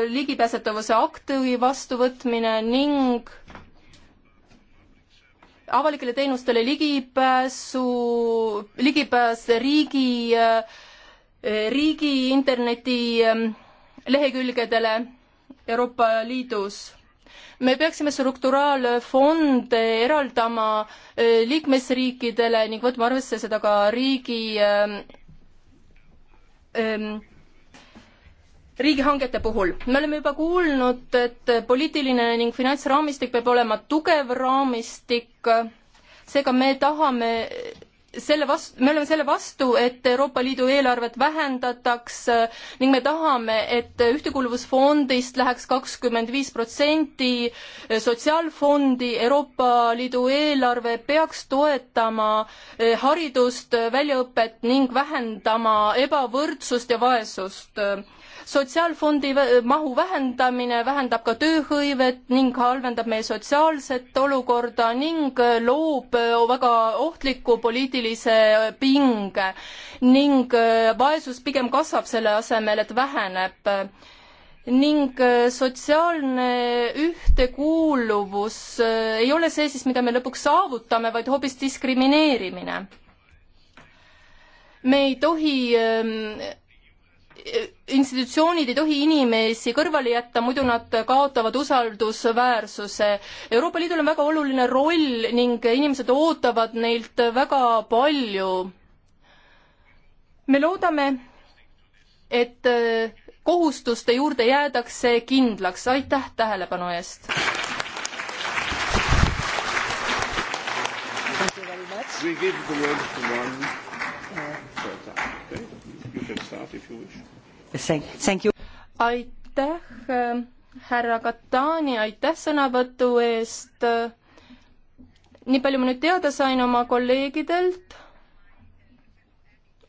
A: ligipääsetavuse akti vastuvõtmine ning avalikele teenustele ligipääsu, ligipääs riigi, riigi interneti ehm, lehekülgedele Euroopa Liidus me peaksime strukturaalfonde eraldama äh, liikmesriikidele ning võtma arvesse seda ka riigi ähm, ähm, riigihangete puhul. me oleme juba kuulnud, et poliitiline ning finantsraamistik peab olema tugev raamistik, seega me tahame selle vastu, me oleme selle vastu, et Euroopa Liidu eelarvet vähendataks ning me tahame, et Ühtekuuluvusfondist läheks kakskümmend viis protsenti sotsiaalfondi, Euroopa Liidu eelarve peaks toetama eh, haridust, väljaõpet ning vähendama ebavõrdsust ja vaesust sotsiaalfondi mahu vähendamine vähendab ka tööhõivet ning halvendab meie sotsiaalset olukorda ning loob väga ohtliku poliitilise pinge ning äh, vaesus pigem kasvab selle asemel, et väheneb ning äh, sotsiaalne ühtekuuluvus äh, ei ole see siis, mida me lõpuks saavutame, vaid hoopis diskrimineerimine. me ei tohi ähm, institutsioonid ei tohi inimesi kõrvale jätta, muidu nad kaotavad usaldusväärsuse. Euroopa Liidul on väga oluline roll ning inimesed ootavad neilt väga palju. me loodame, et kohustuste juurde jäädakse kindlaks, aitäh tähelepanu eest!
C: We give the word to one. Uh, okay. You can start if you wish
A: aitäh, äh, härra Katani, aitäh sõnavõtu eest. nii palju ma nüüd teada sain oma kolleegidelt,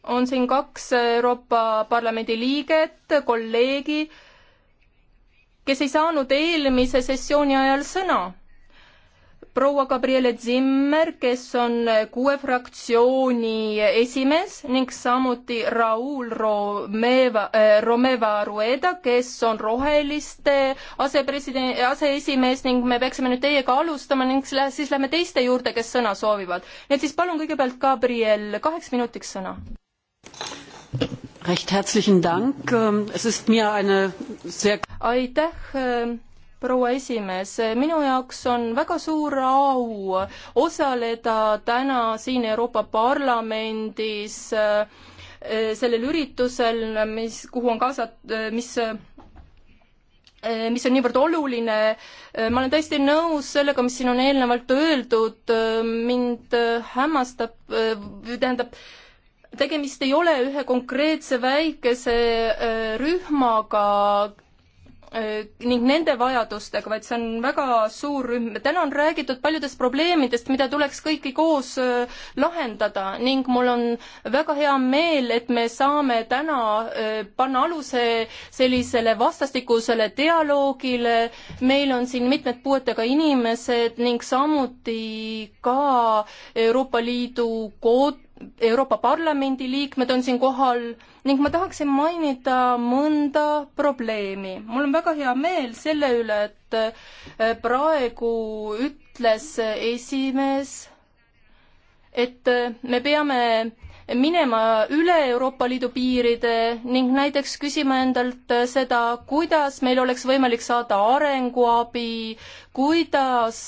A: on siin kaks Euroopa Parlamendi liiget, kolleegi, kes ei saanud eelmise sessiooni ajal sõna proua Gabriele Zimmer, kes on kuue fraktsiooni esimees ning samuti Raul Romeva, äh, Romeva Rueda, kes on Roheliste asepresident, aseesimees ning me peaksime nüüd teiega alustama ning siis lähme teiste juurde, kes sõna soovivad. nii et siis palun kõigepealt, Gabriel, kaheks minutiks sõna recht
B: herzlichen Dank. Ähm, es ist mir eine
A: sehr aitäh, ähm, proua esimees, minu jaoks on väga suur au osaleda täna siin Euroopa Parlamendis äh, sellel üritusel, mis, kuhu on kaasat-, äh, mis äh, mis on niivõrd oluline, ma olen täiesti nõus sellega, mis siin on eelnevalt öeldud, mind hämmastab, tähendab, tegemist ei ole ühe konkreetse väikese rühmaga, Äh, ning nende vajadustega, vaid see on väga suur rühm. täna on räägitud paljudest probleemidest, mida tuleks kõiki koos äh, lahendada ning mul on väga hea meel, et me saame täna äh, panna aluse sellisele vastastikusele dialoogile. meil on siin mitmed puuetega inimesed ning samuti ka Euroopa Liidu kood-, Euroopa Parlamendi liikmed on siin kohal ning ma tahaksin mainida mõnda probleemi. mul on väga hea meel selle üle, et äh, praegu ütles esimees, et äh, me peame minema üle Euroopa Liidu piiride ning näiteks küsima endalt äh, seda, kuidas meil oleks võimalik saada arenguabi, kuidas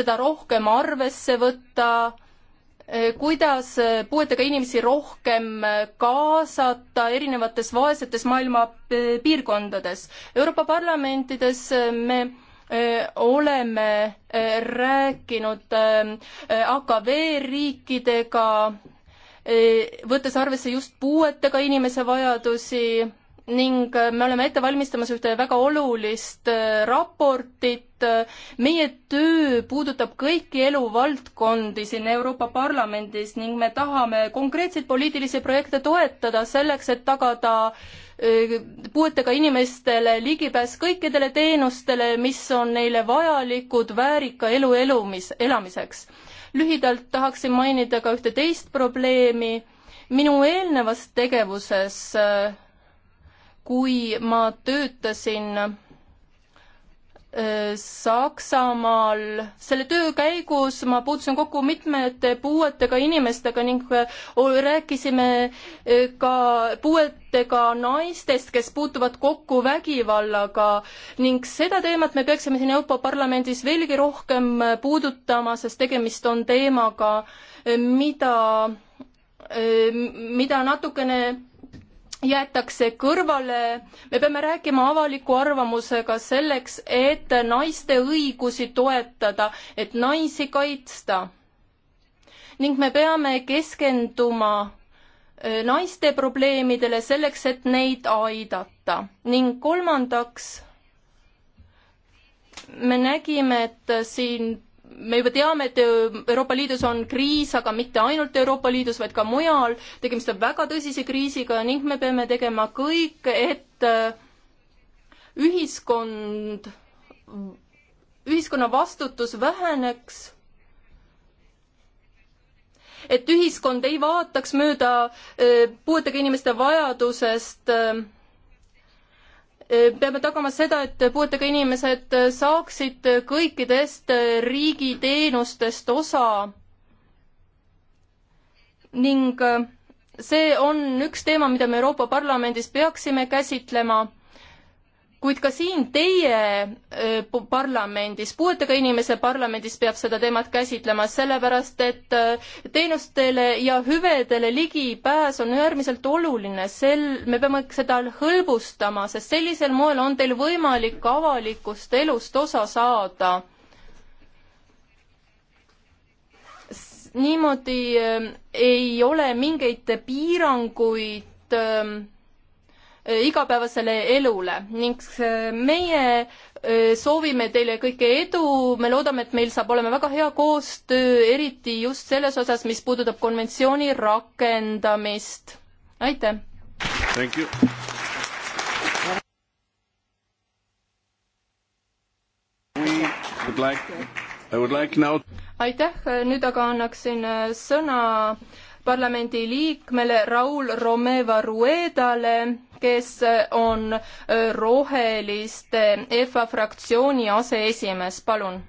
A: seda rohkem arvesse võtta kuidas puuetega inimesi rohkem kaasata erinevates vaesetes maailma piirkondades. Euroopa parlamentides me e, oleme e, rääkinud e, AKV riikidega, võttes arvesse just puuetega inimese vajadusi ning äh, me oleme ette valmistamas ühte väga olulist äh, raportit. meie töö puudutab kõiki eluvaldkondi siin Euroopa Parlamendis ning me tahame konkreetseid poliitilisi projekte toetada selleks, et tagada äh, puuetega inimestele ligipääs kõikidele teenustele, mis on neile vajalikud väärika elu elumis, elamiseks. lühidalt tahaksin mainida ka ühte teist probleemi. minu eelnevas tegevuses kui ma töötasin äh, Saksamaal. selle töö käigus ma puutusin kokku mitmete puuetega inimestega ning äh, rääkisime äh, ka puuetega naistest, kes puutuvad kokku vägivallaga ning seda teemat me peaksime siin Euroopa Parlamendis veelgi rohkem puudutama, sest tegemist on teemaga, mida, mida natukene jäetakse kõrvale, me peame rääkima avaliku arvamusega selleks, et naiste õigusi toetada, et naisi kaitsta. ning me peame keskenduma eh, naiste probleemidele selleks, et neid aidata. ning kolmandaks, me nägime, et siin me juba teame, et äh, Euroopa Liidus on kriis, aga mitte ainult Euroopa Liidus, vaid ka mujal. tegemist on väga tõsise kriisiga ning me peame tegema kõik, et äh, ühiskond, ühiskonna vastutus väheneks et ühiskond ei vaataks mööda äh, puuetega inimeste vajadusest äh, peame tagama seda, et puuetega inimesed saaksid kõikidest riigiteenustest osa. ning see on üks teema, mida me Euroopa Parlamendis peaksime käsitlema kuid ka siin teie parlamendis, puuetega inimese parlamendis peab seda teemat käsitlema, sellepärast et teenustele ja hüvedele ligipääs on äärmiselt oluline, sel, me peame seda hõlbustama, sest sellisel moel on teil võimalik avalikust elust osa saada. niimoodi ei ole mingeid piiranguid Äh, igapäevasele elule ning äh, meie äh, soovime teile kõike edu, me loodame, et meil saab olema väga hea koostöö, eriti just selles osas, mis puudutab konventsiooni rakendamist. aitäh!
C: Like, like now...
A: aitäh, nüüd aga annaksin sõna parlamendi liikmele Raul Romeva Ruedale, kes on äh, Roheliste EFA fraktsiooni aseesimees, palun.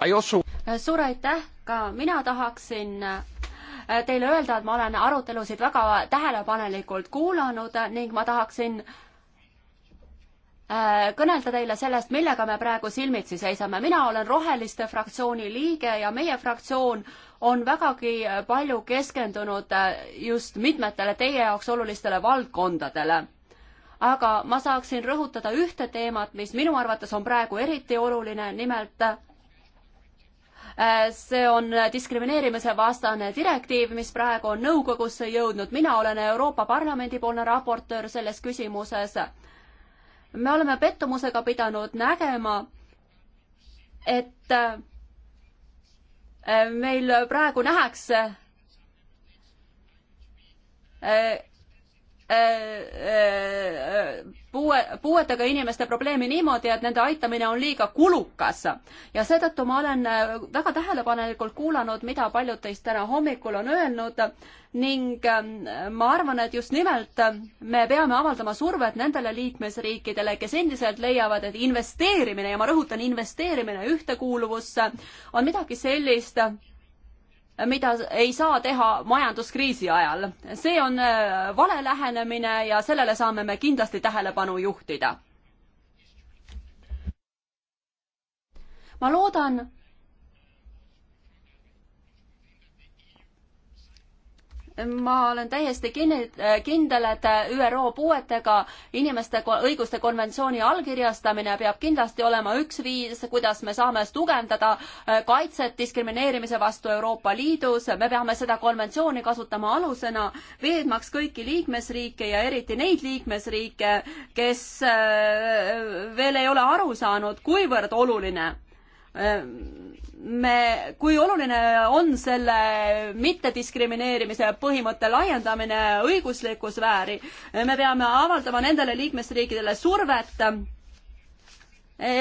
B: Äh,
A: suur aitäh, ka mina
B: tahaksin äh, teile öelda, et ma olen arutelusid väga tähelepanelikult kuulanud ning ma tahaksin Äh, kõnelda teile sellest, millega me praegu silmitsi seisame. mina olen Roheliste fraktsiooni liige ja meie fraktsioon on vägagi äh, palju keskendunud äh, just mitmetele teie jaoks olulistele valdkondadele. aga ma saaksin rõhutada ühte teemat, mis minu arvates on praegu eriti oluline, nimelt see on diskrimineerimise vastane direktiiv, mis praegu on nõukogusse jõudnud. mina olen Euroopa Parlamendi poolne raportöör selles küsimuses me oleme pettumusega pidanud nägema, et äh, meil praegu nähakse äh, äh, puue, puuetega inimeste probleemi niimoodi, et nende aitamine on liiga kulukas. ja seetõttu ma olen äh, väga tähelepanelikult kuulanud, mida paljud teist täna hommikul on öelnud ning ähm, ma arvan, et just nimelt äh, me peame avaldama survet nendele liikmesriikidele, kes endiselt leiavad, et investeerimine ja ma rõhutan, investeerimine ühtekuuluvusse on midagi sellist, mida ei saa teha majanduskriisi ajal. see on äh, vale lähenemine ja sellele saame me kindlasti tähelepanu juhtida. ma loodan, ma olen täiesti äh, kindel, et ÜRO puuetega inimeste õiguste konventsiooni allkirjastamine peab kindlasti olema üks viis, kuidas me saame tugevdada äh, kaitset diskrimineerimise vastu Euroopa Liidus. me peame seda konventsiooni kasutama alusena, veedmaks kõiki liikmesriike ja eriti neid liikmesriike, kes äh, veel ei ole aru saanud, kuivõrd oluline Ehm, me, kui oluline on selle mittediskrimineerimise põhimõtte laiendamine õigusliku sfääri, eh, me peame avaldama nendele liikmesriikidele survet eh,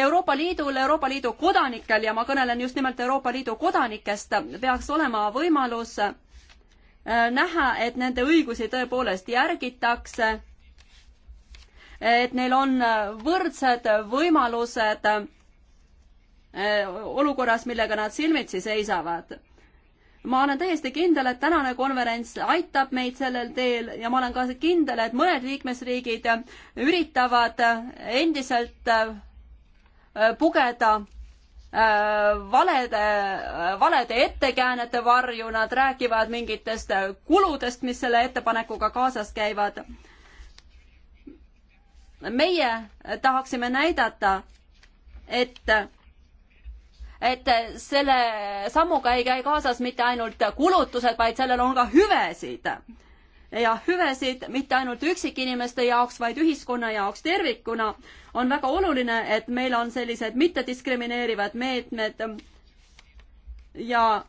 B: Euroopa Liidul, Euroopa Liidu kodanikel ja ma kõnelen just nimelt Euroopa Liidu kodanikest, peaks olema võimalus eh, näha, et nende õigusi tõepoolest järgitakse, et neil on võrdsed võimalused Äh, olukorras, millega nad silmitsi seisavad. ma olen täiesti kindel, et tänane konverents aitab meid sellel teel ja ma olen ka kindel, et mõned liikmesriigid üritavad endiselt äh, pugeda äh, valede, valede ettekäänete varju, nad räägivad mingitest kuludest, mis selle ettepanekuga kaasas käivad. meie tahaksime näidata, et et selle sammuga ei käi kaasas mitte ainult kulutused, vaid sellel on ka hüvesid. ja hüvesid mitte ainult üksikinimeste jaoks, vaid ühiskonna jaoks tervikuna. on väga oluline, et meil on sellised mittediskrimineerivad meetmed ja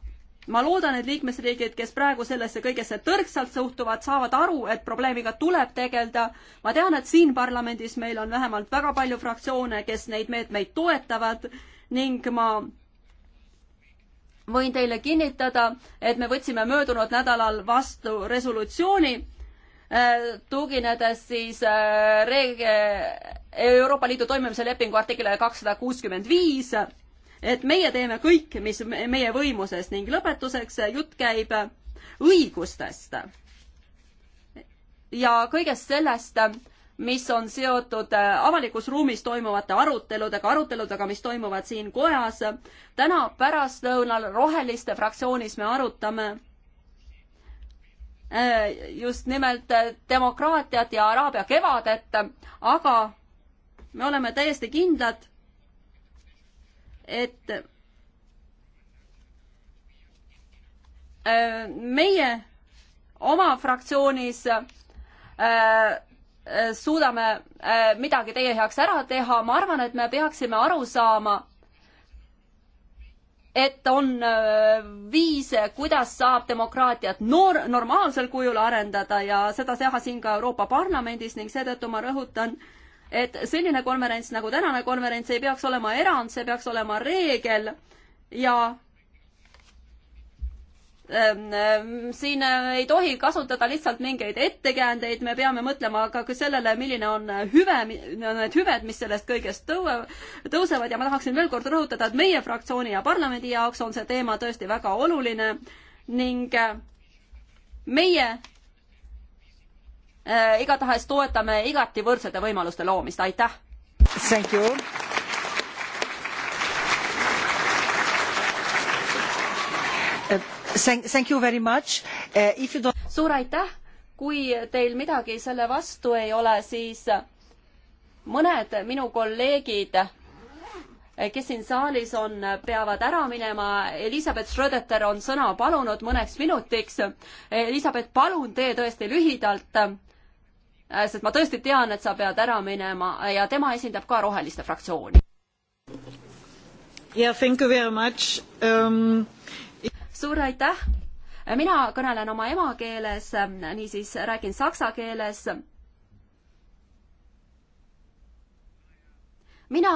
B: ma loodan, et liikmesriigid, kes praegu sellesse kõigesse tõrksalt suhtuvad, saavad aru, et probleemiga tuleb tegeleda. ma tean, et siin parlamendis meil on vähemalt väga palju fraktsioone, kes neid meetmeid toetavad ning ma võin teile kinnitada, et me võtsime möödunud nädalal vastu resolutsiooni, äh, tuginedes siis äh, reeg-, äh, Euroopa Liidu toimimise lepingu artiklile kakssada kuuskümmend viis, et meie teeme kõik, mis meie võimuses ning lõpetuseks jutt käib õigustest. ja kõigest sellest, mis on seotud äh, avalikus ruumis toimuvate aruteludega, aruteludega, mis toimuvad siin kojas. täna pärastlõunal Roheliste fraktsioonis me arutame äh, just nimelt äh, demokraatiat ja Araabia kevadet, aga me oleme täiesti kindlad, et meie oma fraktsioonis Äh, suudame äh, midagi teie heaks ära teha, ma arvan, et me peaksime aru saama, et on äh, viise, kuidas saab demokraatiat noor, normaalsel kujul arendada ja seda teha siin ka Euroopa Parlamendis ning seetõttu ma rõhutan, et selline konverents nagu tänane konverents ei peaks olema erand, see peaks olema reegel ja Ehm, ehm, siin äh, ei tohi kasutada lihtsalt mingeid ettekäändeid, me peame mõtlema ka sellele, milline on äh, hüve, need hüved, mis sellest kõigest tõue, tõusevad ja ma tahaksin veel kord rõhutada, et meie fraktsiooni ja parlamendi jaoks on see teema tõesti väga oluline ning äh, meie igatahes toetame igati võrdsete võimaluste loomist, aitäh!
A: Thank you.
B: Uh, suur aitäh, kui teil midagi selle vastu ei ole, siis mõned minu kolleegid, kes siin saalis on, peavad ära minema. Elizabeth Schrödeter on sõna palunud mõneks minutiks. Elizabeth, palun tee tõesti lühidalt, sest ma tõesti tean, et sa pead ära minema ja tema esindab ka Roheliste fraktsiooni. Yeah, thank you very much um, suur aitäh! mina kõnelen oma emakeeles, niisiis räägin saksa keeles. mina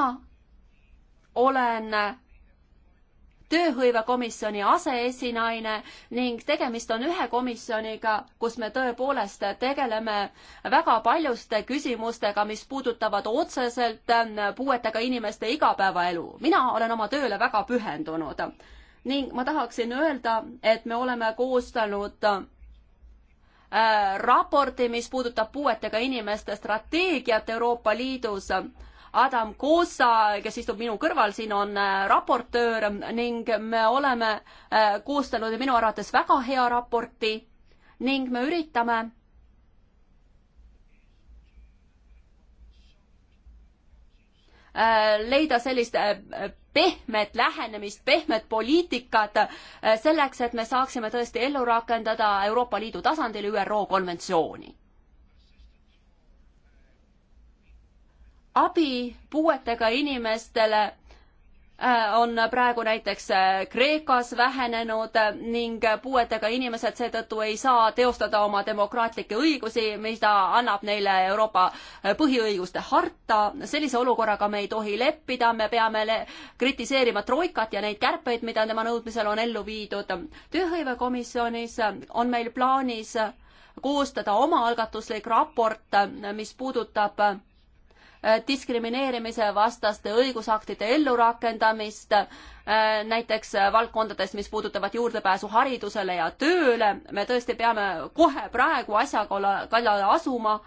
B: olen tööhõivekomisjoni aseesinaine ning tegemist on ühe komisjoniga, kus me tõepoolest tegeleme väga paljuste küsimustega, mis puudutavad otseselt puuetega inimeste igapäevaelu. mina olen oma tööle väga pühendunud ning ma tahaksin öelda, et me oleme koostanud äh, raporti, mis puudutab puuetega inimeste strateegiat Euroopa Liidus. Adam Koosa, kes istub minu kõrval, siin on äh, raportöör ning me oleme äh, koostanud minu arvates väga hea raporti ning me üritame Äh, leida sellist äh, pehmet lähenemist, pehmet poliitikat äh, selleks, et me saaksime tõesti ellu rakendada Euroopa Liidu tasandil ÜRO konventsiooni. abi puuetega inimestele Äh, on praegu näiteks äh, Kreekas vähenenud äh, ning puuetega inimesed seetõttu ei saa teostada oma demokraatlikke õigusi, mida annab neile Euroopa põhiõiguste harta. sellise olukorraga me ei tohi leppida, me peame le kritiseerima Troikat ja neid kärpeid, mida tema nõudmisel on ellu viidud. tööhõivekomisjonis on meil plaanis koostada omaalgatuslik raport, mis puudutab Äh, diskrimineerimise vastaste õigusaktide ellurakendamist, äh, näiteks äh, valdkondades, mis puudutavad juurdepääsu haridusele ja tööle. me tõesti peame kohe praegu asja kallale asuma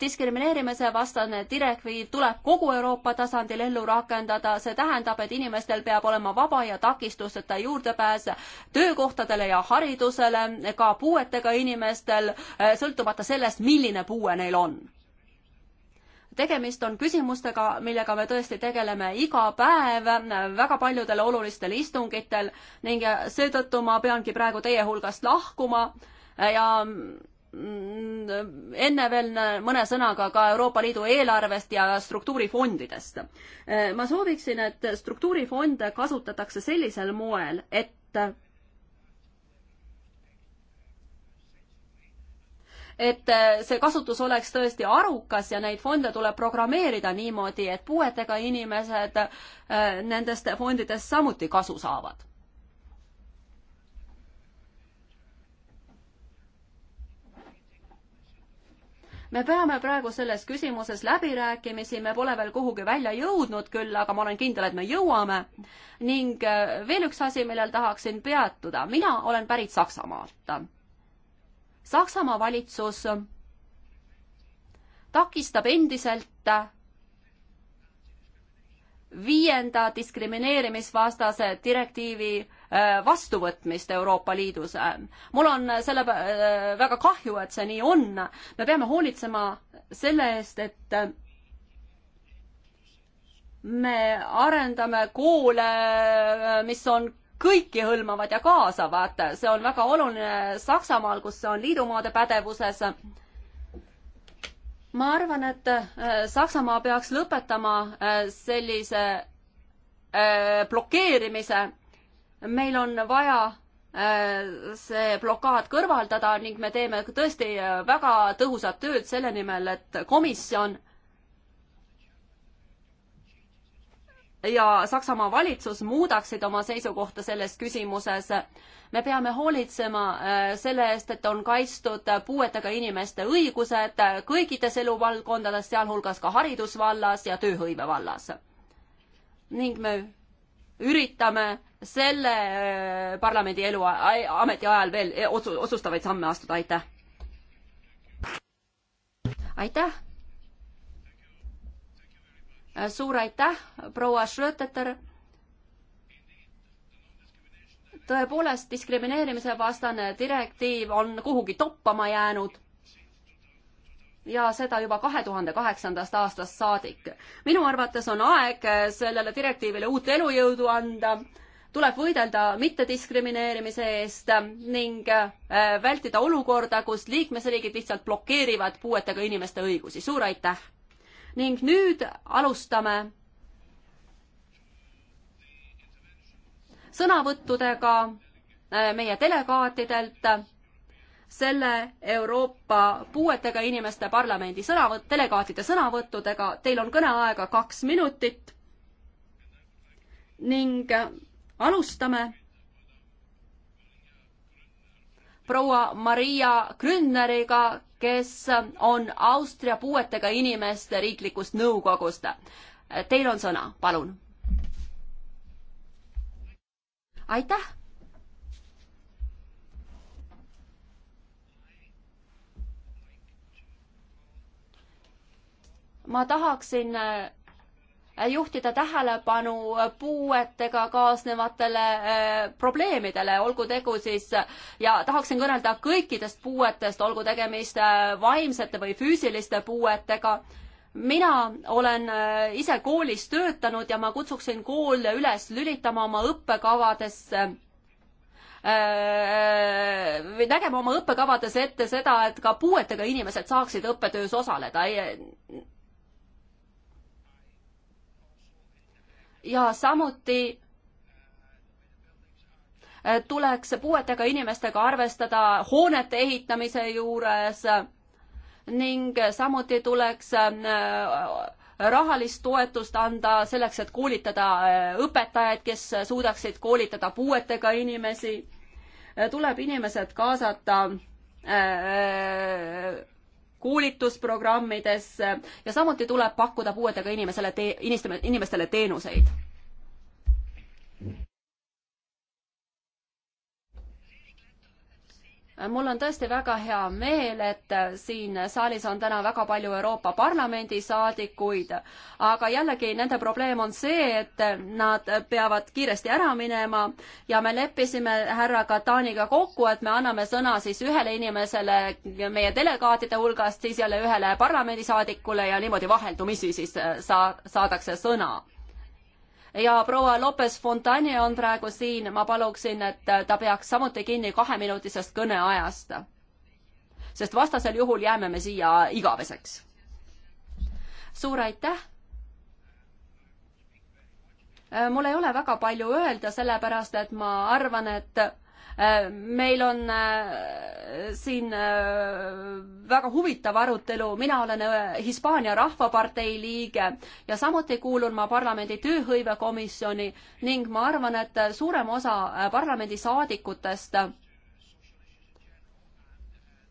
B: diskrimineerimise vastane direktiiv tuleb kogu Euroopa tasandil ellu rakendada, see tähendab, et inimestel peab olema vaba ja takistusteta juurdepääs töökohtadele ja haridusele, ka puuetega inimestel, eh, sõltumata sellest, milline puue neil on tegemist on küsimustega, millega me tõesti tegeleme iga päev eh, väga paljudel olulistel istungitel ning eh, seetõttu ma peangi praegu teie hulgast lahkuma ja mm, enne veel mõne sõnaga ka Euroopa Liidu eelarvest ja struktuurifondidest. ma sooviksin, et struktuurifonde kasutatakse sellisel moel, et et see kasutus oleks tõesti arukas ja neid fonde tuleb programmeerida niimoodi, et puuetega inimesed äh, nendest fondidest samuti kasu saavad me peame praegu selles küsimuses läbirääkimisi, me pole veel kuhugi välja jõudnud küll, aga ma olen kindel, et me jõuame. ning äh, veel üks asi, millel tahaksin peatuda. mina olen pärit Saksamaalt. Saksamaa valitsus takistab endiselt viienda diskrimineerimisvastase direktiivi Äh, vastuvõtmist Euroopa Liidus. mul on selle äh, väga kahju, et see nii on. me peame hoolitsema selle eest, et me arendame koole, äh, mis on kõiki hõlmavad ja kaasavad, see on väga oluline Saksamaal, kus see on liidumaade pädevuses ma arvan, et Saksamaa peaks lõpetama sellise blokeerimise meil on vaja äh, see blokaad kõrvaldada ning me teeme tõesti äh, väga tõhusat tööd selle nimel, et komisjon ja Saksamaa valitsus muudaksid oma seisukohta selles küsimuses. me peame hoolitsema äh, selle eest, et on kaitstud puuetega inimeste õigused kõikides eluvaldkondades, sealhulgas ka haridusvallas ja tööhõive vallas. ning me üritame selle äh, parlamendi elu, ametiajal veel e, otsu-, otsustavaid samme astuda, aitäh! aitäh! Äh, suur aitäh, proua Schröteter! tõepoolest, diskrimineerimise vastane direktiiv on kuhugi toppama jäänud ja seda juba kahe tuhande kaheksandast aastast saadik. minu arvates on aeg sellele direktiivile uut elujõudu anda, tuleb võidelda mittediskrimineerimise eest ning äh, vältida olukorda, kus liikmesriigid lihtsalt blokeerivad puuetega inimeste õigusi. suur aitäh! ning nüüd alustame sõnavõttudega äh, meie delegaatidelt selle Euroopa puuetega inimeste parlamendi sõnavõtt, delegaatide sõnavõttudega, teil on kõneaega kaks minutit ning alustame proua Maria Grünneriga, kes on Austria puuetega inimeste riiklikust nõukogust. Teil on sõna, palun. aitäh ma tahaksin äh, juhtida tähelepanu äh, puuetega kaasnevatele äh, probleemidele, olgu tegu siis ja tahaksin kõnelda kõikidest puuetest, olgu tegemist vaimsete või füüsiliste puuetega. mina olen ise koolis töötanud ja ma kutsuksin koole üles lülitama oma õppekavadesse või nägema oma õppekavades ette seda, et ka puuetega inimesed saaksid õppetöös osaleda. ja samuti äh, tuleks puuetega inimestega arvestada hoonete ehitamise juures ning samuti tuleks äh, rahalist toetust anda selleks, et koolitada äh, õpetajaid, kes suudaksid koolitada puuetega inimesi. tuleb inimesed kaasata koolitusprogrammidesse ja samuti tuleb pakkuda puuetega inimesele tee-, inimestele teenuseid. mul on tõesti väga hea meel, et siin saalis on täna väga palju Euroopa Parlamendi saadikuid, aga jällegi nende probleem on see, et nad peavad kiiresti ära minema ja me leppisime härra Kataniga kokku, et me anname sõna siis ühele inimesele meie delegaatide hulgast, siis jälle ühele parlamendisaadikule ja niimoodi vaheldumisi siis saa-, saadakse sõna ja proua Lopez Fontanje on praegu siin, ma paluksin, et ta peaks samuti kinni kaheminutisest kõneajast. sest vastasel juhul jääme me siia igaveseks. suur aitäh! mul ei ole väga palju öelda, sellepärast et ma arvan, et Äh, meil on äh, siin äh, väga huvitav arutelu, mina olen Hispaania Rahvapartei liige ja samuti kuulun ma parlamendi tööhõivekomisjoni ning ma arvan, et suurem osa parlamendisaadikutest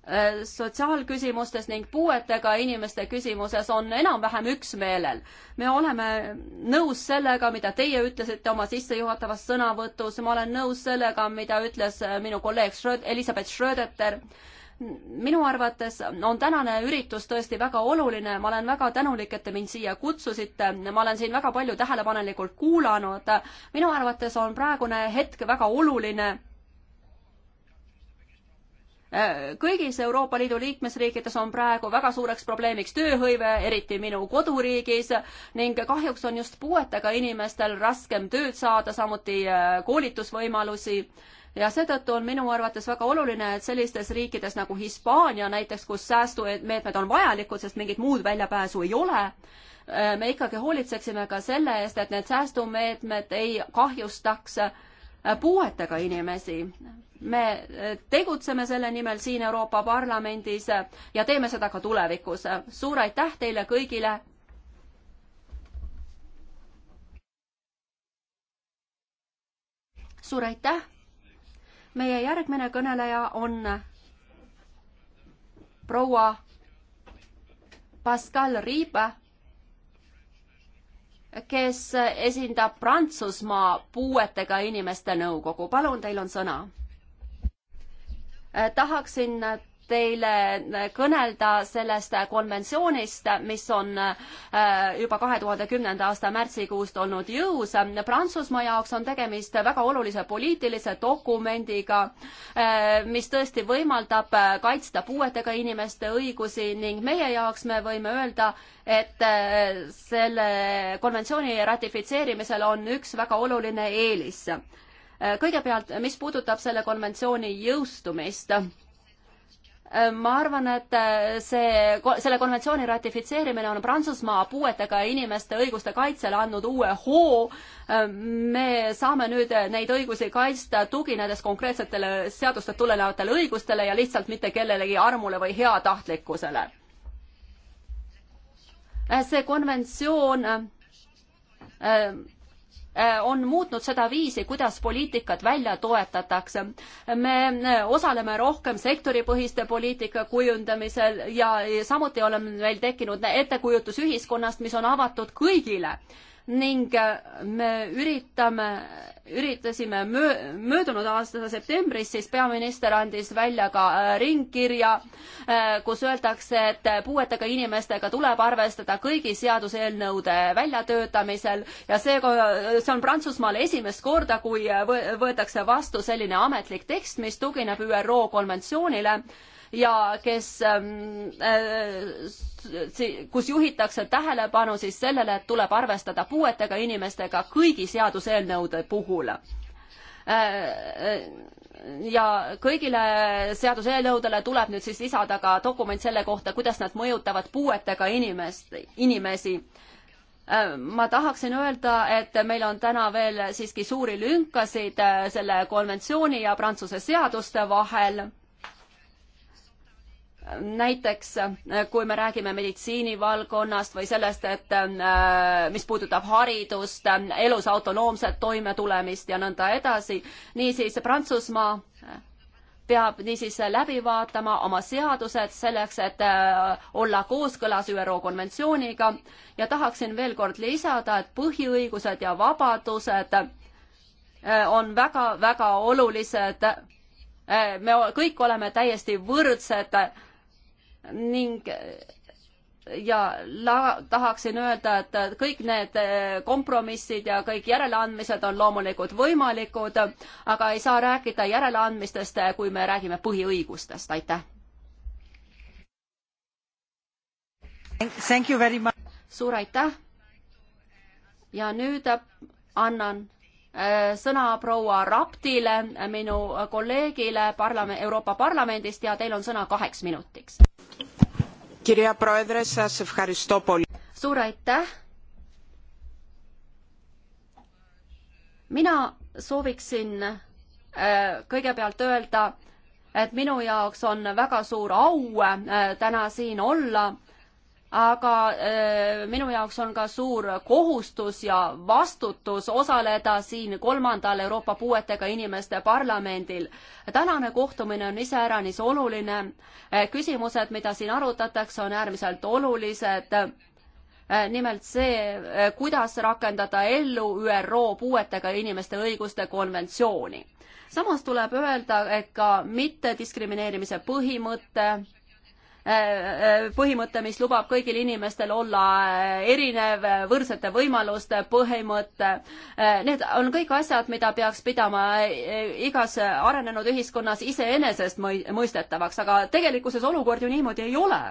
B: Äh, sotsiaalküsimustes ning puuetega inimeste küsimuses on enam-vähem üksmeelel. me oleme nõus sellega, mida teie ütlesite oma sissejuhatavas sõnavõtus, ma olen nõus sellega, mida ütles äh, minu kolleeg Schröd-, Elizabeth Schrödeter. minu arvates on tänane üritus tõesti väga oluline, ma olen väga tänulik, et te mind siia kutsusite, ma olen siin väga palju tähelepanelikult kuulanud. minu arvates on praegune hetk väga oluline kõigis Euroopa Liidu liikmesriikides on praegu väga suureks probleemiks tööhõive, eriti minu koduriigis ning kahjuks on just puuetega inimestel raskem tööd saada, samuti äh, koolitusvõimalusi ja seetõttu on minu arvates väga oluline, et sellistes riikides nagu Hispaania näiteks, kus säästumeetmed on vajalikud, sest mingit muud väljapääsu ei ole, äh, me ikkagi hoolitseksime ka selle eest, et need säästumeetmed ei kahjustaks äh, puuetega inimesi me eh, tegutseme selle nimel siin Euroopa Parlamendis ja teeme seda ka tulevikus. suur aitäh teile kõigile. suur aitäh. meie järgmine kõneleja on proua Pascal Riibe, kes esindab Prantsusmaa puuetega inimeste nõukogu. palun, teil on sõna Äh, tahaksin teile äh, kõnelda sellest konventsioonist, mis on äh, juba kahe tuhande kümnenda aasta märtsikuust olnud jõus. Prantsusmaa jaoks on tegemist väga olulise poliitilise dokumendiga, mis tõesti võimaldab kaitsta puuetega inimeste õigusi ning meie jaoks me võime öelda, et selle konventsiooni ratifitseerimisel on üks väga oluline eelis kõigepealt, mis puudutab selle konventsiooni jõustumist, ma arvan, et see, selle konventsiooni ratifitseerimine on Prantsusmaa puuetega inimeste õiguste kaitsele andnud uue hoo. me saame nüüd neid õigusi kaitsta, tuginedes konkreetsetele seadustest tulenevatele õigustele ja lihtsalt mitte kellelegi armule või heatahtlikkusele. see konventsioon Äh, on muutnud seda viisi, kuidas poliitikat välja toetatakse. me äh, osaleme rohkem sektoripõhiste poliitika kujundamisel ja samuti oleme meil tekkinud ettekujutus ühiskonnast, mis on avatud kõigile ning äh, me üritame, üritasime möö, möödunud aasta septembris, siis peaminister andis välja ka äh, ringkirja, äh, kus öeldakse, et puuetega inimestega tuleb arvestada kõigi seaduseelnõude väljatöötamisel ja see, see on Prantsusmaal esimest korda, kui võetakse vastu selline ametlik tekst, mis tugineb ÜRO konventsioonile ja kes ähm, kus juhitakse tähelepanu siis sellele, et tuleb arvestada puuetega inimestega kõigi seaduseelnõude puhul. ja kõigile seaduseelnõudele tuleb nüüd siis lisada ka dokument selle kohta, kuidas nad mõjutavad puuetega inimest, inimesi ma tahaksin öelda, et meil on täna veel siiski suuri lünkasid selle konventsiooni ja Prantsuse seaduste vahel näiteks äh, kui me räägime meditsiinivaldkonnast või sellest, et äh, mis puudutab haridust, äh, elus autonoomset toimetulemist ja nõnda edasi, niisiis Prantsusmaa peab niisiis läbi vaatama oma seadused selleks, et olla kooskõlas ÜRO konventsiooniga ja tahaksin veel kord lisada, et põhiõigused ja vabadused on väga-väga olulised. me kõik oleme täiesti võrdsed ning ja la-, tahaksin öelda, et kõik need eh, kompromissid ja kõik järeleandmised on loomulikult võimalikud, aga ei saa rääkida järeleandmistest, eh, kui me räägime põhiõigustest, aitäh. suur aitäh. ja nüüd annan eh, sõna proua Raptile, minu kolleegile parlam-, Euroopa Parlamendist ja teil on sõna kaheks minutiks suur aitäh. mina sooviksin kõigepealt öelda, et minu jaoks on väga suur au täna siin olla aga äh, minu jaoks on ka suur kohustus ja vastutus osaleda siin kolmandal Euroopa puuetega inimeste parlamendil. tänane kohtumine on iseäranis oluline. Äh, küsimused, mida siin arutatakse, on äärmiselt olulised. Äh, nimelt see, kuidas rakendada ellu ÜRO puuetega inimeste õiguste konventsiooni. samas tuleb öelda, et ka mittediskrimineerimise põhimõte Äh, äh, põhimõte, mis lubab kõigil inimestel olla äh, erinev, võrdsete võimaluste põhimõte. Need on kõik asjad, mida peaks pidama igas arenenud ühiskonnas iseenesestmõistetavaks, aga tegelikkuses olukord ju niimoodi ei ole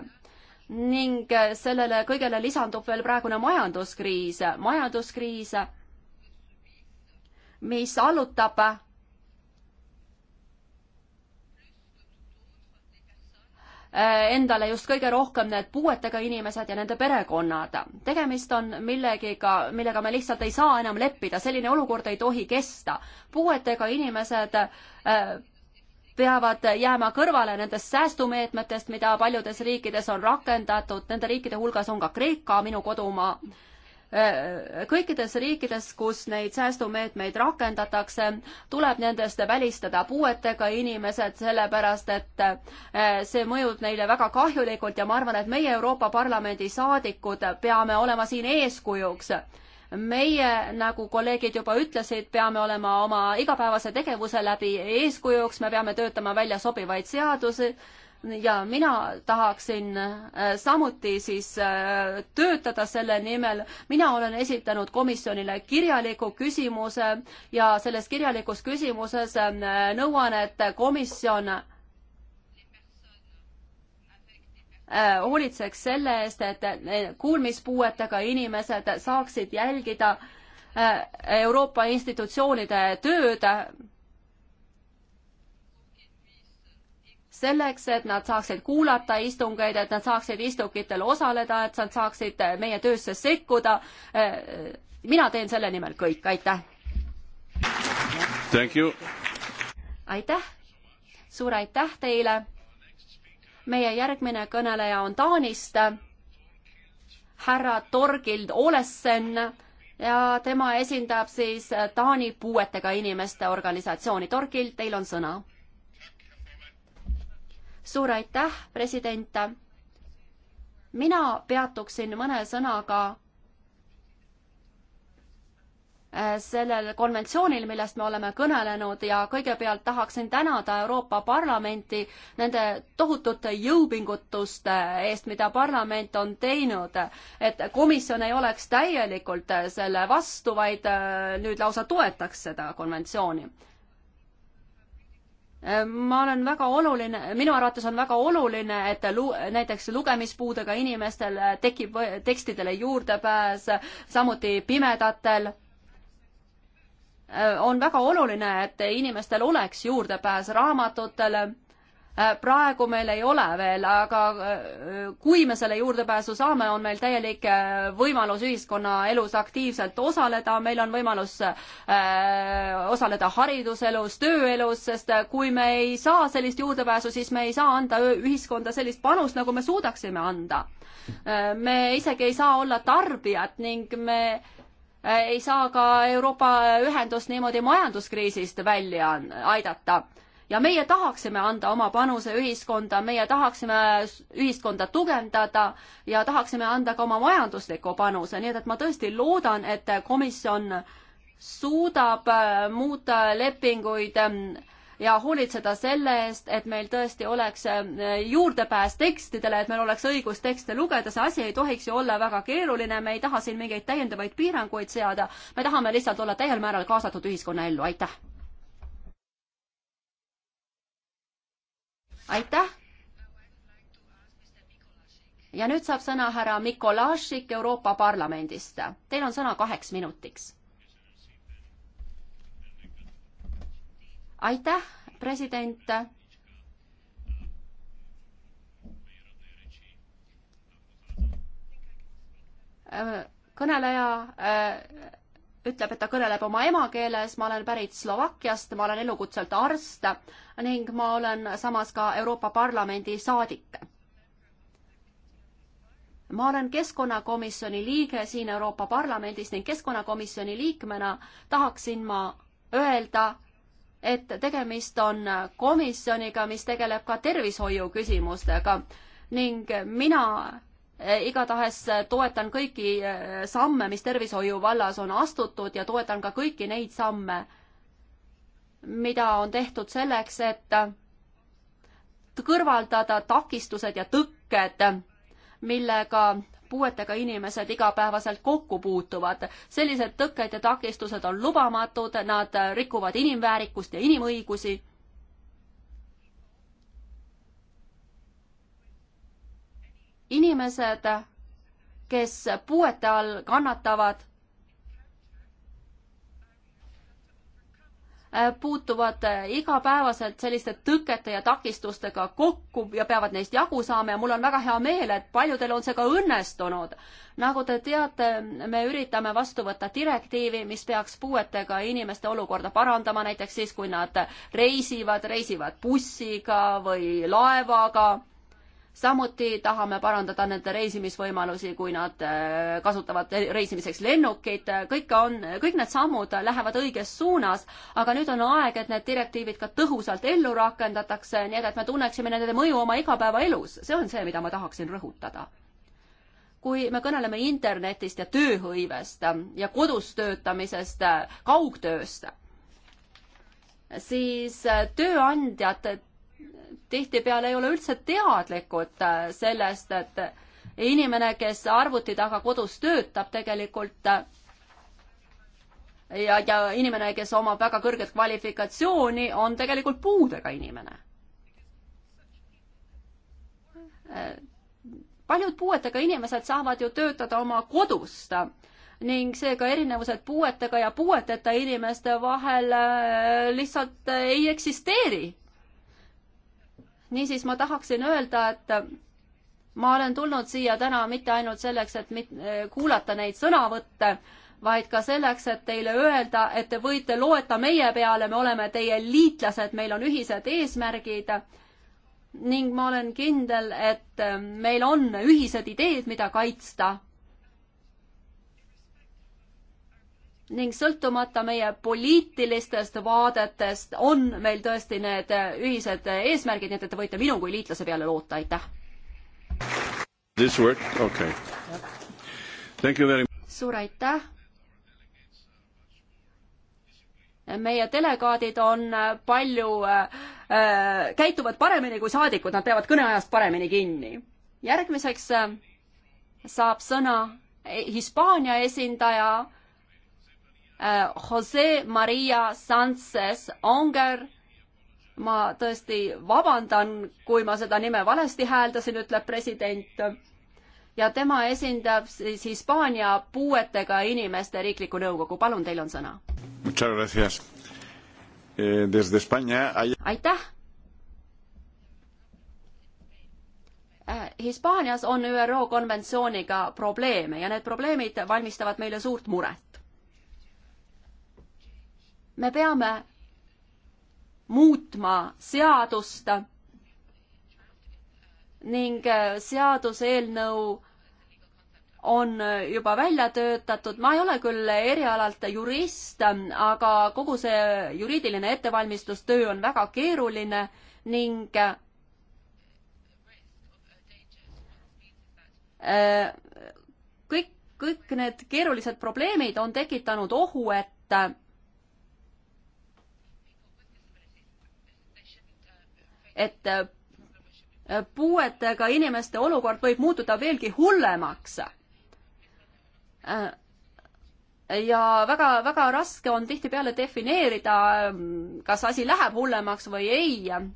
B: ning sellele kõigele lisandub veel praegune majanduskriis, majanduskriis, mis allutab Äh, endale just kõige rohkem need puuetega inimesed ja nende perekonnad. tegemist on millegiga, millega me lihtsalt ei saa enam leppida, selline olukord ei tohi kesta. puuetega inimesed äh, peavad jääma kõrvale nendest säästumeetmetest, mida paljudes riikides on rakendatud, nende riikide hulgas on ka Kreeka, minu kodumaa Äh, kõikides riikides, kus neid säästumeetmeid rakendatakse, tuleb nendest välistada puuetega inimesed, sellepärast et äh, see mõjub neile väga kahjulikult ja ma arvan, et meie Euroopa Parlamendi saadikud peame olema siin eeskujuks meie, nagu kolleegid juba ütlesid, peame olema oma igapäevase tegevuse läbi eeskujuks, me peame töötama välja sobivaid seadusi, ja mina tahaksin äh, samuti siis äh, töötada selle nimel. mina olen esitanud komisjonile kirjaliku küsimuse ja selles kirjalikus küsimuses äh, nõuan, et komisjon hoolitseks selle eest, et kuulmispuuetega inimesed saaksid jälgida Euroopa institutsioonide tööd selleks, et nad saaksid kuulata istungeid, et nad saaksid istungitel osaleda, et nad saaksid meie töösse sekkuda. mina teen selle nimel kõik, aitäh! aitäh! suur aitäh teile! meie järgmine kõneleja on Taanist, härra Torgild Olesen ja tema esindab siis Taani puuetega inimeste organisatsiooni. Torgild, teil on sõna suur aitäh, president. mina peatuksin mõne sõnaga äh, sellel konventsioonil, millest me oleme kõnelenud ja kõigepealt tahaksin tänada Euroopa Parlamenti nende tohutute jõupingutuste eest, mida parlament on teinud, et komisjon ei oleks täielikult selle vastu, vaid äh, nüüd lausa toetaks seda konventsiooni ma olen väga oluline, minu arvates on väga oluline, et lu-, näiteks lugemispuudega inimestel tekib tekstidele juurdepääs, samuti pimedatel. on väga oluline, et inimestel oleks juurdepääs raamatutele Äh, praegu meil ei ole veel, aga äh, kui me selle juurdepääsu saame, on meil täielik äh, võimalus ühiskonnaelus aktiivselt osaleda, meil on võimalus osaleda hariduselus, tööelus, sest kui me ei saa sellist juurdepääsu, siis me ei saa anda ühiskonda sellist panust, nagu me suudaksime anda. me isegi ei saa olla tarbijad ning me ei saa ka Euroopa ühendust niimoodi majanduskriisist välja aidata ja meie tahaksime anda oma panuse ühiskonda, meie tahaksime ühiskonda tugevdada ja tahaksime anda ka oma majandusliku panuse, nii et, et ma tõesti loodan, et komisjon suudab äh, muuta lepinguid ähm, ja hoolitseda selle eest, et meil tõesti oleks äh, juurdepääs tekstidele, et meil oleks õigus tekste lugeda, see asi ei tohiks ju olla väga keeruline, me ei taha siin mingeid täiendavaid piiranguid seada, me tahame lihtsalt olla täiel määral kaasatud ühiskonnaellu, aitäh! aitäh! ja nüüd saab sõna härra Mikolašik Euroopa Parlamendist. Teil on sõna kaheks minutiks. aitäh, president. kõneleja äh, ütleb, et ta kõneleb oma emakeeles, ma olen pärit Slovakkiast, ma olen elukutselt arst ning ma olen samas ka Euroopa Parlamendi saadik. ma olen keskkonnakomisjoni liige siin Euroopa Parlamendis ning keskkonnakomisjoni liikmena tahaksin ma öelda, et tegemist on komisjoniga, mis tegeleb ka tervishoiu küsimustega ning mina Eh, igatahes eh, toetan kõiki eh, samme, mis tervishoiu vallas on astutud ja toetan ka kõiki neid samme, mida on tehtud selleks, et kõrvaldada takistused ja tõkked, millega puuetega inimesed igapäevaselt kokku puutuvad. sellised tõkked ja takistused on lubamatud, nad rikuvad inimväärikust ja inimõigusi inimesed, kes puuete all kannatavad, äh, puutuvad äh, igapäevaselt selliste tõkete ja takistustega kokku ja peavad neist jagu saama ja mul on väga hea meel, et paljudel on see ka õnnestunud. nagu te teate, me üritame vastu võtta direktiivi, mis peaks puuetega inimeste olukorda parandama, näiteks siis, kui nad reisivad, reisivad bussiga või laevaga samuti tahame parandada nende reisimisvõimalusi, kui nad äh, kasutavad reisimiseks lennukeid, kõik on, kõik need sammud lähevad õiges suunas, aga nüüd on aeg, et need direktiivid ka tõhusalt ellu rakendatakse, nii et, et me tunneksime nende mõju oma igapäevaelus, see on see, mida ma tahaksin rõhutada kui me kõneleme internetist ja tööhõivest ja kodus töötamisest, kaugtööst, siis tööandjad tihtipeale ei ole üldse teadlikud äh, sellest, et inimene, kes arvuti taga kodus töötab, tegelikult äh, ja, ja inimene, kes omab väga kõrget kvalifikatsiooni, on tegelikult puudega inimene. Äh, paljud puuetega inimesed saavad ju töötada oma kodust ning seega erinevused puuetega ja puueteta inimeste vahel lihtsalt ei eksisteeri niisiis ma tahaksin öelda, et ma olen tulnud siia täna mitte ainult selleks, et mit-, kuulata neid sõnavõtte, vaid ka selleks, et teile öelda, et te võite loeta meie peale, me oleme teie liitlased, meil on ühised eesmärgid ning ma olen kindel, et meil on ühised ideed, mida kaitsta. ning sõltumata meie poliitilistest vaadetest on meil tõesti need ühised eesmärgid, nii et te võite minu kui liitlase peale loota, aitäh. Okay. suur aitäh. meie delegaadid on palju äh,, käituvad paremini kui saadikud, nad peavad kõneajast paremini kinni. järgmiseks äh, saab sõna Hispaania esindaja Äh, Jose Maria Sanchez Onger. ma tõesti vabandan, kui ma seda nime valesti hääldasin, ütleb president. ja tema esindab siis Hispaania puuetega inimeste riiklikku nõukogu. palun, teil on sõna. Eh, aitäh äh, Hispaanias on ÜRO konventsiooniga probleeme ja need probleemid valmistavad meile suurt muret me peame muutma seadust ning äh, seaduseelnõu on äh, juba välja töötatud, ma ei ole küll erialalt jurist, äh, aga kogu see juriidiline ettevalmistustöö on väga keeruline ning kõik, kõik need keerulised probleemid on tekitanud ohu, et et äh, puuetega inimeste olukord võib muutuda veelgi hullemaks. Äh, ja väga-väga raske on tihtipeale defineerida, ähm, kas asi läheb hullemaks või ei äh,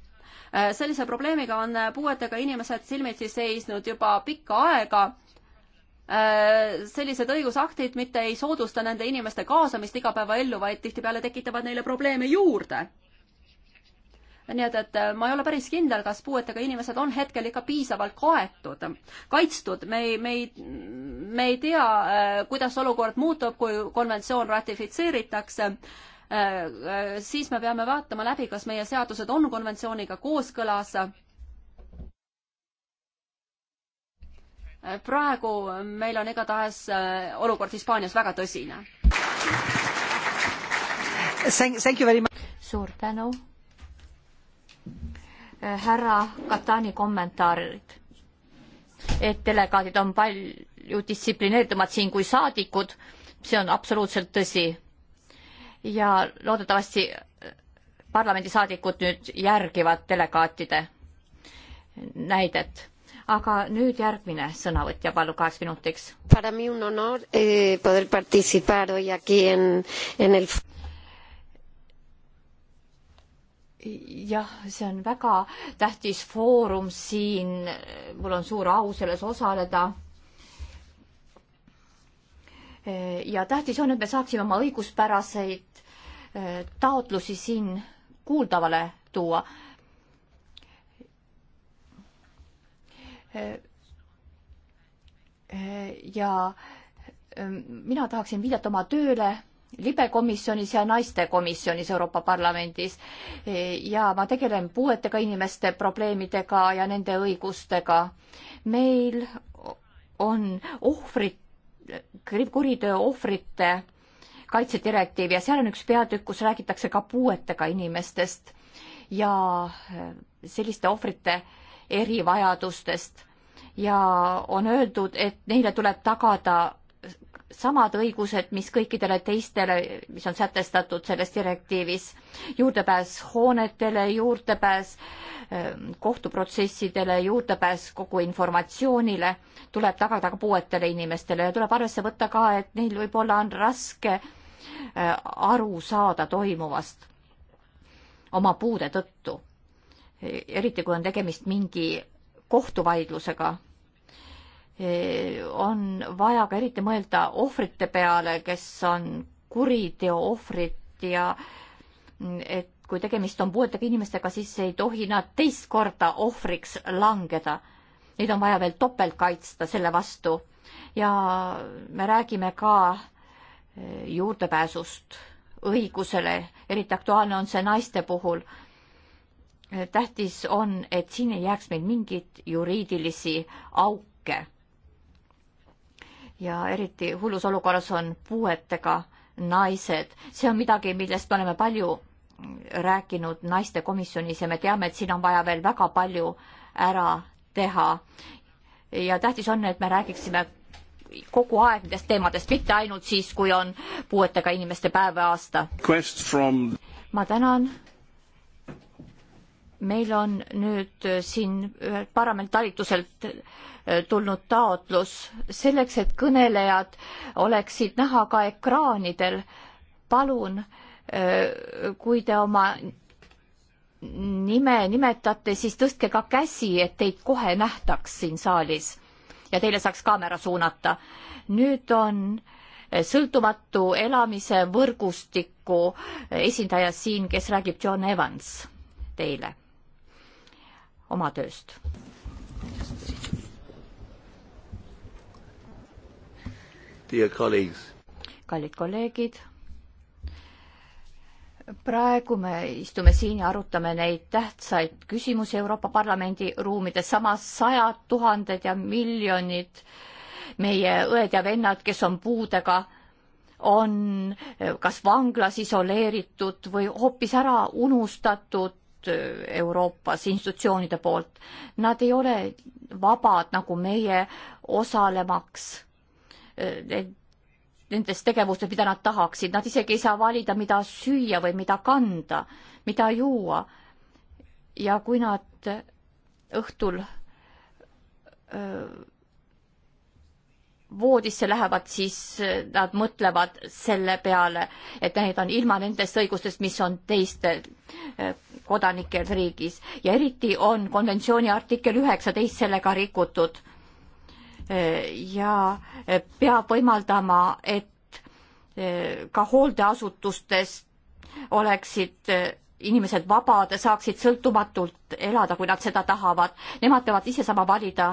B: sellise probleemiga on puuetega inimesed silmitsi seisnud juba pikka aega. sellised õigusaktid mitte ei soodusta nende inimeste kaasamist igapäevaellu, vaid tihtipeale tekitavad neile probleeme juurde nii et, et äh, ma ei ole päris kindel, kas puuetega inimesed on hetkel ikka piisavalt kaetud, kaitstud, me ei, me ei, me ei tea, äh, kuidas olukord muutub, kui konventsioon ratifitseeritakse, äh, siis me peame vaatama läbi, kas meie seadused on konventsiooniga kooskõlas. praegu meil on igatahes olukord Hispaanias väga tõsine.
C: suur tänu Äh, härra Katani kommentaarid, et delegaadid on palju distsiplineeritumad siin kui saadikud, see on absoluutselt tõsi. ja loodetavasti äh, parlamendisaadikud nüüd järgivad delegaatide näidet aga nüüd järgmine sõnavõtja, palun kaheks minutiks jah, see on väga tähtis foorum siin, mul on suur au selles osaleda. ja tähtis on, et me saaksime oma õiguspäraseid eh, taotlusi siin kuuldavale tuua. Eh, eh, ja mina tahaksin viidata oma tööle libekomisjonis ja naistekomisjonis Euroopa Parlamendis ja ma tegelen puuetega inimeste probleemidega ja nende õigustega. meil on ohvrit, kuriteo ohvrite kaitsedirektiiv ja seal on üks peatükk, kus räägitakse ka puuetega inimestest ja selliste ohvrite erivajadustest ja on öeldud, et neile tuleb tagada samad õigused, mis kõikidele teistele, mis on sätestatud selles direktiivis, juurdepääs hoonetele, juurdepääs ähm, kohtuprotsessidele, juurdepääs kogu informatsioonile tuleb tagada ka puuetele inimestele ja tuleb arvesse võtta ka, et neil võib-olla on raske äh, aru saada toimuvast oma puude tõttu. eriti kui on tegemist mingi kohtuvaidlusega Eh, on vaja ka eriti mõelda ohvrite peale, kes on kuriteo ohvrid ja mm, et kui tegemist on puuetega inimestega, siis ei tohi nad teist korda ohvriks langeda. Neid on vaja veel topelt kaitsta selle vastu ja me räägime ka eh, juurdepääsust õigusele, eriti aktuaalne on see naiste puhul. Eh, tähtis on, et siin ei jääks meil mingeid juriidilisi auke ja eriti hullus olukorras on puuetega naised. see on midagi, millest me oleme palju rääkinud naiste komisjonis ja me teame, et siin on vaja veel väga palju ära teha. ja tähtis on, et me räägiksime kogu aeg nendest teemadest, mitte ainult siis, kui on puuetega inimeste päev või aasta. From... ma tänan. meil on nüüd siin parlamendtalituselt tulnud taotlus selleks, et kõnelejad oleksid näha ka ekraanidel. palun, äh, kui te oma nime nimetate, siis tõstke ka käsi, et teid kohe nähtaks siin saalis ja teile saaks kaamera suunata. nüüd on äh, sõltumatu elamise võrgustiku äh, esindaja siin, kes räägib John Evans teile oma tööst kallid kolleegid, praegu me istume siin ja arutame neid tähtsaid küsimusi Euroopa Parlamendi ruumides, samas sajad tuhanded ja miljonid meie õed ja vennad, kes on puudega, on kas vanglas isoleeritud või hoopis ära unustatud Euroopas institutsioonide poolt. Nad ei ole vabad nagu meie osalemaks Äh, nendes tegevustes, mida nad tahaksid, nad isegi ei saa valida, mida süüa või mida kanda, mida juua. ja kui nad õhtul öö, äh, voodisse lähevad, siis äh, nad mõtlevad selle peale, et need on ilma nendest õigustest, mis on teistel kodanikel riigis ja eriti on konventsiooni artikkel üheksateist sellega rikutud ja peab võimaldama, et eh, ka hooldeasutustes oleksid eh, inimesed vabad, saaksid sõltumatult elada, kui nad seda tahavad. Nemad peavad ise saama valida,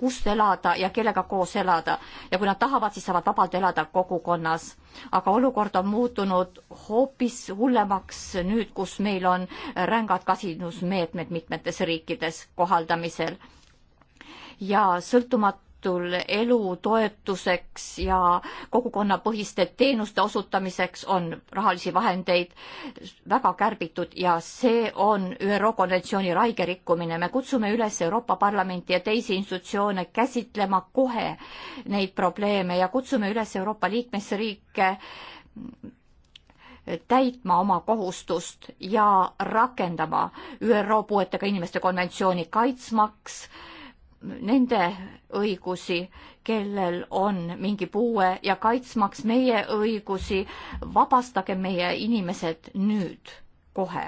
C: kus elada ja kellega koos elada. ja kui nad tahavad, siis saavad vabalt elada kogukonnas. aga olukord on muutunud hoopis hullemaks nüüd, kus meil on rängad kasinusmeetmed mitmetes riikides kohaldamisel. ja sõltumat-, õhtul elu toetuseks ja kogukonnapõhiste teenuste osutamiseks on rahalisi vahendeid väga kärbitud ja see on ÜRO konventsiooni raige rikkumine. me kutsume üles Euroopa Parlamenti ja teisi institutsioone käsitlema kohe neid probleeme ja kutsume üles Euroopa liikmesriike täitma oma kohustust ja rakendama ÜRO puuetega inimeste konventsiooni kaitsmaks äh, nende õigusi, kellel on mingi puue ja kaitsmaks meie õigusi, vabastage meie inimesed nüüd, kohe.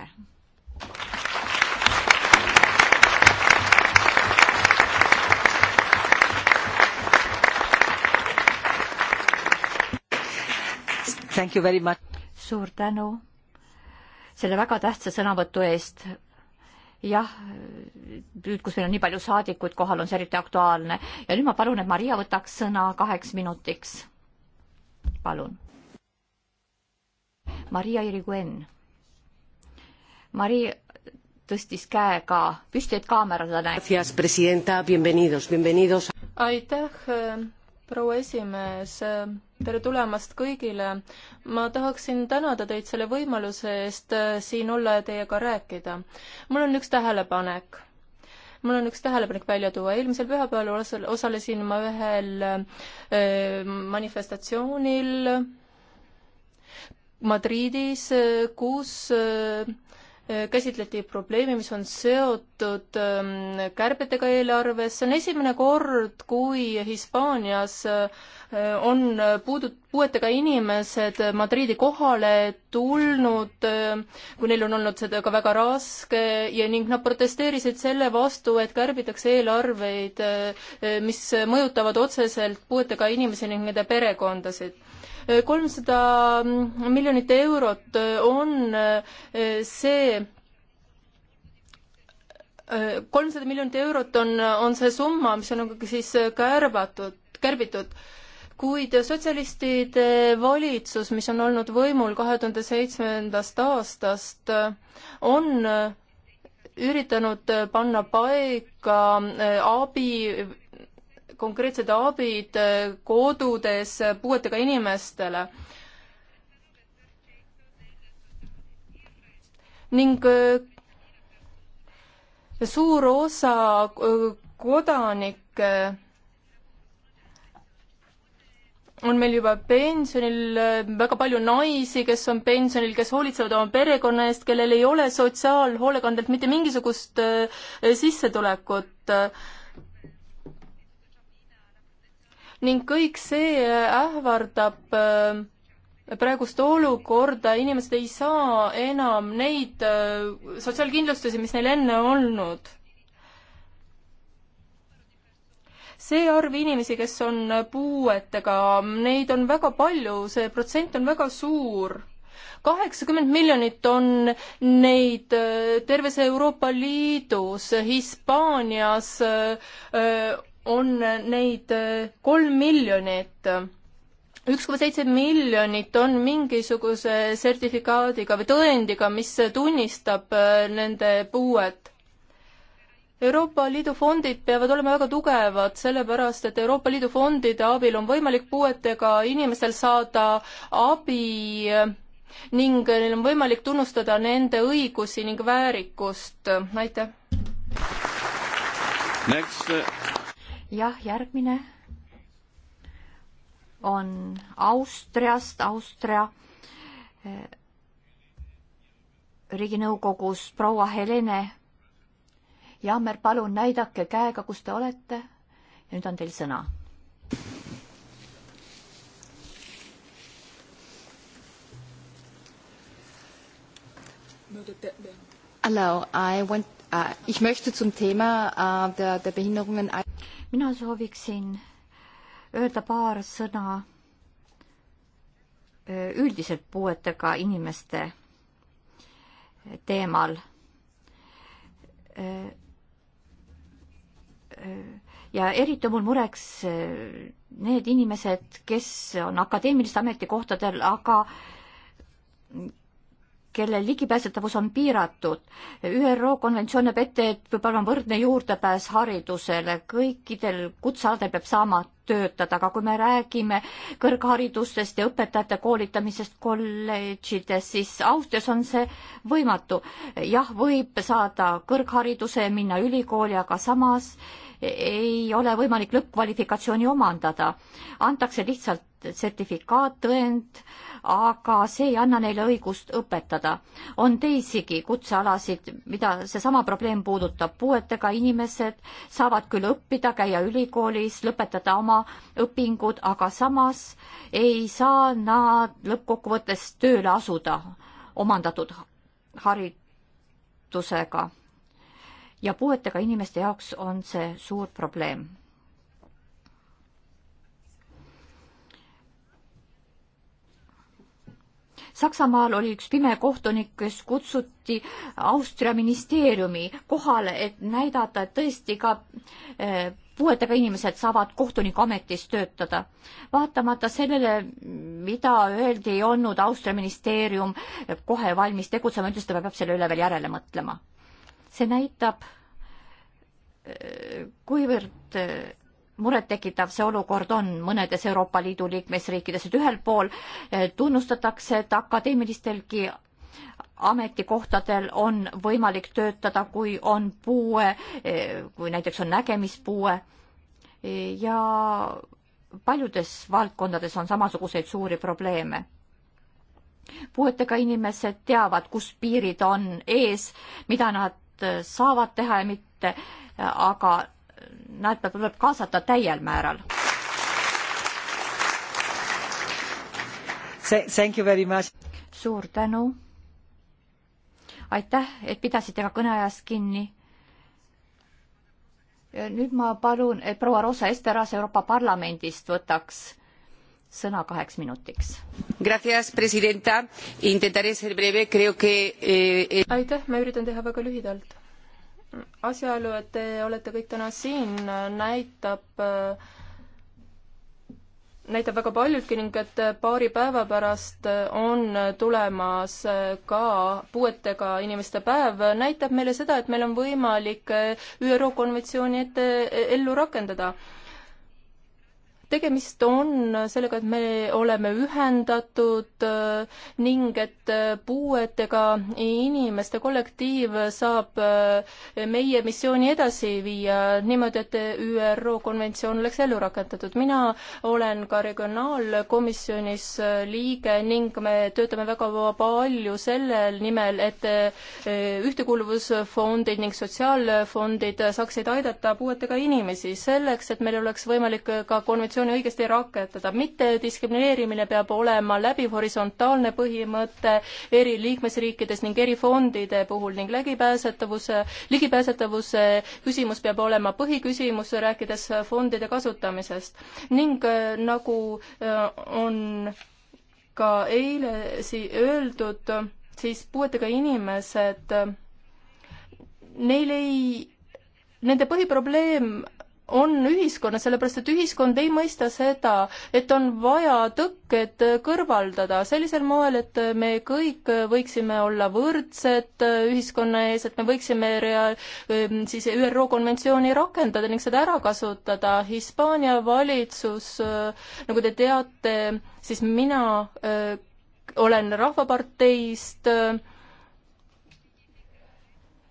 C: suur tänu selle väga tähtsa sõnavõtu eest jah, nüüd, kus meil on nii palju saadikuid kohal, on see eriti aktuaalne ja nüüd ma palun, et Maria võtaks sõna kaheks minutiks. palun. Maria Iriguen. Mari tõstis käe ka püsti, et kaamera seda näeks. aitäh, proua esimees tere
A: tulemast kõigile. ma tahaksin tänada teid selle võimaluse eest äh, siin olla ja teiega rääkida. mul on üks tähelepanek. mul on üks tähelepanek välja tuua. eelmisel pühapäeval osalesin ma ühel äh, manifestatsioonil Madridis, äh, kus käsitleti probleemi, mis on seotud ähm, kärbetega eelarves. see on esimene kord, kui Hispaanias äh, on puudu, puuetega inimesed Madriidi kohale tulnud, äh, kui neil on olnud seda ka väga raske ja ning nad protesteerisid selle vastu, et kärbitakse eelarveid, äh, mis mõjutavad otseselt puuetega inimesi ning nende perekondasid kolmsada miljonit eurot on eh, see eh, kolmsada miljonit eurot on, on see summa, mis on siis kärbatud, kärbitud kuid sotsialistide valitsus, mis on olnud võimul kahe tuhande seitsmendast aastast, on eh, üritanud panna paika abi konkreetsed abid äh, kodudes äh, puuetega inimestele. ning äh, suur osa kodanikke on meil juba pensionil väga palju naisi, kes on pensionil, kes hoolitsevad oma perekonna eest, kellel ei ole sotsiaalhoolekandelt mitte mingisugust sissetulekut äh, ning kõik see äh, ähvardab äh, praegust olukorda, inimesed ei saa enam neid äh, sotsiaalkindlustusi, mis neil enne olnud. see arv inimesi, kes on puuetega, neid on väga palju, see protsent on väga suur kaheksakümmend miljonit on neid terves Euroopa Liidus, Hispaanias on neid äh, kolm miljonit. üks koma seitse miljonit on mingisuguse sertifikaadiga või tõendiga, mis tunnistab äh, nende puuet Euroopa Liidu fondid peavad olema väga tugevad, sellepärast et Euroopa Liidu fondide abil on võimalik puuetega inimestel saada abi ning neil on võimalik tunnustada nende õigusi ning väärikust. aitäh!
C: Next uh, jah, järgmine on Austriast, Austria eh, riiginõukogus proua Helene Jammer, palun näidake käega, kus te olete. ja nüüd on teil sõna. Hello, I want uh,, ich möchte zum Thema uh, der, der Behinderungen mina sooviksin öelda paar sõna üldiselt puuetega inimeste teemal. ja eriti on mul mureks need inimesed, kes on akadeemilistel ametikohtadel, aga kelle ligipääsetavus on piiratud. ÜRO konventsioon näeb ette, et peab olema võrdne juurdepääs haridusele, kõikidel kutsealadel peab saama töötada, aga kui me räägime kõrgharidustest ja õpetajate koolitamisest kolledžides, siis Austrias on see võimatu. jah, võib saada kõrghariduse ja minna ülikooli, aga samas äh, ei ole võimalik lõppkvalifikatsiooni omandada. antakse lihtsalt sertifikaat, tõend, aga see ei anna neile õigust õpetada. on teisigi kutsealasid, mida seesama probleem puudutab. puuetega inimesed saavad küll õppida, käia ülikoolis, lõpetada oma õpingud, aga samas ei saa nad lõppkokkuvõttes tööle asuda omandatud haridusega ja puuetega inimeste jaoks on see suur probleem. Saksamaal oli üks pime kohtunik, kes kutsuti Austria ministeeriumi kohale, et näidata, et tõesti ka eh, puuetega inimesed saavad kohtunikuametis töötada. vaatamata sellele, mida öeldi, ei olnud Austria ministeerium kohe valmis tegutsema, ütles, et ta peab selle üle veel järele mõtlema see näitab, kuivõrd äh, murettekitav see olukord on mõnedes Euroopa Liidu liikmesriikides, et ühel pool äh, tunnustatakse, et akadeemilistelgi ametikohtadel on võimalik töötada, kui on puue, äh, kui näiteks on nägemispuue ja paljudes valdkondades on samasuguseid suuri probleeme puuetega inimesed teavad, kus piirid on ees, mida nad saavad teha ja mitte, aga nad tuleb kaasata täiel määral. Thank you very much. suur tänu. aitäh, et pidasite ka kõneajast kinni. nüüd ma palun, et proua Rosa Esteras Euroopa Parlamendist võtaks sõna kaheks minutiks.
A: Eh, eh, aitäh, ma üritan teha väga lühidalt. asjaolu, et te olete kõik täna siin, näitab äh, näitab väga paljudki ning et paari päeva pärast on tulemas äh, ka puuetega inimeste päev, näitab meile seda, et meil on võimalik äh, ÜRO konventsiooni ette ellu rakendada tegemist on sellega, et me oleme ühendatud äh, ning et äh, puuetega inimeste kollektiiv saab äh, meie missiooni edasi viia niimoodi, et ÜRO konventsioon oleks ellu rakendatud. mina olen ka regionaalkomisjonis liige ning me töötame väga palju sellel nimel, et ühtekuuluvusfondid ning sotsiaalfondid saaksid aidata puuetega inimesi selleks, et meil oleks võimalik ka konventsioon konventsiooni õigesti rakendada. mittediskrimineerimine peab olema läbiv horisontaalne põhimõte eri liikmesriikides ning eri fondide puhul ning ligipääsetavuse, ligipääsetavuse küsimus peab olema põhiküsimus, rääkides fondide kasutamisest. ning äh, nagu äh, on ka eile si-, öeldud, siis puuetega inimesed, äh, neil ei, nende põhiprobleem on ühiskonnas, sellepärast et ühiskond ei mõista seda, et on vaja tõkked kõrvaldada sellisel moel, et me kõik võiksime olla võrdsed ühiskonna ees, et me võiksime rea-, ähm, siis ÜRO konventsiooni rakendada ning seda ära kasutada. Hispaania valitsus, äh, nagu te teate, siis mina äh, olen Rahvaparteist äh,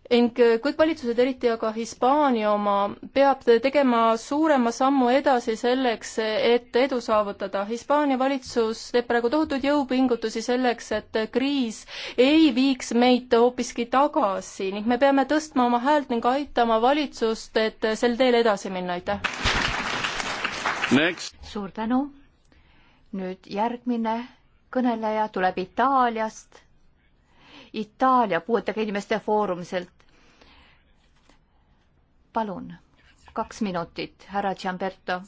A: ent äh, kõik valitsused, eriti aga Hispaania oma, peab tegema suurema sammu edasi selleks, et edu saavutada. Hispaania valitsus teeb praegu tohutuid jõupingutusi selleks, et kriis ei viiks meid hoopiski tagasi ning me peame tõstma oma häält ning aitama valitsust, et sel teel edasi minna,
C: aitäh! suur tänu! nüüd järgmine kõneleja tuleb Itaaliast Itaalia puuetega inimeste foorumiselt palun, kaks minutit, härra Giamberto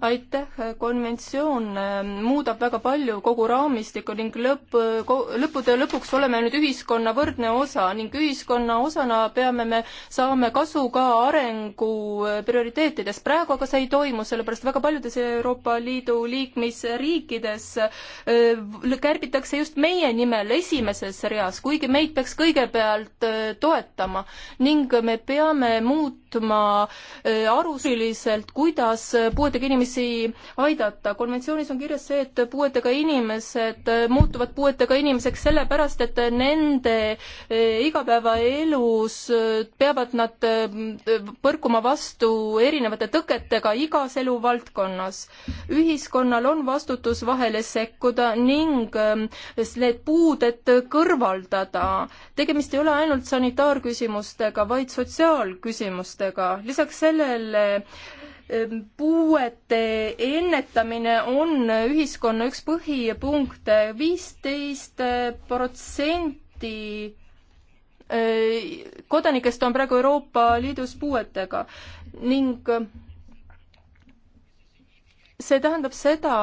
C: aitäh, konventsioon
A: ähm, muudab väga palju kogu raamistikku ning lõpp, äh, lõppude lõpuks oleme nüüd ühiskonna võrdne osa ning ühiskonna osana peame me saama kasu ka arengu äh, prioriteetidest. praegu aga see ei toimu, sellepärast väga paljudes Euroopa Liidu liikmesriikides äh, kärbitakse just meie nimel esimeses reas, kuigi meid peaks kõigepealt toetama ning me peame muutma arusaadavaks, kuidas puuetega inimesi inimesi aidata. konventsioonis on kirjas see, et puuetega inimesed muutuvad puuetega inimeseks sellepärast, et nende eh, igapäevaelus eh, peavad nad eh, põrkuma vastu erinevate tõketega igas eluvaldkonnas. ühiskonnal on vastutus vahele sekkuda ning need puuded kõrvaldada. tegemist ei ole ainult sanitaarküsimustega, vaid sotsiaalküsimustega. lisaks sellele Ehm, puuete ennetamine on ühiskonna üks põhipunkte. viisteist eh, protsenti eh, kodanikest on praegu Euroopa Liidus puuetega ning eh, see tähendab seda,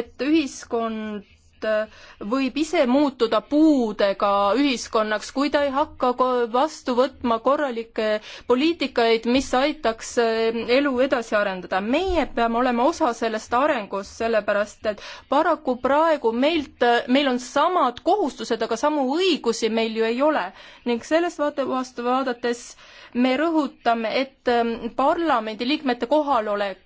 A: et ühiskond Liit äh, võib ise muutuda puudega ühiskonnaks, kui ta ei hakka vastu võtma korralikke poliitikaid, mis aitaks äh, elu edasi arendada. meie peame olema osa sellest arengust, sellepärast et paraku praegu meilt, äh, meil on samad kohustused, aga samu õigusi meil ju ei ole. ning sellest vaate, vastu vaadates me rõhutame, et ähm, parlamendiliikmete kohalolek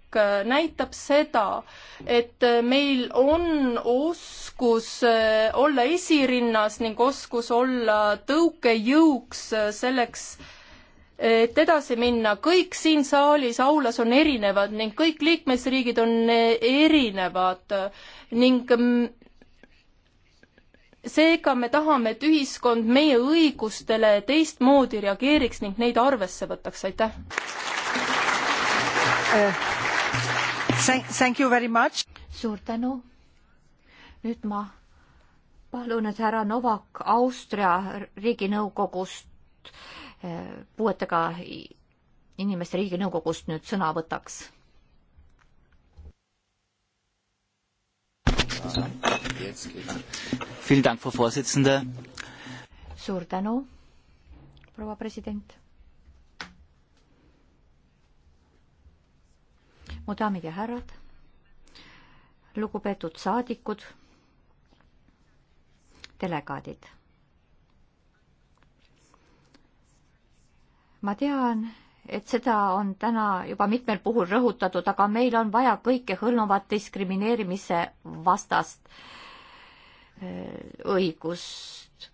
A: näitab seda, et meil on os-, oskus äh, olla esirinnas ning oskus olla tõukejõuks äh, selleks, et edasi minna. kõik siin saalis, aulas on erinevad ning kõik liikmesriigid on äh, erinevad ning mm, seega me tahame, et ühiskond meie õigustele teistmoodi reageeriks ning neid arvesse võtaks, aitäh
C: uh,! Thank you very much! suur tänu! nüüd ma palun, et härra Novak Austria riiginõukogust, eh, puuetega inimeste riiginõukogust nüüd sõna võtaks. suur tänu, proua president. mu daamid ja härrad, lugupeetud saadikud delegaadid. ma tean, et seda on täna juba mitmel puhul rõhutatud, aga meil on vaja kõikehõlmavat diskrimineerimise vastast äh, õigust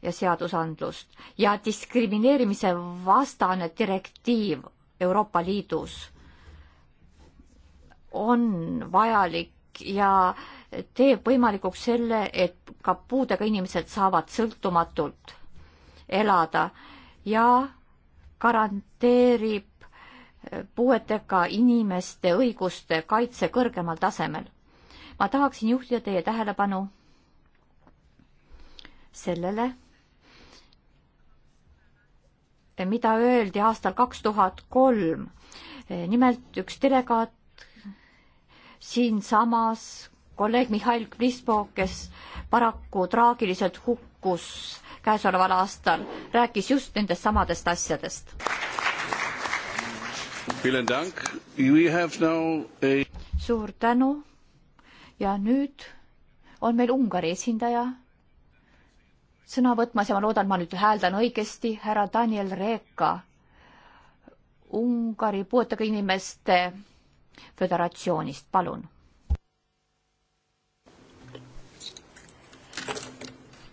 C: ja seadusandlust ja diskrimineerimise vastane direktiiv Euroopa Liidus on vajalik ja äh, teeb võimalikuks selle, et ka puudega inimesed saavad sõltumatult elada ja garanteerib eh, puuetega inimeste õiguste kaitse kõrgemal tasemel. ma tahaksin juhtida teie tähelepanu sellele, mida öeldi aastal kaks tuhat kolm. Eh, nimelt üks delegaat siinsamas kolleeg Mihhail Krispo, kes paraku traagiliselt hukkus käesoleval aastal, rääkis just nendest samadest asjadest. A... suur tänu ja nüüd on meil Ungari esindaja sõna võtmas ja ma loodan, ma nüüd hääldan õigesti, härra Daniel Reeka, Ungari puuetega inimeste föderatsioonist, palun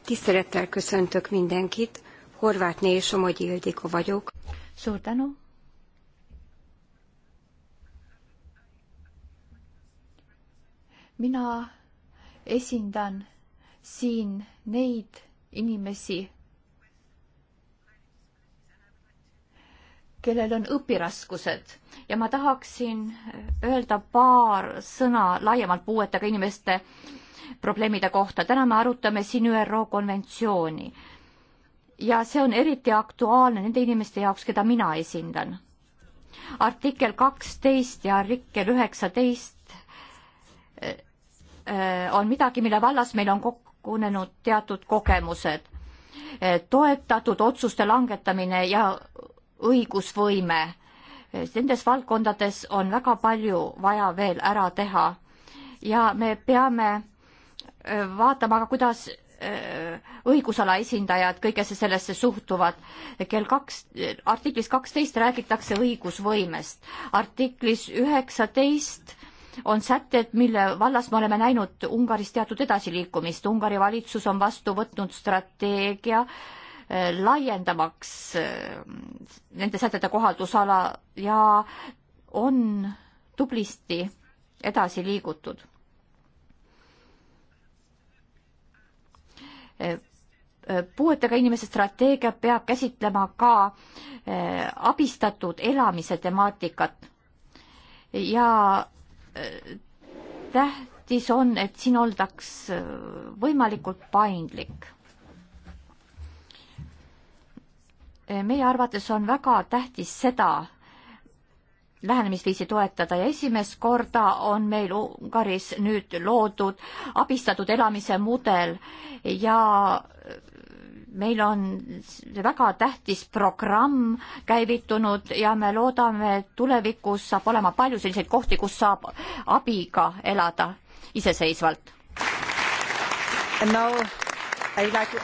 C: Tisztelettel köszöntök mindenkit. Horvátné és Somogyi Ildikó vagyok. Suur tänu. mina esindan siin neid inimesi, kellel on õpiraskused ja ma tahaksin öelda paar sõna laiemalt puuetega inimeste äh, probleemide kohta. täna me arutame siin ÜRO konventsiooni ja see on eriti aktuaalne nende inimeste jaoks, keda mina esindan. artikkel kaksteist ja artikkel üheksateist eh, eh, on midagi, mille vallas meil on kogunenud teatud kogemused. Eh, toetatud otsuste langetamine ja õigusvõime. Nendes valdkondades on väga palju vaja veel ära teha ja me peame Äh, vaatama aga, kuidas äh, õigusala esindajad kõigesse sellesse suhtuvad. kell kaks, artiklis kaksteist räägitakse õigusvõimest, artiklis üheksateist on sätted, mille vallas me oleme näinud Ungaris teatud edasiliikumist. Ungari valitsus on vastu võtnud strateegia äh, laiendamaks nende sätete kohaldusala ja on tublisti edasi liigutud Eh, puuetega inimese strateegia peab käsitlema ka eh, abistatud elamise temaatikat ja eh, tähtis on, et siin oldaks võimalikult paindlik. meie arvates on väga tähtis seda, lähenemisviisi toetada ja esimest korda on meil Ungaris nüüd loodud abistatud elamise mudel ja meil on väga tähtis programm käivitunud ja me loodame, et tulevikus saab olema palju selliseid kohti, kus saab abiga elada iseseisvalt. Like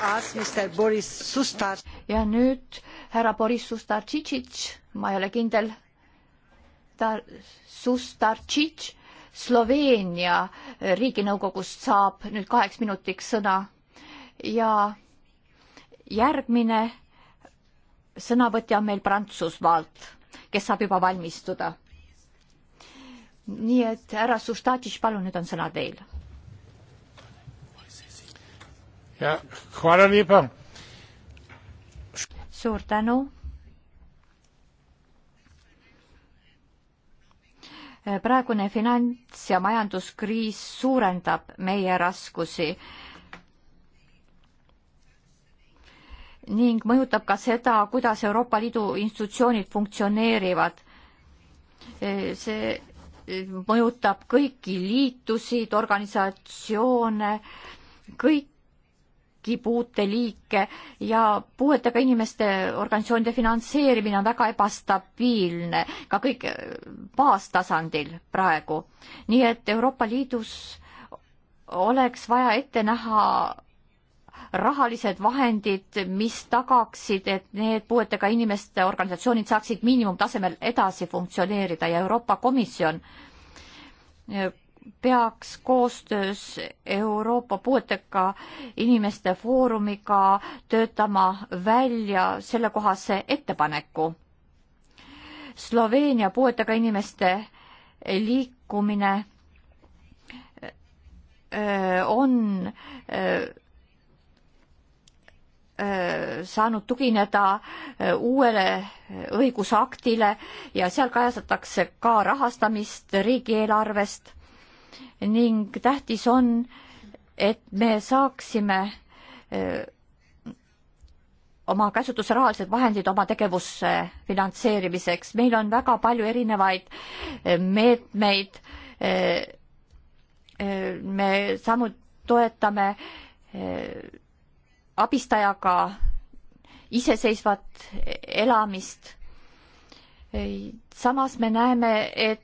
C: ja nüüd härra Boris Sustar-Tšitšitš, ma ei ole kindel Tar-, Sustarčitš Sloveenia eh, riiginõukogust saab nüüd kaheks minutiks sõna ja järgmine sõnavõtja on meil Prantsusmaalt, kes saab juba valmistuda. nii et härra Sustatš, palun, nüüd on sõna teil. suur tänu praegune finants- ja majanduskriis suurendab meie raskusi ning mõjutab ka seda, kuidas Euroopa Liidu institutsioonid funktsioneerivad. see mõjutab kõiki liitusid, organisatsioone, kõik kõiki puuteliike ja puuetega inimeste organisatsioonide finantseerimine on väga ebastabiilne ka kõik äh, baastasandil praegu. nii et Euroopa Liidus oleks vaja ette näha rahalised vahendid, mis tagaksid, et need puuetega inimeste organisatsioonid saaksid miinimumtasemel edasi funktsioneerida ja Euroopa Komisjon äh, peaks koostöös Euroopa Puuetega Inimeste Foorumiga töötama välja sellekohase ettepaneku. Sloveenia puuetega inimeste liikumine on saanud tugineda uuele õigusaktile ja seal kajastatakse ka rahastamist riigieelarvest ning tähtis on, et me saaksime öö, oma käsutusse rahalised vahendid oma tegevusse finantseerimiseks. meil on väga palju erinevaid meetmeid. me samuti toetame abistajaga iseseisvat elamist. samas me näeme, et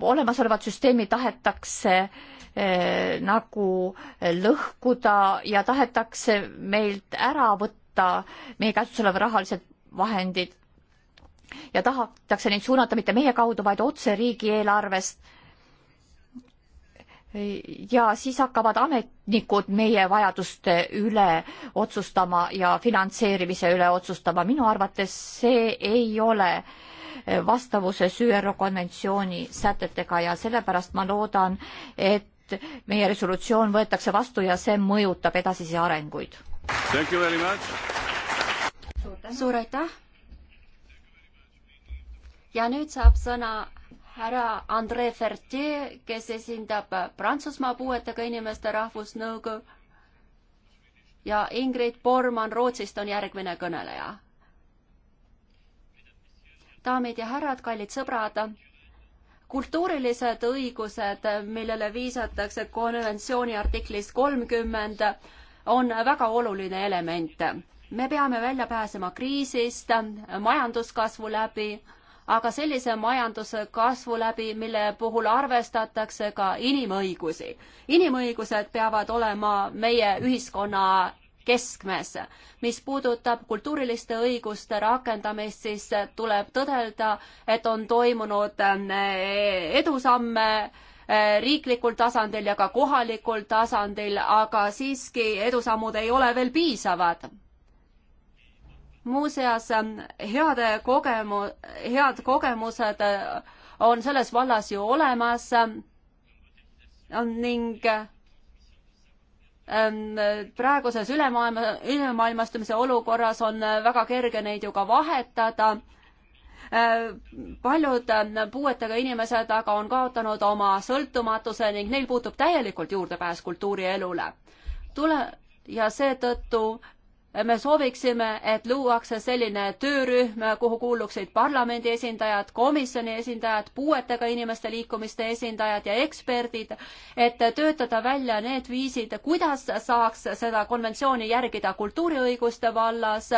C: olemasolevat süsteemi tahetakse eh, nagu lõhkuda ja tahetakse meilt ära võtta meie käsutuses olevad rahalised vahendid ja tahetakse neid suunata mitte meie kaudu, vaid otse riigieelarvest ja siis hakkavad ametnikud meie vajaduste üle otsustama ja finantseerimise üle otsustama. minu arvates see ei ole äh, vastavuses ÜRO konventsiooni sätetega ja sellepärast ma loodan, et meie resolutsioon võetakse vastu ja see mõjutab edasisi arenguid.
B: suur aitäh! ja nüüd saab sõna härra André Fertier, kes esindab Prantsusmaa puuetega inimeste rahvusnõukogu ja Ingrid Bormann Rootsist on järgmine kõneleja daamid ja härrad, kallid sõbrad, kultuurilised õigused, millele viisatakse konventsiooni artiklis kolmkümmend, on väga oluline element. me peame välja pääsema kriisist majanduskasvu läbi, aga sellise majanduskasvu läbi, mille puhul arvestatakse ka inimõigusi. inimõigused peavad olema meie ühiskonna keskmes. mis puudutab kultuuriliste õiguste rakendamist, siis tuleb tõdelda, et on toimunud eh, edusamme eh, riiklikul tasandil ja ka kohalikul tasandil, aga siiski edusammud ei ole veel piisavad. muuseas, heade kogemu-, head kogemused eh, on selles vallas ju olemas ning Ähm, praeguses ülemaailma, ülemaailmastumise olukorras on äh, väga kerge neid ju ka vahetada äh, paljud äh, puuetega inimesed aga on kaotanud oma sõltumatuse ning neil puutub täielikult juurdepääs kultuurielule. tule ja seetõttu me sooviksime, et luuakse selline töörühm, kuhu kuuluksid parlamendi esindajad, komisjoni esindajad, puuetega inimeste liikumiste esindajad ja eksperdid, et töötada välja need viisid, kuidas saaks seda konventsiooni järgida kultuuriõiguste vallas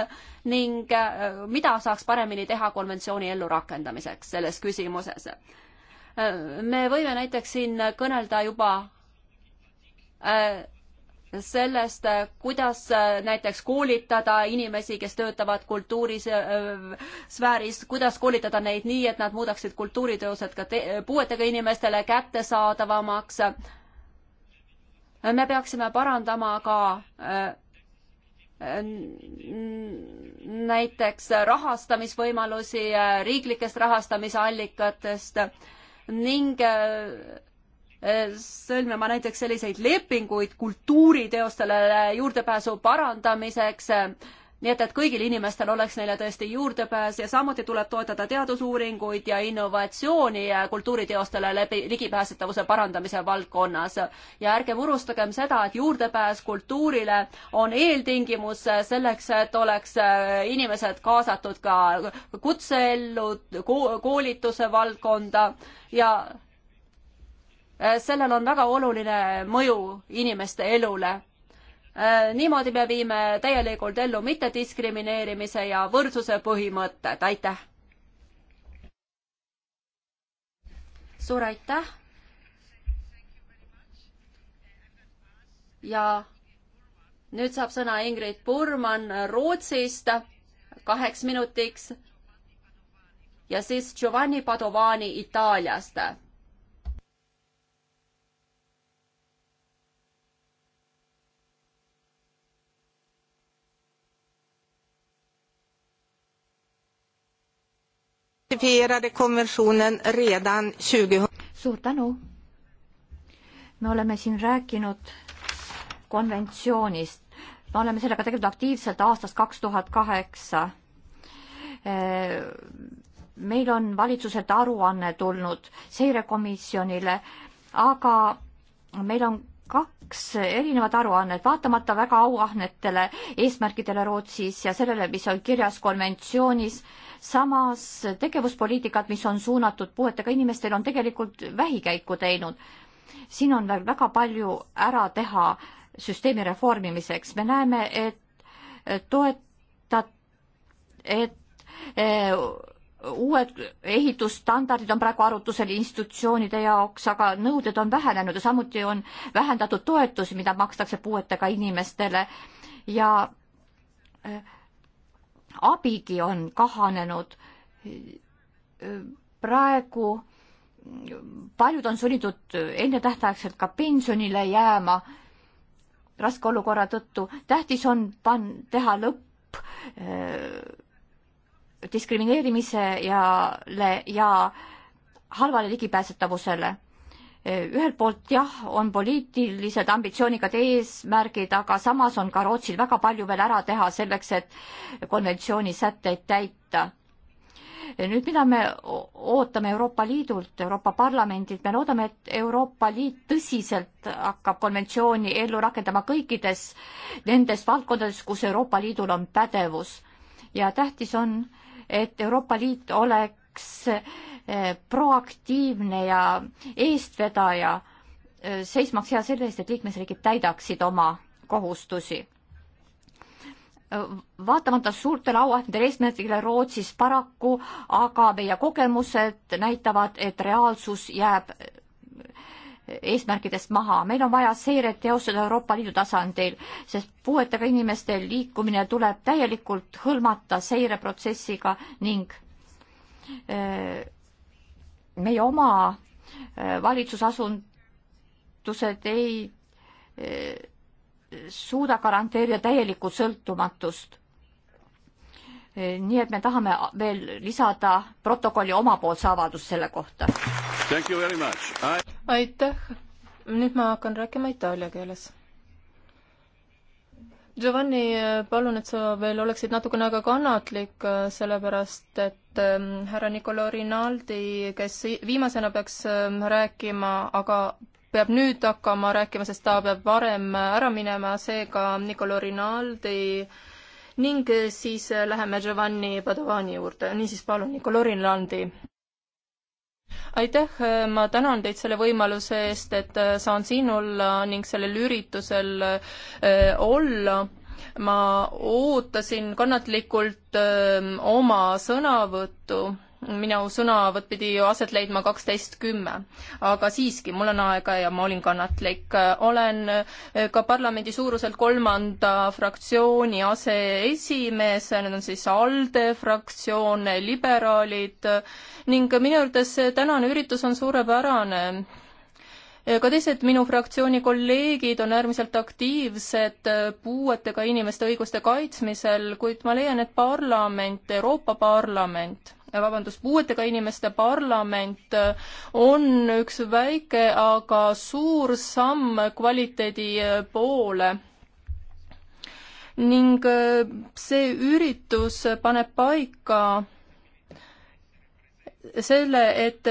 B: ning äh, mida saaks paremini teha konventsiooni ellurakendamiseks selles küsimuses. Äh, me võime näiteks siin kõnelda juba äh, sellest, äh, kuidas äh, näiteks koolitada inimesi, kes töötavad kultuurisfääris, äh, kuidas koolitada neid nii, et nad muudaksid kultuuriteosed ka puuetega inimestele kättesaadavamaks. me peaksime parandama ka näiteks rahastamisvõimalusi riiklikest rahastamisallikatest ning Eh, sõlmima näiteks selliseid lepinguid kultuuriteostele juurdepääsu parandamiseks, eh, nii et, et kõigil inimestel oleks neile tõesti juurdepääs ja samuti tuleb toetada teadusuuringuid ja innovatsiooni eh, kultuuriteostele läbi ligipääsetavuse parandamise valdkonnas. ja ärgem unustagem seda, et juurdepääs kultuurile on eeltingimus selleks, et oleks inimesed kaasatud ka kutseellu, koolituse valdkonda ja Äh, sellel on väga oluline mõju inimeste elule. Äh, niimoodi me viime täielikult ellu mittediskrimineerimise ja võrdsuse põhimõtted, aitäh! suur aitäh! ja nüüd saab sõna Ingrid Burman Rootsist kaheks minutiks ja siis Giovanni Padovani Itaaliast
C: suur tänu. me oleme siin rääkinud konventsioonist, me oleme sellega tegelikult aktiivselt aastast kaks tuhat kaheksa. meil on valitsuselt aruanne tulnud seirekomisjonile, aga meil on kaks erinevat aruannet, vaatamata väga auahnetele eesmärkidele Rootsis ja sellele, mis on kirjas konventsioonis, samas tegevuspoliitikad, mis on suunatud puuetega inimestele, on tegelikult vähikäiku teinud. siin on veel väga palju ära teha süsteemi reformimiseks, me näeme, et toetat-, et, et eh, uued ehitusstandardid on praegu arutusel institutsioonide jaoks, aga nõuded on vähenenud ja samuti on vähendatud toetusi, mida makstakse puuetega inimestele ja äh, abigi on kahanenud. Äh, praegu äh, paljud on sunnitud ennetähtaegselt ka pensionile jääma raske olukorra tõttu. tähtis on pan-, teha lõpp diskrimineerimisele ja halvale ligipääsetavusele. ühelt poolt jah, on poliitilised ambitsioonikad eesmärgid, aga samas on ka Rootsil väga palju veel ära teha selleks, et konventsiooni sätteid täita. nüüd, mida me ootame Euroopa Liidult, Euroopa Parlamendilt, me loodame, et Euroopa Liit tõsiselt hakkab konventsiooni ellu rakendama kõikides nendes valdkondades, kus Euroopa Liidul on pädevus ja tähtis on, et Euroopa Liit oleks eh, proaktiivne ja eestvedaja, eh, seismaks hea selle eest, et liikmesriigid täidaksid oma kohustusi eh, vaatamata suurtele auahnedele eesmärgile Rootsis paraku, aga meie kogemused näitavad, et reaalsus jääb eesmärkidest maha. meil on vaja seiret teostada Euroopa Liidu tasandil, sest puuetega inimeste liikumine tuleb täielikult hõlmata seireprotsessiga ning meie oma valitsusasundused ei suuda garanteerida täielikku sõltumatust Eh, nii et me tahame veel lisada protokolli omapoolse avalduse selle kohta.
B: I...
C: aitäh. nüüd ma
A: hakkan rääkima itaalia keeles. Giovanni, palun, et sa veel oleksid natukene aga kannatlik, sellepärast et ähm, härra Niccolo Rinaldi, kes viimasena peaks ähm, rääkima, aga peab nüüd hakkama rääkima, sest ta peab varem ära minema, seega Niccolo Rinaldi äh, ning eh, siis eh, läheme Giovanni Padovani juurde, niisiis palun, Nikolai Rinlandi aitäh, eh, ma tänan teid selle võimaluse eest, et saan siin olla ning sellel üritusel olla. ma ootasin kannatlikult oma sõnavõttu minu sõnavõtt pidi ju aset leidma kaksteist kümme, aga siiski, mul on aega ja ma olin kannatlik. olen eh, ka parlamendi suuruselt kolmanda fraktsiooni aseesimees, need on siis ALDE fraktsioon, liberaalid ning minu arvates see tänane üritus on suurepärane ka teised minu fraktsiooni kolleegid on äärmiselt aktiivsed eh, puuetega inimeste õiguste kaitsmisel, kuid ma leian, et parlament, Euroopa Parlament Äh, vabandust, puuetega inimeste parlament äh, on üks väike, aga suur samm kvaliteedi äh, poole ning see üritus paneb paika selle, et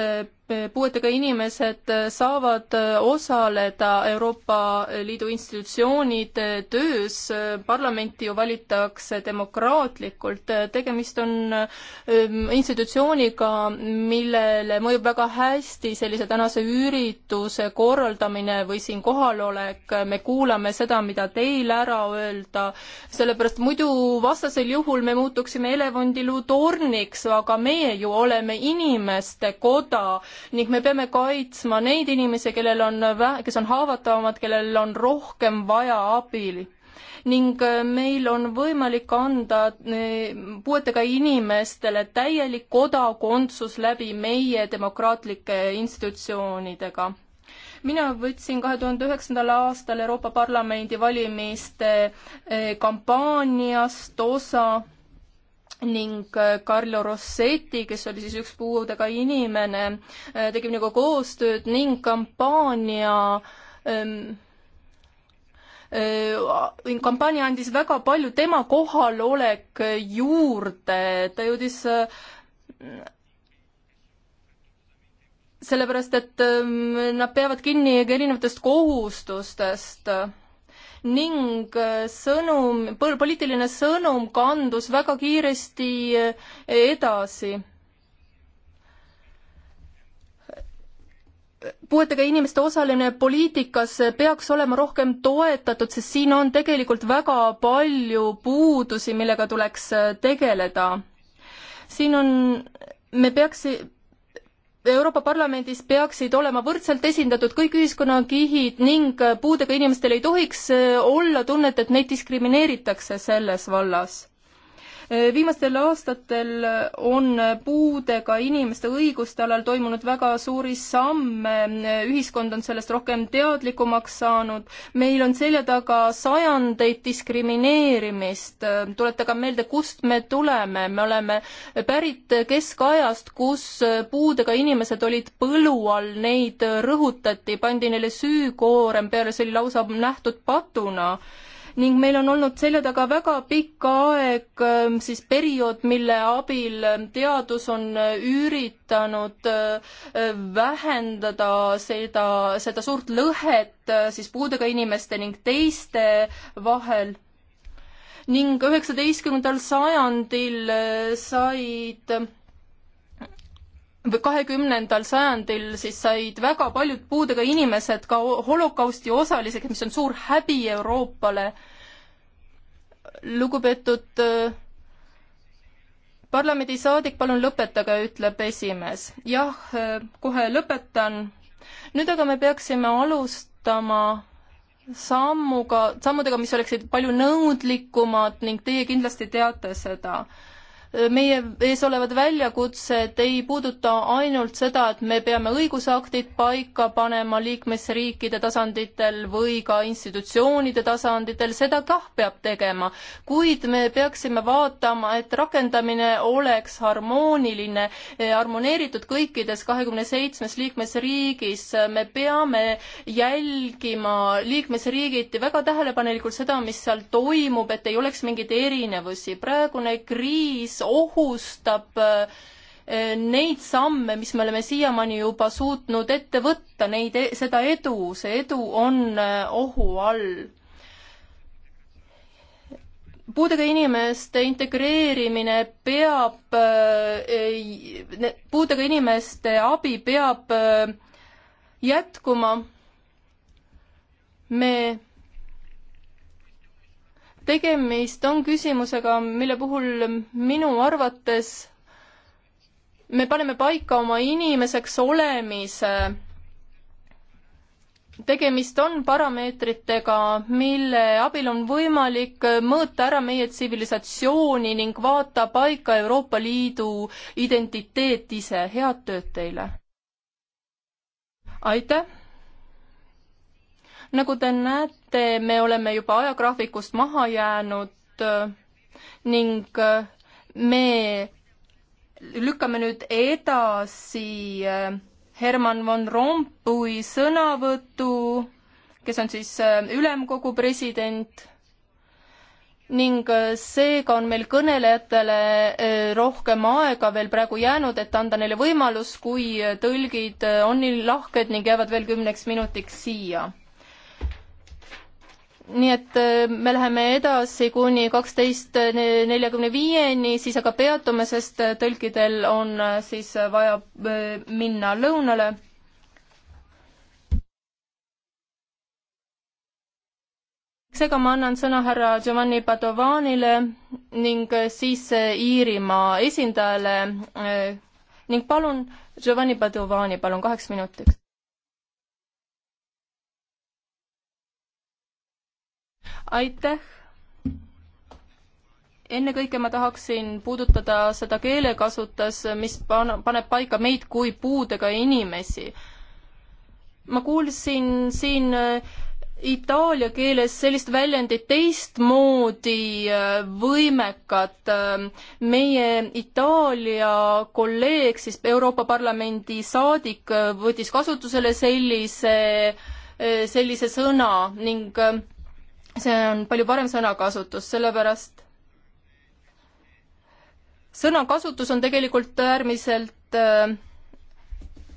A: puuetega inimesed saavad osaleda Euroopa Liidu institutsioonide töös, parlamenti ju valitakse demokraatlikult, tegemist on ähm, institutsiooniga, millele mõjub väga hästi sellise tänase ürituse korraldamine või siin kohalolek, me kuulame seda, mida teil ära öelda, sellepärast muidu vastasel juhul me muutuksime elevandiluu torniks, aga meie ju oleme inimeste koda, ning me peame kaitsma neid inimesi, kellel on, kes on haavatavamad, kellel on rohkem vaja abi ning äh, meil on võimalik anda äh, puuetega inimestele täielik kodakondsus läbi meie demokraatlike institutsioonidega mina võtsin kahe tuhande üheksandal aastal Euroopa Parlamendi valimiste äh, kampaaniast osa ning äh, Carlo Rossetti, kes oli siis üks puudega inimene, äh, tegi minuga koostööd ning kampaania ähm, äh, kampaania andis väga palju tema kohalolek juurde, ta jõudis sellepärast, et ähm, nad peavad kinni erinevatest kohustustest ning äh, sõnum, poliitiline sõnum kandus väga kiiresti äh, edasi. puuetega inimeste osalemine poliitikas peaks olema rohkem toetatud, sest siin on tegelikult väga palju puudusi, millega tuleks äh, tegeleda. siin on, me peaks Euroopa Parlamendis peaksid olema võrdselt esindatud kõik ühiskonnakihid ning puudega inimestel ei tohiks äh, olla tunnet, et neid diskrimineeritakse selles vallas viimastel aastatel on puudega inimeste õiguste alal toimunud väga suuri samme, ühiskond on sellest rohkem teadlikumaks saanud, meil on selja taga sajandeid diskrimineerimist, tuletagem meelde, kust me tuleme, me oleme pärit keskajast, kus puudega inimesed olid põllu all, neid rõhutati, pandi neile süükoorem peale, see oli lausa nähtud patuna ning meil on olnud selja taga väga pikk aeg, ähm, siis periood, mille abil ähm, teadus on äh, üritanud äh, vähendada seda, seda suurt lõhet äh, siis puudega inimeste ning teiste vahel ning üheksateistkümnendal sajandil said kahekümnendal sajandil siis said väga paljud puudega inimesed ka holokausti osaliseks, mis on suur häbi Euroopale. lugupeetud äh, parlamendisaadik, palun lõpetage, ütleb esimees. jah, äh, kohe lõpetan. nüüd aga me peaksime alustama sammuga, sammudega, mis oleksid palju nõudlikumad ning teie kindlasti teate seda meie ees olevad väljakutsed ei puuduta ainult seda, et me peame õigusaktid paika panema liikmesriikide tasanditel või ka institutsioonide tasanditel, seda kah peab tegema, kuid me peaksime vaatama, et rakendamine oleks harmooniline, eh, harmoneeritud kõikides kahekümne seitsmes liikmesriigis. me peame jälgima liikmesriigiti väga tähelepanelikult seda, mis seal toimub, et ei oleks mingeid erinevusi. praegune kriis ohustab eh, neid samme, mis me oleme siiamaani juba suutnud ette võtta, neid, e-, seda edu, see edu on eh, ohu all puudega inimeste integreerimine peab, eh, puudega inimeste abi peab jätkuma. me tegemist on küsimusega, mille puhul minu arvates me paneme paika oma inimeseks olemise. tegemist on parameetritega, mille abil on võimalik mõõta ära meie tsivilisatsiooni ning vaata paika Euroopa Liidu identiteet ise. head tööd teile! aitäh! nagu te näete, näete, me oleme juba ajagraafikust maha jäänud äh, ning äh, me lükkame nüüd edasi äh, Herman von Rompuy sõnavõtu, kes on siis ülemkogu president ning seega on meil kõnelejatele rohkem aega veel praegu jäänud, et anda neile võimalus, kui tõlgid on nii lahked ning jäävad veel kümneks minutiks siia nii et äh, me läheme edasi kuni kaksteist neljakümne viieni, siis aga peatume, sest äh, tõlkidel on äh, siis vaja minna lõunale. seega ma annan sõna härra Giovanni Padovanile ning siis Iirimaa esindajale ning palun, Giovanni Padovani, palun kaheks minutiks. aitäh! ennekõike ma tahaksin puudutada seda keelekasutus, mis paneb paika meid kui puudega inimesi. ma kuulsin siin äh, itaalia keeles sellist väljendit teistmoodi äh, võimekad. Äh, meie Itaalia kolleeg, siis Euroopa Parlamendi saadik, võttis kasutusele sellise, sellise sõna ning see on palju parem sõnakasutus, sellepärast sõnakasutus on tegelikult äärmiselt äh,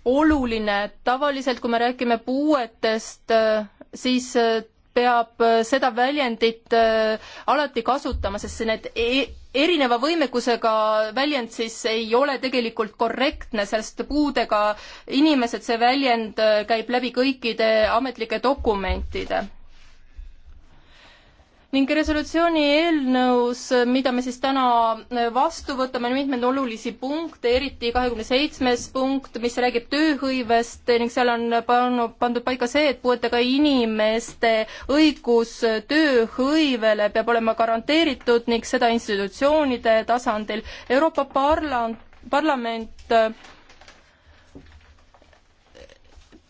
A: oluline, et tavaliselt kui me räägime puuetest äh,, siis äh, peab äh, seda väljendit äh, alati kasutama, sest see need e erineva võimekusega väljend siis ei ole tegelikult korrektne, sest puudega inimesed, see väljend äh, käib läbi kõikide ametlike dokumentide ning resolutsiooni eelnõus, mida me siis täna äh, vastu võtame, on mitmeid olulisi punkte, eriti kahekümne seitsmes punkt, mis räägib tööhõivest ning seal on pannud, pandud paika see, et puuetega inimeste õigus tööhõivele peab olema garanteeritud ning seda institutsioonide tasandil. Euroopa parla-, parlament äh,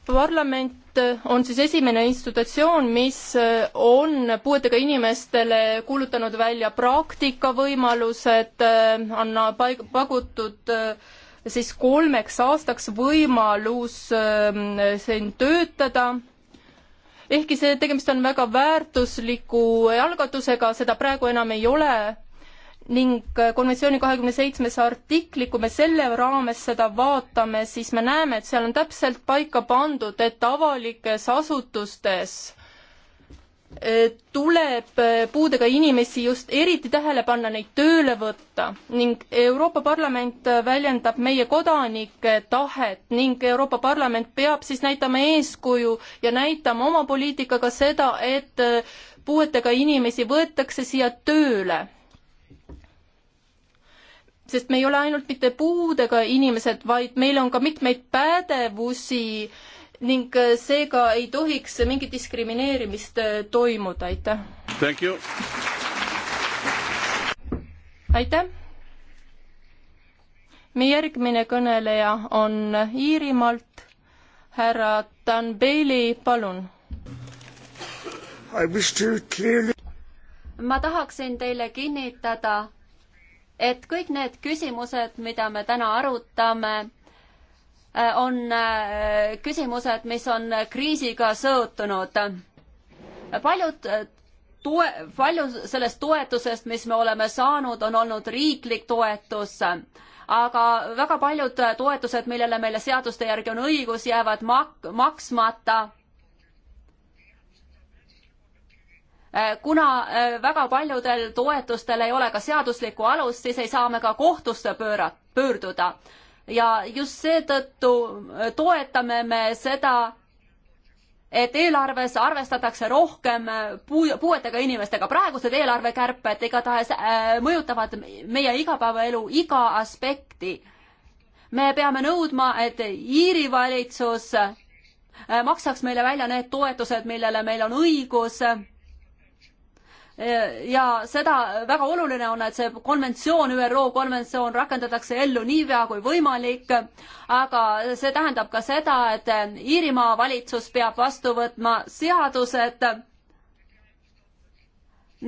A: parlament liit äh, on siis esimene institutsioon, mis äh, on puuetega inimestele kuulutanud välja praktikavõimalused, on äh, paig-, pakutud siis kolmeks aastaks võimalus ähm, siin töötada ehkki see, tegemist on väga väärtusliku algatusega, seda praegu enam ei ole, ning äh, konventsiooni kahekümne seitsmes artikli, kui me selle raames seda vaatame, siis me näeme, et seal on täpselt paika pandud, et avalikes asutustes äh, tuleb äh, puudega inimesi just eriti tähele panna, neid tööle võtta ning Euroopa Parlament väljendab meie kodanike tahet ning Euroopa Parlament peab siis näitama eeskuju ja näitama oma poliitikaga seda, et puuetega inimesi võetakse siia tööle sest me ei ole ainult mitte puudega inimesed, vaid meil on ka mitmeid pädevusi ning äh, seega ei tohiks mingit diskrimineerimist äh, toimuda, aitäh. aitäh. meie järgmine kõneleja on Iirimaalt, härra Dan Bailey, palun. ma tahaksin teile kinnitada,
B: et kõik need küsimused, mida me täna arutame, äh, on äh, küsimused, mis on kriisiga seotunud. paljud äh, toe, palju sellest toetusest, mis me oleme saanud, on olnud riiklik toetus, aga väga paljud toetused, millele meile seaduste järgi on õigus, jäävad mak-, maksmata Äh, kuna äh, väga paljudel toetustel ei ole ka seaduslikku alust, siis ei saa me ka kohtusse pööra, pöörduda. ja just seetõttu äh, toetame me seda, et eelarves arvestatakse rohkem puu-, puuetega inimestega. praegused eelarvekärped igatahes mõjutavad meie igapäevaelu iga aspekti. me peame nõudma, et Iiri valitsus maksaks meile välja need toetused, millele meil on õigus ja seda väga oluline on, et see konventsioon, ÜRO konventsioon rakendatakse ellu niipea kui võimalik, aga see tähendab ka seda, et Iirimaa valitsus peab vastu võtma seadused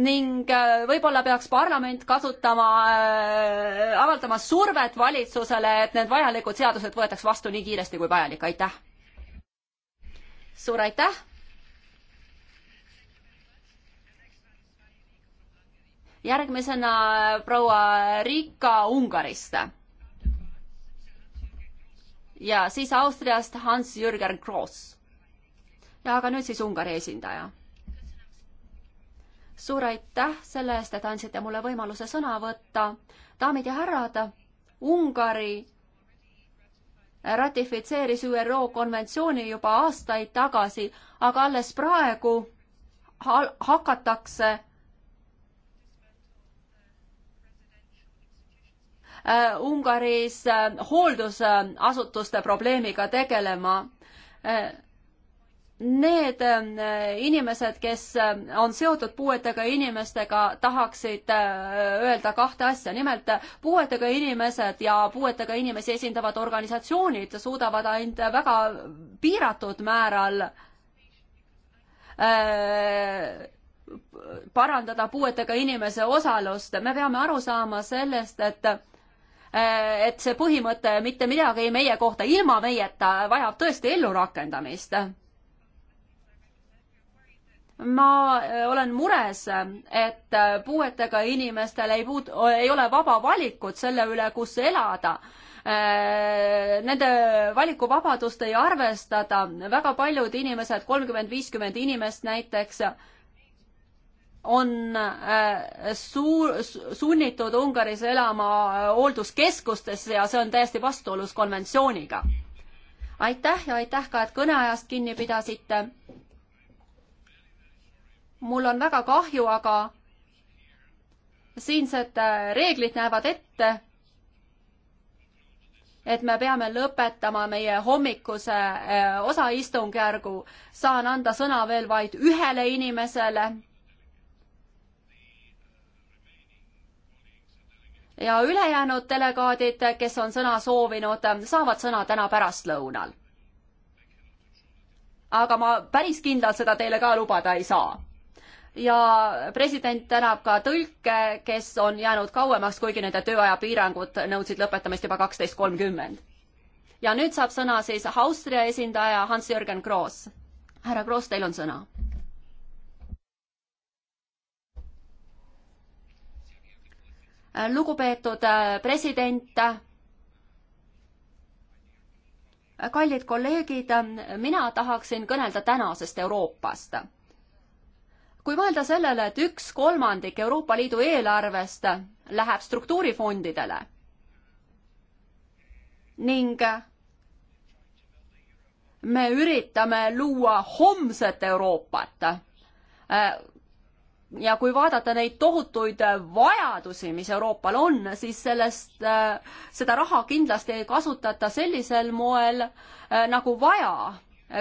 B: ning äh, võib-olla peaks parlament kasutama, äh, avaldama survet valitsusele, et need vajalikud seadused võetaks vastu nii kiiresti kui vajalik, aitäh! suur aitäh! järgmisena äh, proua Rika Ungarist. ja siis Austriast Hans-Jürgen Kross. ja aga nüüd siis Ungari esindaja. suur aitäh selle eest, et andsite mulle võimaluse sõna võtta. daamid ja härrad, Ungari ratifitseeris ÜRO konventsiooni juba aastaid tagasi, aga alles praegu hakatakse Äh, Ungaris äh, hooldusasutuste probleemiga tegelema. Äh, need inimesed, kes on seotud puuetega inimestega, tahaksid öelda kahte asja. nimelt puuetega inimesed ja puuetega inimesi esindavad organisatsioonid suudavad ainult väga piiratud määral äh, parandada puuetega inimese osalust. me peame aru saama sellest, et Äh, et see põhimõte mitte midagi meie kohta ilma meieta vajab tõesti ellurakendamist. ma äh, olen mures, et äh, puuetega inimestel ei puud-, ei ole vaba valikut selle üle, kus elada nende valikuvabadust ei arvestada, väga paljud inimesed, kolmkümmend, viiskümmend inimest näiteks, on äh, suur, sunnitud Ungaris elama äh, hoolduskeskustesse ja see on täiesti vastuolus konventsiooniga. aitäh ja aitäh ka, et kõneajast kinni pidasite. mul on väga kahju, aga siinsed äh, reeglid näevad ette, et me peame lõpetama meie hommikuse osaistungjärgu. saan anda sõna veel vaid ühele inimesele ja ülejäänud delegaadid, kes on sõna soovinud, saavad sõna täna pärastlõunal. aga ma päris kindlalt seda teile ka lubada ei saa. ja president tänab ka tõlke, kes on jäänud kauemaks, kuigi nende tööaja piirangud nõudsid lõpetamist juba kaksteist kolmkümmend. ja nüüd saab sõna siis Austria esindaja Hans-Jürgen Kroos. härra Kroos, teil on sõna Äh, lugupeetud äh, president, äh, kallid kolleegid, mina tahaksin kõnelda tänasest Euroopast. kui mõelda sellele, et üks kolmandik Euroopa Liidu eelarvest läheb struktuurifondidele ning me üritame luua homset Euroopat, ja kui vaadata neid tohutuid äh, vajadusi, mis Euroopal on, siis sellest, äh, seda raha kindlasti ei kasutata sellisel moel äh, nagu vaja.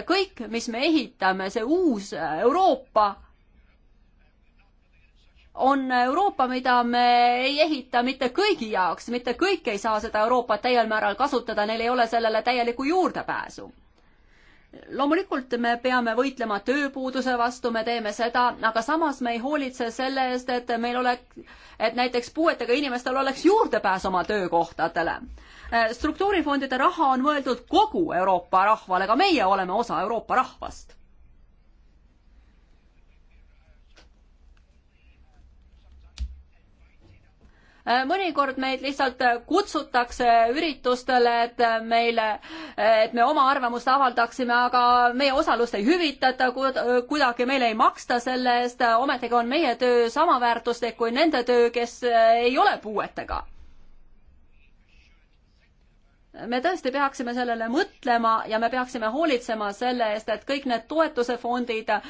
B: kõik, mis me ehitame, see uus Euroopa, on Euroopa, mida me ei ehita mitte kõigi jaoks, mitte kõik ei saa seda Euroopat täiel määral kasutada, neil ei ole sellele täielikku juurdepääsu loomulikult me peame võitlema tööpuuduse vastu, me teeme seda, aga samas me ei hoolitse selle eest, et meil oleks, et näiteks puuetega inimestel oleks juurdepääs oma töökohtadele. struktuurifondide raha on mõeldud kogu Euroopa rahvale, ka meie oleme osa Euroopa rahvast Äh, mõnikord meid lihtsalt äh, kutsutakse üritustele, et äh, meile, et me oma arvamust avaldaksime, aga meie osalust ei hüvitata kuidagi, meile ei maksta selle eest, ometigi on meie töö sama väärtuslik kui nende töö, kes ei ole puuetega me tõesti peaksime sellele mõtlema ja me peaksime hoolitsema selle eest, et kõik need toetusefondid äh,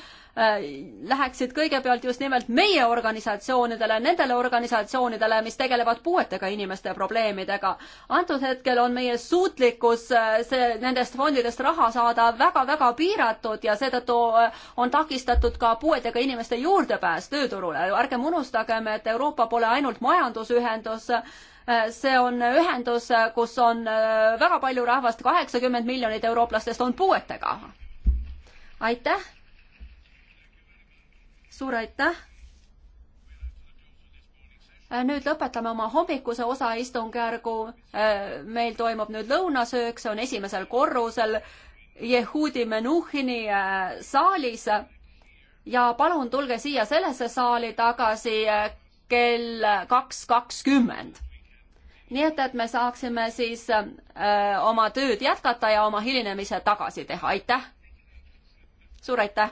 B: läheksid kõigepealt just nimelt meie organisatsioonidele, nendele organisatsioonidele, mis tegelevad puuetega inimeste probleemidega. antud hetkel on meie suutlikkus äh, see, nendest fondidest raha saada väga-väga piiratud ja seetõttu äh, on takistatud ka puuetega inimeste juurdepääs tööturule. ärgem unustagem, et Euroopa pole ainult majandusühendus see on ühendus, kus on äh, väga palju rahvast, kaheksakümmend miljonit eurooplastest on puuetega. aitäh. suur aitäh. Äh, nüüd lõpetame oma hommikuse osa istungjärgu. Äh, meil toimub nüüd lõunasöök, see on esimesel korrusel Yehudi Menuhini saalis ja palun tulge siia sellesse saali tagasi kell kaks kakskümmend nii et, et me saaksime siis öö, äh, oma tööd jätkata ja oma hilinemise tagasi teha, aitäh! suur aitäh!